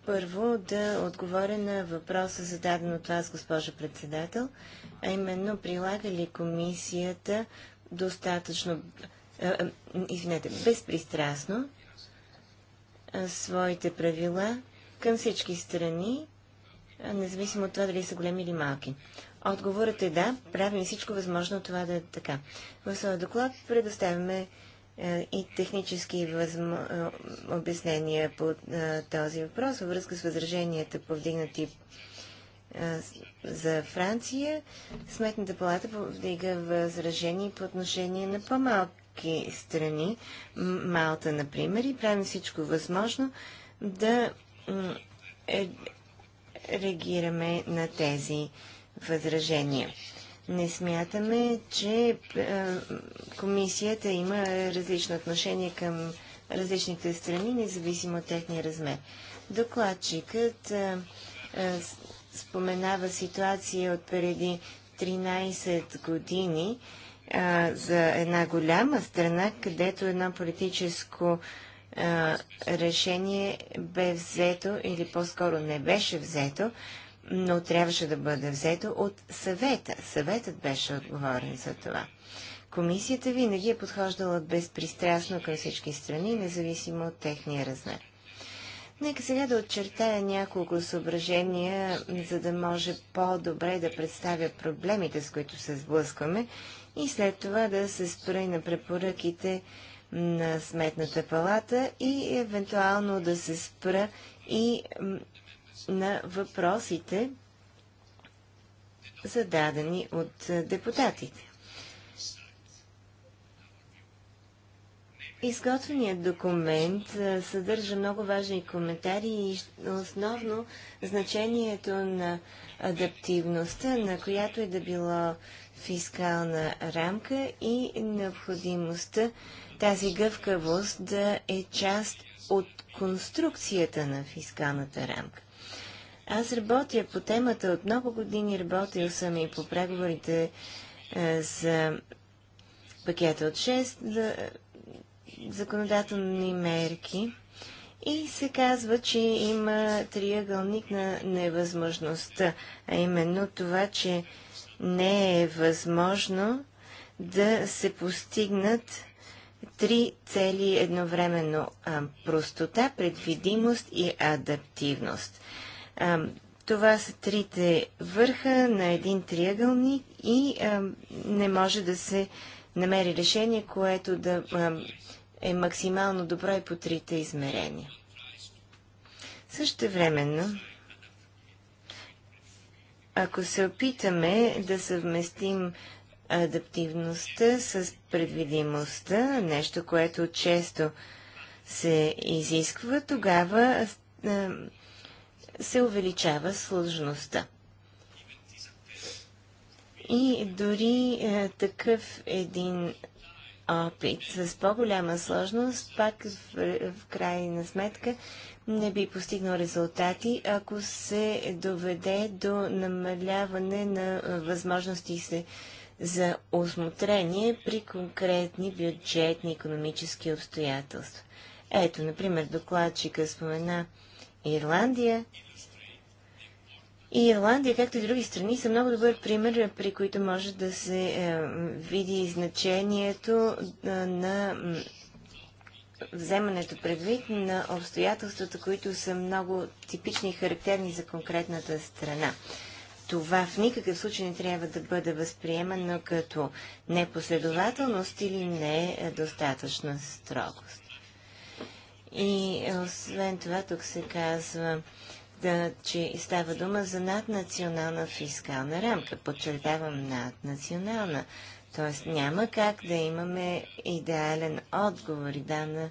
първо да отговоря на въпроса, зададен от вас, госпожа председател, а именно прилага ли комисията достатъчно, извинете, безпристрастно своите правила към всички страни, независимо от това дали са големи или малки. Отговорът е да, правим всичко възможно това да е така. В своя доклад предоставяме е, и технически възм... Е, обяснения по е, този въпрос във връзка с възраженията повдигнати за Франция. Сметната палата повдига възражения по отношение на по-малки страни, Малта, например, и правим всичко възможно да реагираме на тези възражения. Не смятаме, че е, комисията има различно отношение към различните страни, независимо от техния размер. Докладчикът е, е, споменава ситуация от преди 13 години за една голяма страна, където едно политическо решение бе взето или по-скоро не беше взето но трябваше да бъде взето от съвета. Съветът беше отговорен за това. Комисията винаги е подхождала безпристрастно към всички страни, независимо от техния размер. Нека сега да отчертая няколко съображения, за да може по-добре да представя проблемите, с които се сблъскваме и след това да се спра на препоръките на Сметната палата и евентуално да се спра и на въпросите, зададени от е, депутатите. Изготвеният документ е, съдържа много важни коментари и основно значението на адаптивността, на която е да било фискална рамка и необходимостта тази гъвкавост да е част от конструкцията на фискалната рамка. Аз работя по темата от много години, работил съм и по преговорите е, за пакета от 6 да, законодателни мерки. И се казва, че има триъгълник на невъзможността, а именно това, че не е възможно да се постигнат три цели едновременно – простота, предвидимост и адаптивност. А, това са трите върха на един триъгълник и а, не може да се намери решение, което да а, е максимално добро и по трите измерения. Също времено, ако се опитаме да съвместим адаптивността с предвидимостта, нещо, което често се изисква, тогава се увеличава сложността. И дори е, такъв един опит с по-голяма сложност, пак в, в крайна сметка не би постигнал резултати, ако се доведе до намаляване на е, възможности се за осмотрение при конкретни бюджетни економически обстоятелства. Ето, например, докладчика спомена Ирландия – и Ирландия, както и други страни, са много добър пример, при които може да се е, види значението е, на вземането предвид на обстоятелствата, които са много типични и характерни за конкретната страна. Това в никакъв случай не трябва да бъде възприемано като непоследователност или не е, достатъчна строгост. И освен това тук се казва, да, че става дума за наднационална фискална рамка. Подчертавам наднационална. Тоест няма как да имаме идеален отговор и дана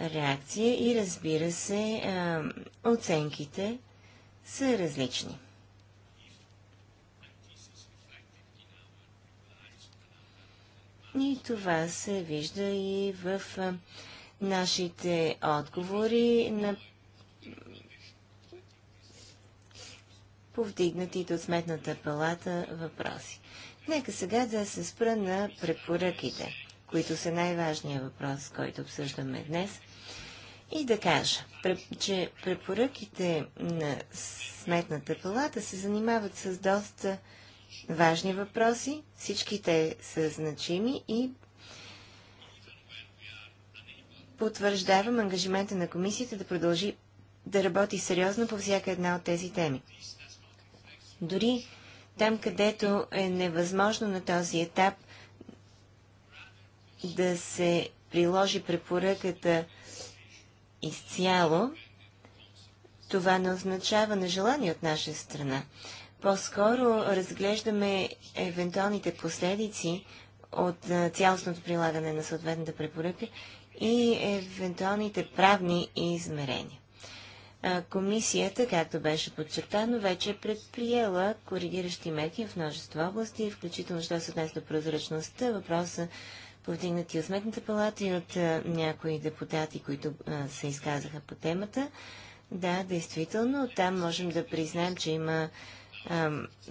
реакция и разбира се, а, оценките са различни. И това се вижда и в нашите отговори на повдигнатите от Сметната палата въпроси. Нека сега да се спра на препоръките, които са най-важният въпрос, който обсъждаме днес, и да кажа, че препоръките на Сметната палата се занимават с доста важни въпроси, всички те са значими и потвърждавам ангажимента на комисията да продължи да работи сериозно по всяка една от тези теми. Дори там, където е невъзможно на този етап да се приложи препоръката изцяло, това не означава нежелание от наша страна. По-скоро разглеждаме евентуалните последици от цялостното прилагане на съответната препоръка и евентуалните правни измерения. Комисията, както беше подчертано, вече е предприела коригиращи мерки в множество области, включително що се отнесе до прозрачността, въпроса повдигнати от Сметната палата и от някои депутати, които се изказаха по темата. Да, действително, там можем да признаем, че има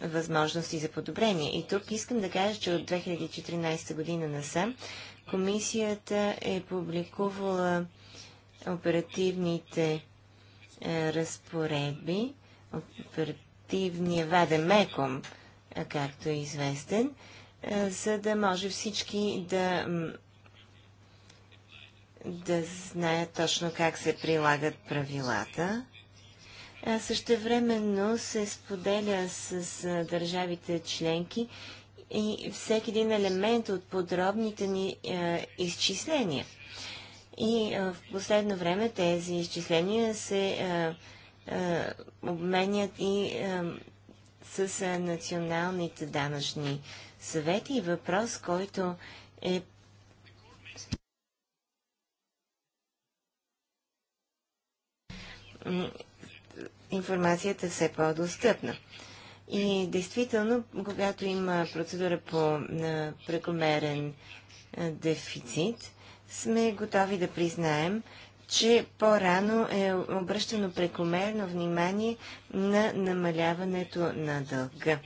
възможности за подобрение. И тук искам да кажа, че от 2014 година насам комисията е публикувала оперативните е, разпоредби, оперативния ваден меком, е, както е известен, е, за да може всички да, да знаят точно как се прилагат правилата. Също същевременно се споделя с, държавите членки и всеки един елемент от подробните ни изчисления – и в последно време тези изчисления се обменят и с националните данъчни съвети. И въпрос, който е информацията все по-достъпна. И действително, когато има процедура по прекомерен дефицит, сме готови да признаем, че по-рано е обръщано прекомерно внимание на намаляването на дълга.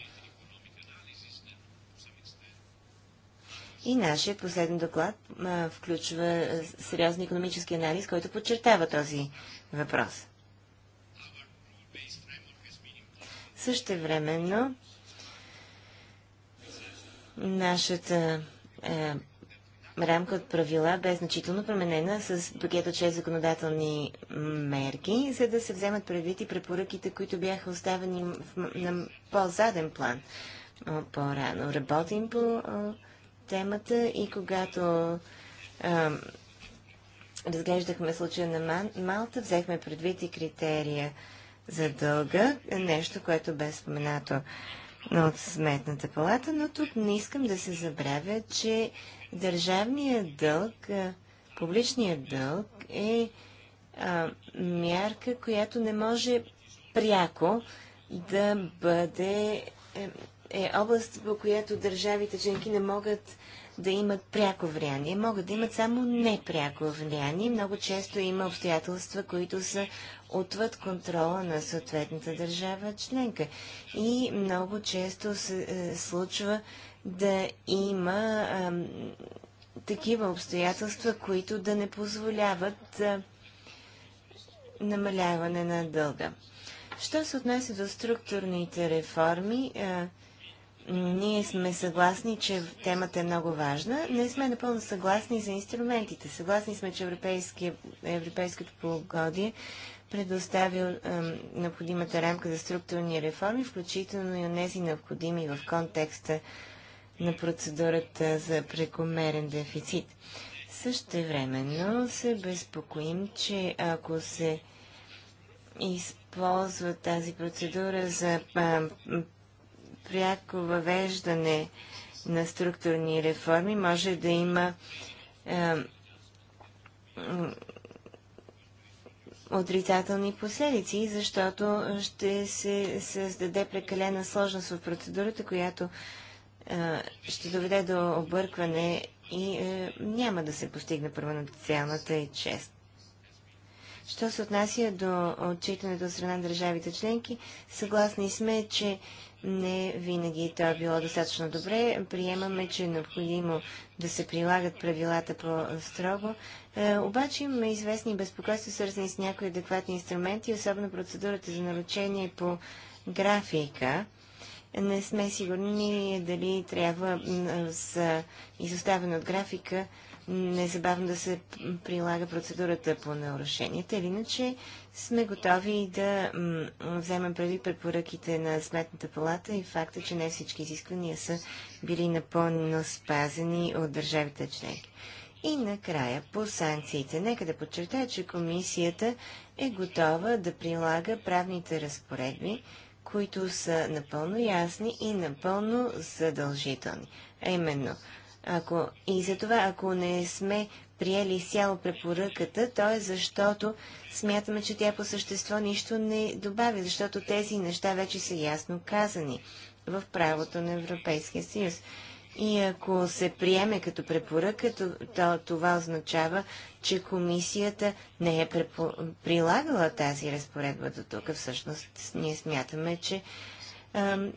И нашият последен доклад а, включва сериозен економически анализ, който подчертава този въпрос. Същевременно, нашата е, рамка от правила бе значително променена с пакет от 6 законодателни мерки, за да се вземат предвид и препоръките, които бяха оставени в, на по-заден план по-рано. Работим по а, темата и когато а, разглеждахме случая на Малта, взехме предвид и критерия за дълга, нещо, което бе споменато от Сметната палата, но тук не искам да се забравя, че Държавният дълг, публичният дълг е а, мярка, която не може пряко да бъде е, е област, по която държавите членки не могат да имат пряко влияние. Могат да имат само непряко влияние. Много често има обстоятелства, които са отвъд контрола на съответната държава членка. И много често се е, случва да има а, такива обстоятелства, които да не позволяват а, намаляване на дълга. Що се отнася до структурните реформи, а, ние сме съгласни, че темата е много важна. Не сме напълно съгласни за инструментите. Съгласни сме, че Европейското полугодие предоставил е, необходимата рамка за структурни реформи, включително и тези необходими в контекста на процедурата за прекомерен дефицит. Също времено се безпокоим, че ако се използва тази процедура за пряко въвеждане на структурни реформи, може да има отрицателни последици, защото ще се създаде прекалена сложност в процедурата, която ще доведе до объркване и е, няма да се постигне първоначалната и чест. Що се отнася до отчитането от страна на държавите членки, съгласни сме, че не винаги то е било достатъчно добре. Приемаме, че е необходимо да се прилагат правилата по-строго. Е, обаче имаме известни безпокойства, свързани с някои адекватни инструменти, особено процедурата за наручение по графика не сме сигурни дали трябва с изоставане от графика незабавно да се прилага процедурата по нарушенията. Или иначе сме готови да вземем преди препоръките на Сметната палата и факта, че не всички изисквания са били напълно спазени от държавите членки. И накрая по санкциите. Нека да подчертая, че комисията е готова да прилага правните разпоредби, които са напълно ясни и напълно задължителни. А именно, ако, и за това, ако не сме приели сяло препоръката, то е защото смятаме, че тя по същество нищо не добави, защото тези неща вече са ясно казани в правото на Европейския съюз. И ако се приеме като препоръка, то това означава, че комисията не е препо... прилагала тази разпоредба до тук. Всъщност ние смятаме, че а,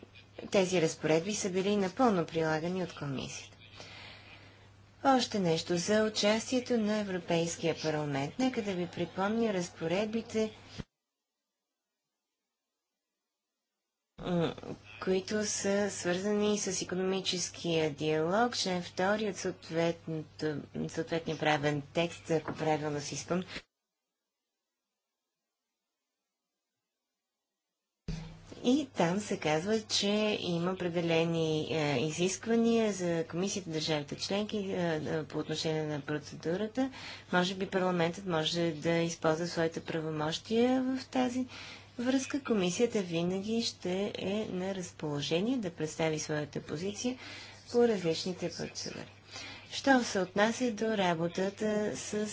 тези разпоредби са били напълно прилагани от комисията. Още нещо за участието на Европейския парламент. Нека да ви припомня разпоредбите които са свързани с економическия диалог, член втори от съответния правен текст, ако правилно си спомням. И там се казва, че има определени е, изисквания за комисията държавите членки е, е, по отношение на процедурата. Може би парламентът може да използва своите правомощия в тази връзка комисията винаги ще е на разположение да представи своята позиция по различните процедури. Що се отнася до работата с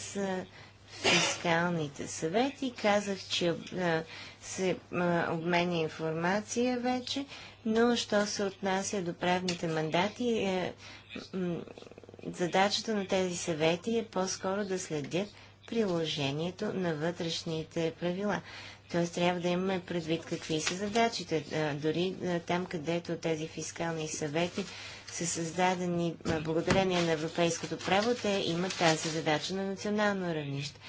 фискалните съвети. Казах, че а, се а, обменя информация вече, но що се отнася до правните мандати, е, задачата на тези съвети е по-скоро да следят приложението на вътрешните правила. Т.е. трябва да имаме предвид какви са задачите. Дори там, където тези фискални съвети са създадени благодарение на европейското право, те имат тази задача на национално равнище.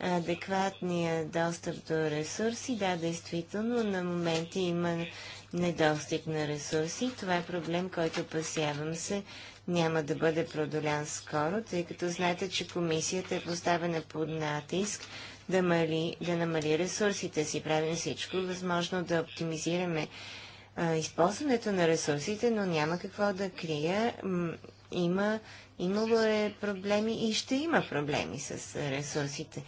Адекватния достъп до ресурси, да, действително, на моменти има недостиг на ресурси. Това е проблем, който опасявам се няма да бъде продолян скоро, тъй като знаете, че комисията е поставена под натиск да, мали, да намали ресурсите си. Правим всичко възможно да оптимизираме а, използването на ресурсите, но няма какво да крия. Има, имало е проблеми и ще има проблеми с ресурсите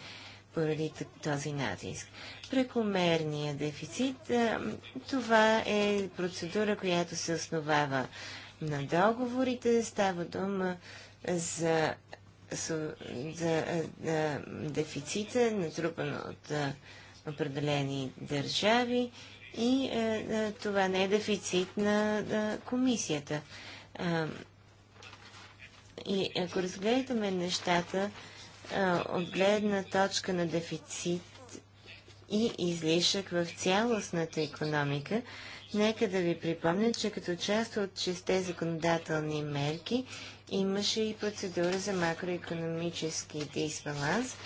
поради този натиск. Прекомерния дефицит, а, това е процедура, която се основава на договорите. Става дума за за, за е, е, дефицита, натрупан от е, определени държави и това не е дефицит на комисията. и ако разгледаме нещата от гледна точка на дефицит и излишък в цялостната економика, нека да ви припомня, че като част от честе законодателни мерки имаше и процедура за макроекономически дисбаланс,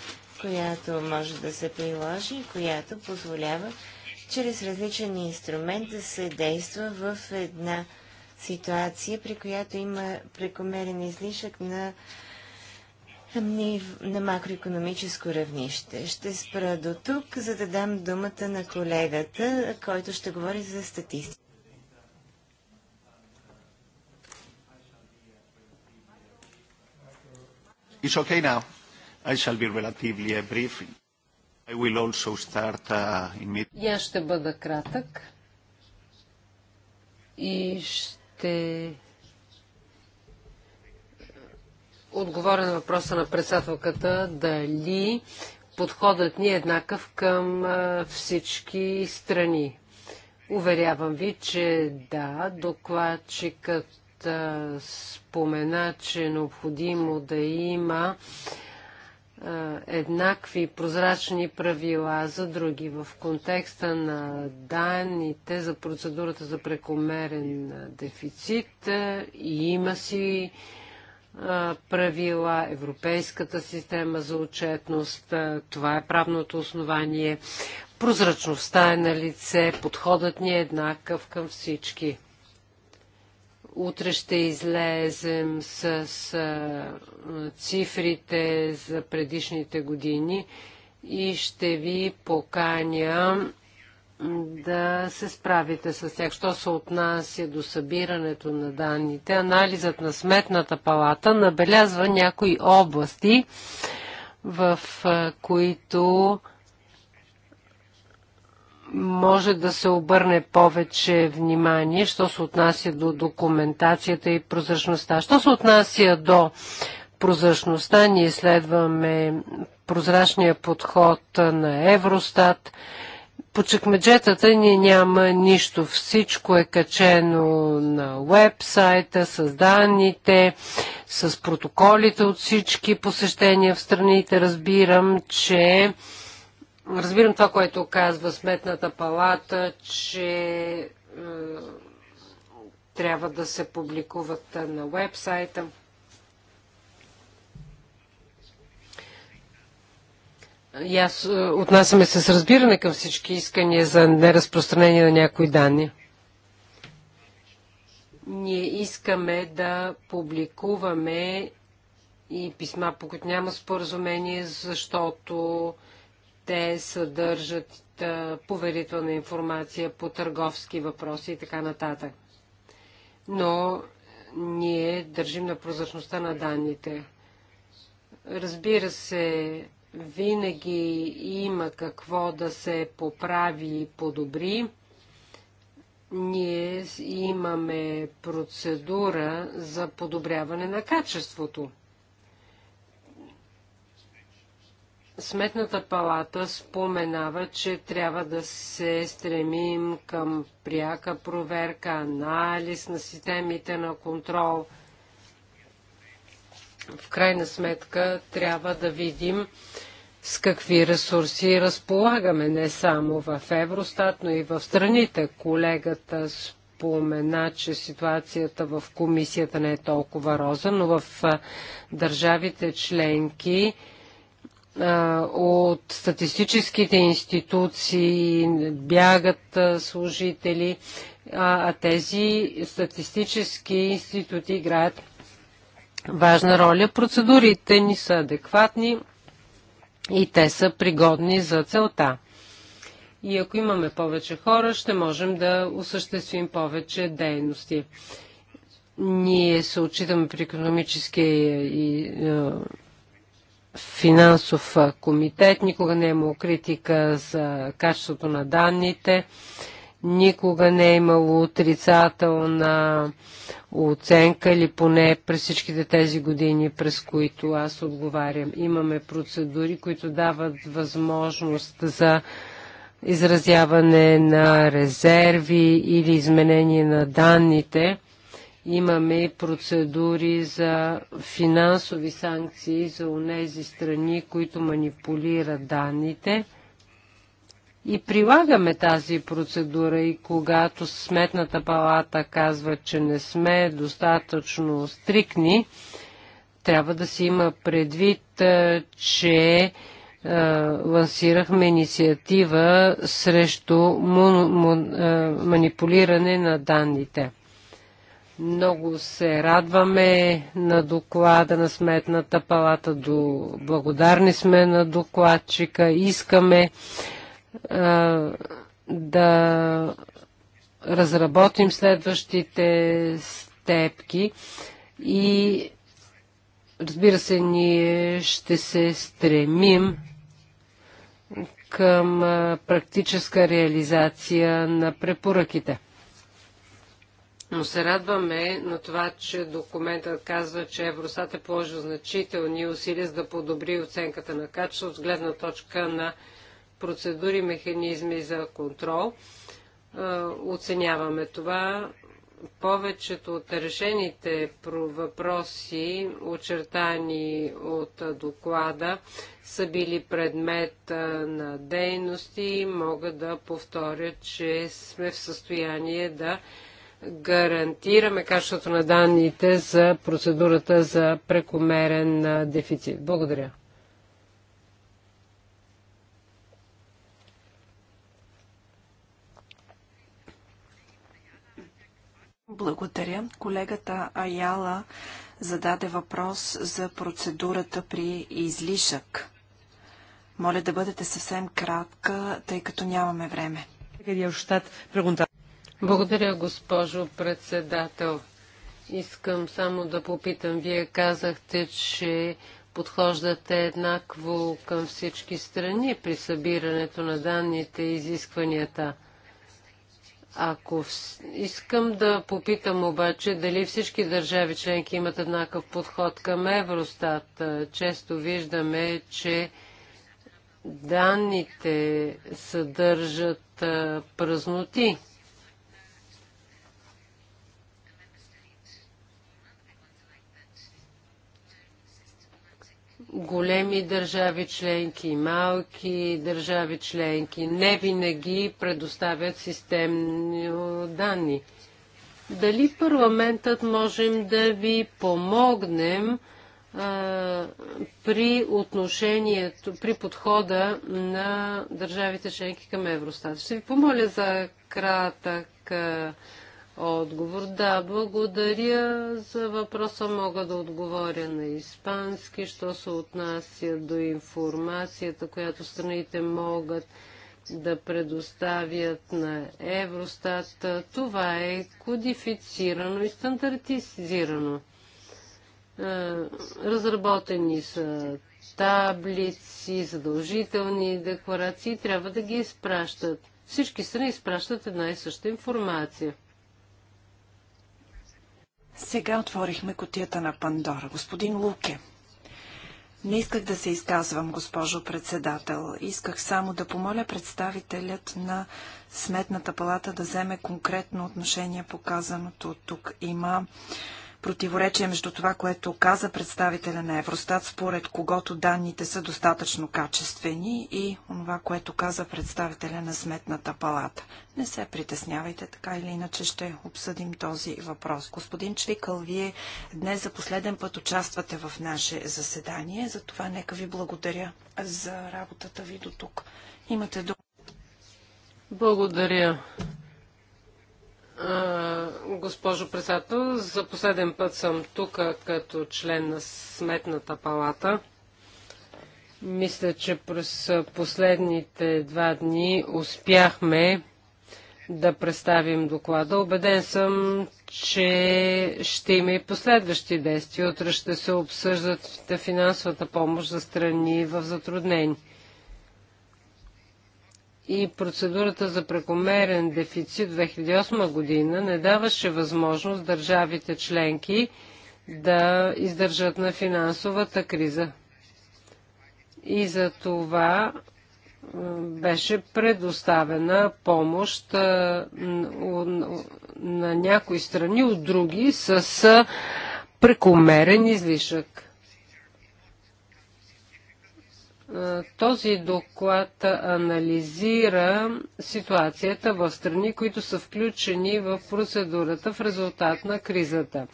която може да се приложи и която позволява чрез различен инструмент да се действа в една ситуация, при която има прекомерен излишък на, на макроекономическо равнище. Ще спра до тук, за да дам думата на колегата, който ще говори за статистика. It's okay now. I shall be relatively brief. I will also start uh, in mid... И аз ще бъда кратък и ще отговоря на въпроса на председателката дали подходът ни е еднакъв към всички страни. Уверявам ви, че да, докладчикът спомена, че е необходимо да има еднакви прозрачни правила за други. В контекста на данните за процедурата за прекомерен дефицит и има си правила, Европейската система за отчетност, това е правното основание. Прозрачността е на лице, подходът ни е еднакъв към всички. Утре ще излезем с цифрите за предишните години и ще ви поканя да се справите с тях. Що се отнася до събирането на данните, анализът на сметната палата набелязва някои области, в които може да се обърне повече внимание, що се отнася до документацията и прозрачността. Що се отнася до прозрачността, ние следваме прозрачния подход на Евростат. По чекмеджетата ни няма нищо. Всичко е качено на вебсайта, с данните, с протоколите от всички посещения в страните. Разбирам, че Разбирам това, което казва Сметната палата, че е, трябва да се публикуват на вебсайта. И аз е, отнасяме се с разбиране към всички искания за неразпространение на някои данни. Ние искаме да публикуваме и писма, по които няма споразумение, защото те съдържат поверителна информация по търговски въпроси и така нататък. Но ние държим на прозрачността на данните. Разбира се, винаги има какво да се поправи и подобри. Ние имаме процедура за подобряване на качеството. Сметната палата споменава, че трябва да се стремим към пряка проверка, анализ на системите на контрол. В крайна сметка трябва да видим с какви ресурси разполагаме, не само в Евростат, но и в страните. Колегата спомена, че ситуацията в комисията не е толкова роза, но в държавите членки от статистическите институции бягат служители, а тези статистически институти играят важна роля. Процедурите ни са адекватни и те са пригодни за целта. И ако имаме повече хора, ще можем да осъществим повече дейности. Ние се отчитаме при економическия и финансов комитет, никога не е имало критика за качеството на данните, никога не е имало отрицателна оценка или поне през всичките тези години, през които аз отговарям. Имаме процедури, които дават възможност за изразяване на резерви или изменение на данните Имаме процедури за финансови санкции за онези страни, които манипулират данните. И прилагаме тази процедура и когато Сметната палата казва, че не сме достатъчно стрикни, трябва да се има предвид, че лансирахме инициатива срещу манипулиране на данните. Много се радваме на доклада на Сметната палата. До... Благодарни сме на докладчика. Искаме а, да разработим следващите степки и разбира се, ние ще се стремим към практическа реализация на препоръките. Но се радваме на това, че документът казва, че Евросат е положил значителни усилия за да подобри оценката на качество от гледна точка на процедури, механизми за контрол. Оценяваме това. Повечето от решените въпроси, очертани от доклада, са били предмет на дейности. Мога да повторя, че сме в състояние да гарантираме качеството на данните за процедурата за прекомерен дефицит. Благодаря. Благодаря. Колегата Аяла зададе въпрос за процедурата при излишък. Моля да бъдете съвсем кратка, тъй като нямаме време. Благодаря, госпожо председател. Искам само да попитам. Вие казахте, че подхождате еднакво към всички страни при събирането на данните и изискванията. Ако искам да попитам обаче дали всички държави членки имат еднакъв подход към Евростат, често виждаме, че данните съдържат празноти. големи държави членки и малки държави членки не винаги предоставят системни данни. Дали парламентът можем да ви помогнем а, при отношението, при подхода на държавите членки към Евростат? Ще ви помоля за кратък а, отговор. Да, благодаря за въпроса. Мога да отговоря на испански, що се отнася до информацията, която страните могат да предоставят на Евростат. Това е кодифицирано и стандартизирано. Разработени са таблици, задължителни декларации, трябва да ги изпращат. Всички страни изпращат една и съща информация. Сега отворихме котията на Пандора. Господин Луке. Не исках да се изказвам, госпожо председател. Исках само да помоля представителят на Сметната палата да вземе конкретно отношение показаното тук. Има противоречие между това, което каза представителя на Евростат, според когото данните са достатъчно качествени и това, което каза представителя на Сметната палата. Не се притеснявайте, така или иначе ще обсъдим този въпрос. Господин Чвикъл, вие днес за последен път участвате в наше заседание, за това нека ви благодаря за работата ви до тук. Имате дума. Благодаря, госпожо председател. За последен път съм тук като член на Сметната палата. Мисля, че през последните два дни успяхме да представим доклада. Обеден съм, че ще има и последващи действия. Утре ще се обсъждат финансовата помощ за страни в затруднение и процедурата за прекомерен дефицит 2008 година не даваше възможност държавите членки да издържат на финансовата криза. И за това беше предоставена помощ на някои страни от други с прекомерен излишък. Е, този доклад анализира ситуацията в страни, които са включени в процедурата в резултат на кризата.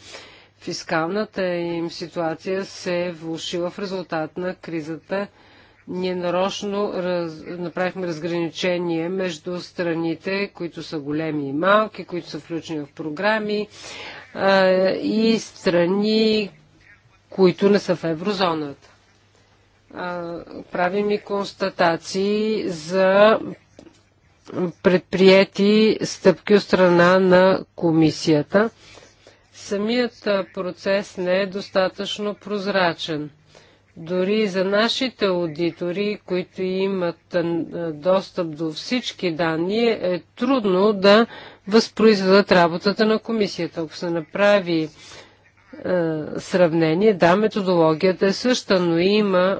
Фискалната им ситуация се е влушила в резултат на кризата. Ние нарочно раз... направихме разграничение между страните, които са големи и малки, които са включени в програми а, е, и страни, които не са в еврозоната правим и констатации за предприяти стъпки от страна на комисията. Самият процес не е достатъчно прозрачен. Дори за нашите аудитори, които имат достъп до всички данни, е трудно да възпроизведат работата на комисията. Ако се направи сравнение. Да, методологията е съща, но има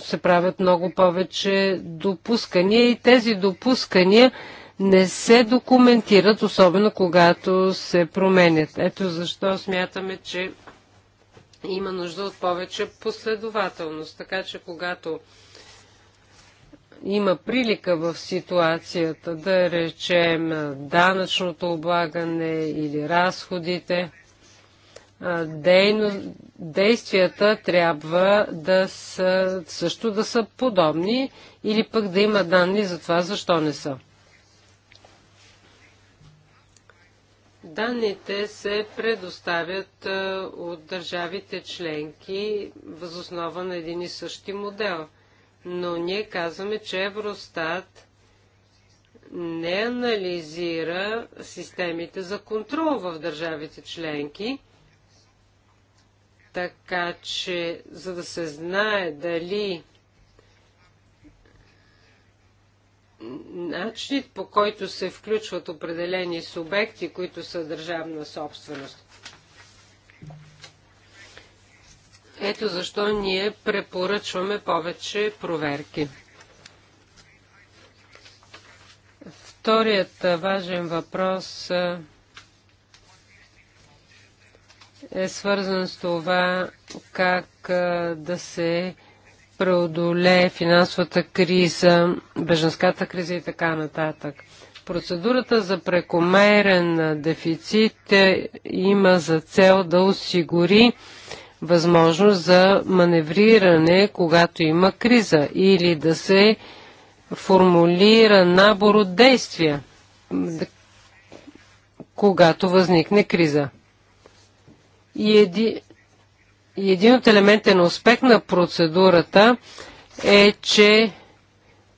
се правят много повече допускания и тези допускания не се документират, особено когато се променят. Ето защо смятаме, че има нужда от повече последователност. Така че когато има прилика в ситуацията, да речем данъчното облагане или разходите – дейност, действията трябва да са, също да са подобни или пък да има данни за това, защо не са. Данните се предоставят от държавите членки възоснова на един и същи модел. Но ние казваме, че Евростат не анализира системите за контрол в държавите членки така че, за да се знае дали начинът по който се включват определени субекти, които са държавна собственост. Ето защо ние препоръчваме повече проверки. Вторият важен въпрос е свързан с това как да се преодолее финансовата криза, беженската криза и така нататък. Процедурата за прекомерен дефицит е, има за цел да осигури възможност за маневриране, когато има криза или да се формулира набор от действия, когато възникне криза. И един, и един от елементите на успех на процедурата е, че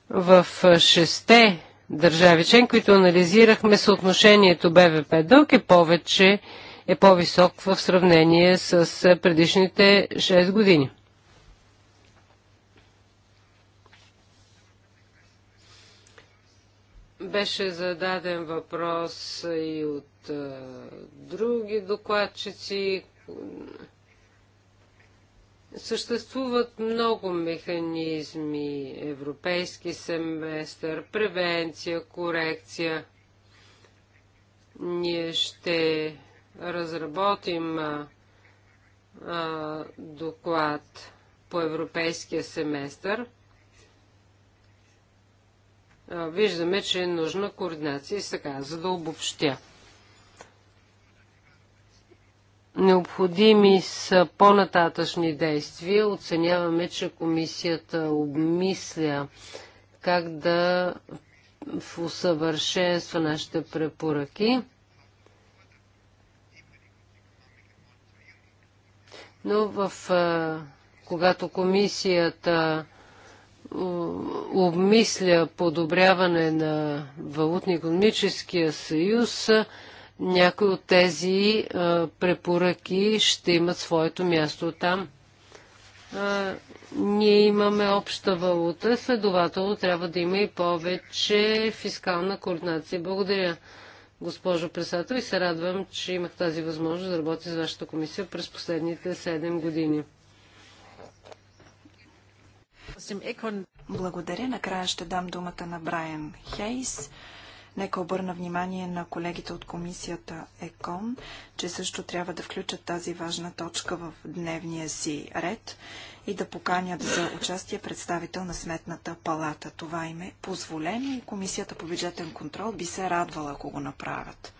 в шесте държави член, които анализирахме съотношението БВП дълг е повече, е по-висок в сравнение с предишните 6 години. Беше зададен въпрос и от други докладчици. Съществуват много механизми, европейски семестър, превенция, корекция. Ние ще разработим а, а, доклад по европейския семестър. виждаме, че е нужна координация и сега, за да обобщя. Необходими са по-нататъчни действия. Оценяваме, че комисията обмисля как да усъвършенства нашите препоръки. Но в, когато комисията обмисля подобряване на валутно-економическия съюз, някои от тези препоръки ще имат своето място там. Ние имаме обща валута, следователно трябва да има и повече фискална координация. Благодаря, госпожо председател, и се радвам, че имах тази възможност да работя с вашата комисия през последните 7 години. Благодаря. Накрая ще дам думата на Брайан Хейс Нека обърна внимание на колегите от комисията ЕКОН, че също трябва да включат тази важна точка в дневния си ред и да поканят за участие представител на Сметната палата. Това им е позволено и Комисията по бюджетен контрол би се радвала, ако го направят.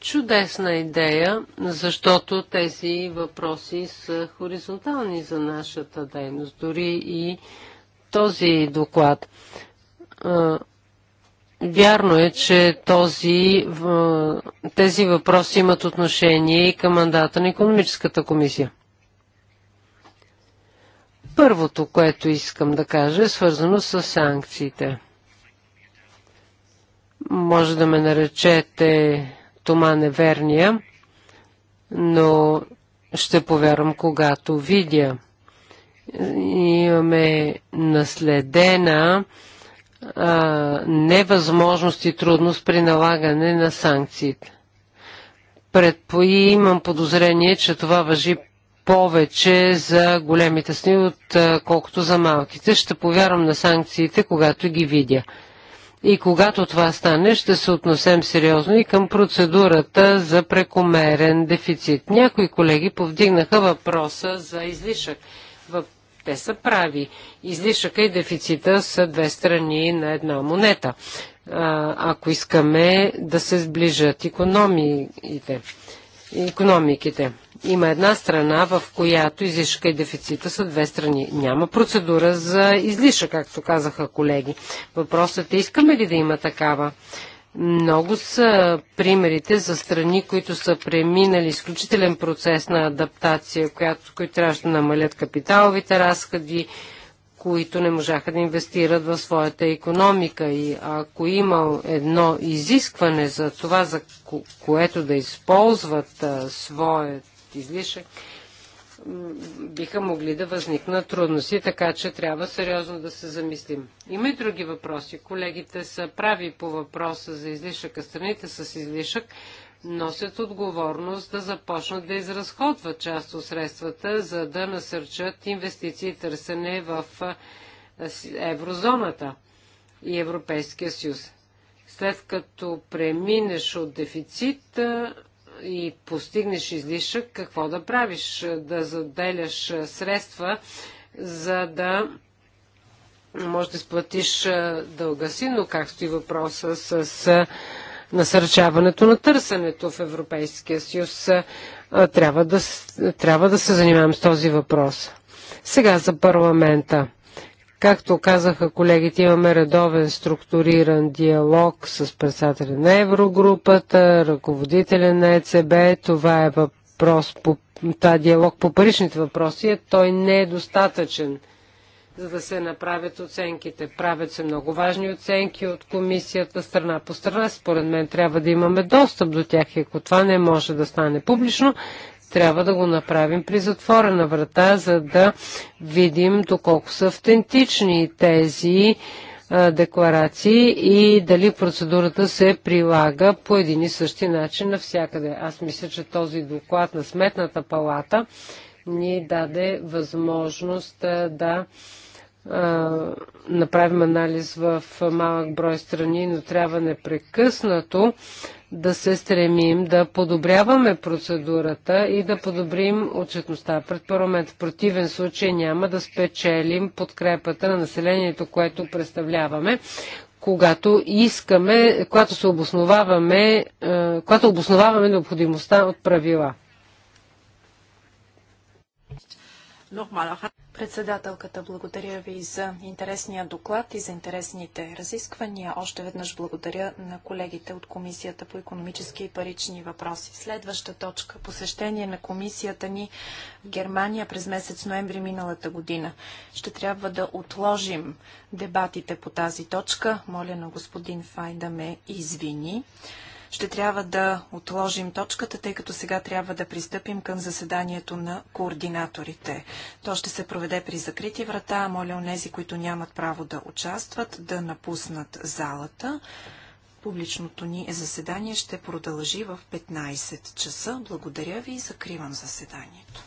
Чудесна идея, защото тези въпроси са хоризонтални за нашата дейност, дори и този доклад. Вярно е, че този, тези въпроси имат отношение и към мандата на економическата комисия. Първото, което искам да кажа, е свързано с санкциите. Може да ме наречете Тома неверния, но ще повярвам, когато видя. Имаме наследена а, невъзможност и трудност при налагане на санкциите. Предпои и имам подозрение, че това въжи повече за големите сни, отколкото за малките. Ще повярвам на санкциите, когато ги видя. И когато това стане, ще се отнесем сериозно и към процедурата за прекомерен дефицит. Някои колеги повдигнаха въпроса за излишък те са прави. Излишъка и дефицита са две страни на една монета. А, ако искаме да се сближат економиите, економиките. Има една страна, в която излишъка и дефицита са две страни. Няма процедура за излишък, както казаха колеги. Въпросът е, искаме ли да има такава? Много са примерите за страни, които са преминали изключителен процес на адаптация, която, които трябваше да намалят капиталовите разходи, които не можаха да инвестират в своята економика. И ако има едно изискване за това, за което да използват а, своят излишък, биха могли да възникнат трудности, така че трябва сериозно да се замислим. Има и други въпроси. Колегите са прави по въпроса за излишъка. Страните с излишък носят отговорност да започнат да изразходват част от средствата, за да насърчат инвестиции и търсене в еврозоната и Европейския съюз. След като преминеш от дефицит и постигнеш излишък, какво да правиш? Да заделяш средства, за да може да сплатиш дълга си, но как стои въпроса с, с насърчаването на търсенето в Европейския съюз, трябва да, трябва да се занимавам с този въпрос. Сега за парламента. Както казаха колегите, имаме редовен структуриран диалог с председателя на Еврогрупата, ръководителя на ЕЦБ. Това е въпрос по това е диалог по паричните въпроси. Той не е достатъчен, за да се направят оценките. Правят се много важни оценки от комисията страна по страна. Според мен трябва да имаме достъп до тях. Ако това не може да стане публично, трябва да го направим при затворена врата, за да видим доколко са автентични тези декларации и дали процедурата се прилага по един и същи начин навсякъде. Аз мисля, че този доклад на Сметната палата ни даде възможност да направим анализ в малък брой страни, но трябва непрекъснато да се стремим да подобряваме процедурата и да подобрим отчетността пред парламент. В противен случай няма да спечелим подкрепата на населението, което представляваме, когато искаме, когато се обосноваваме, е, когато обосноваваме необходимостта от правила. Председателката, благодаря ви за интересния доклад и за интересните разисквания. Още веднъж благодаря на колегите от Комисията по економически и парични въпроси. Следваща точка – посещение на комисията ни в Германия през месец ноември миналата година. Ще трябва да отложим дебатите по тази точка. Моля на господин Фай да ме извини. Ще трябва да отложим точката, тъй като сега трябва да пристъпим към заседанието на координаторите. То ще се проведе при закрити врата. Моля онези, които нямат право да участват, да напуснат залата. Публичното ни заседание ще продължи в 15 часа. Благодаря ви и закривам заседанието.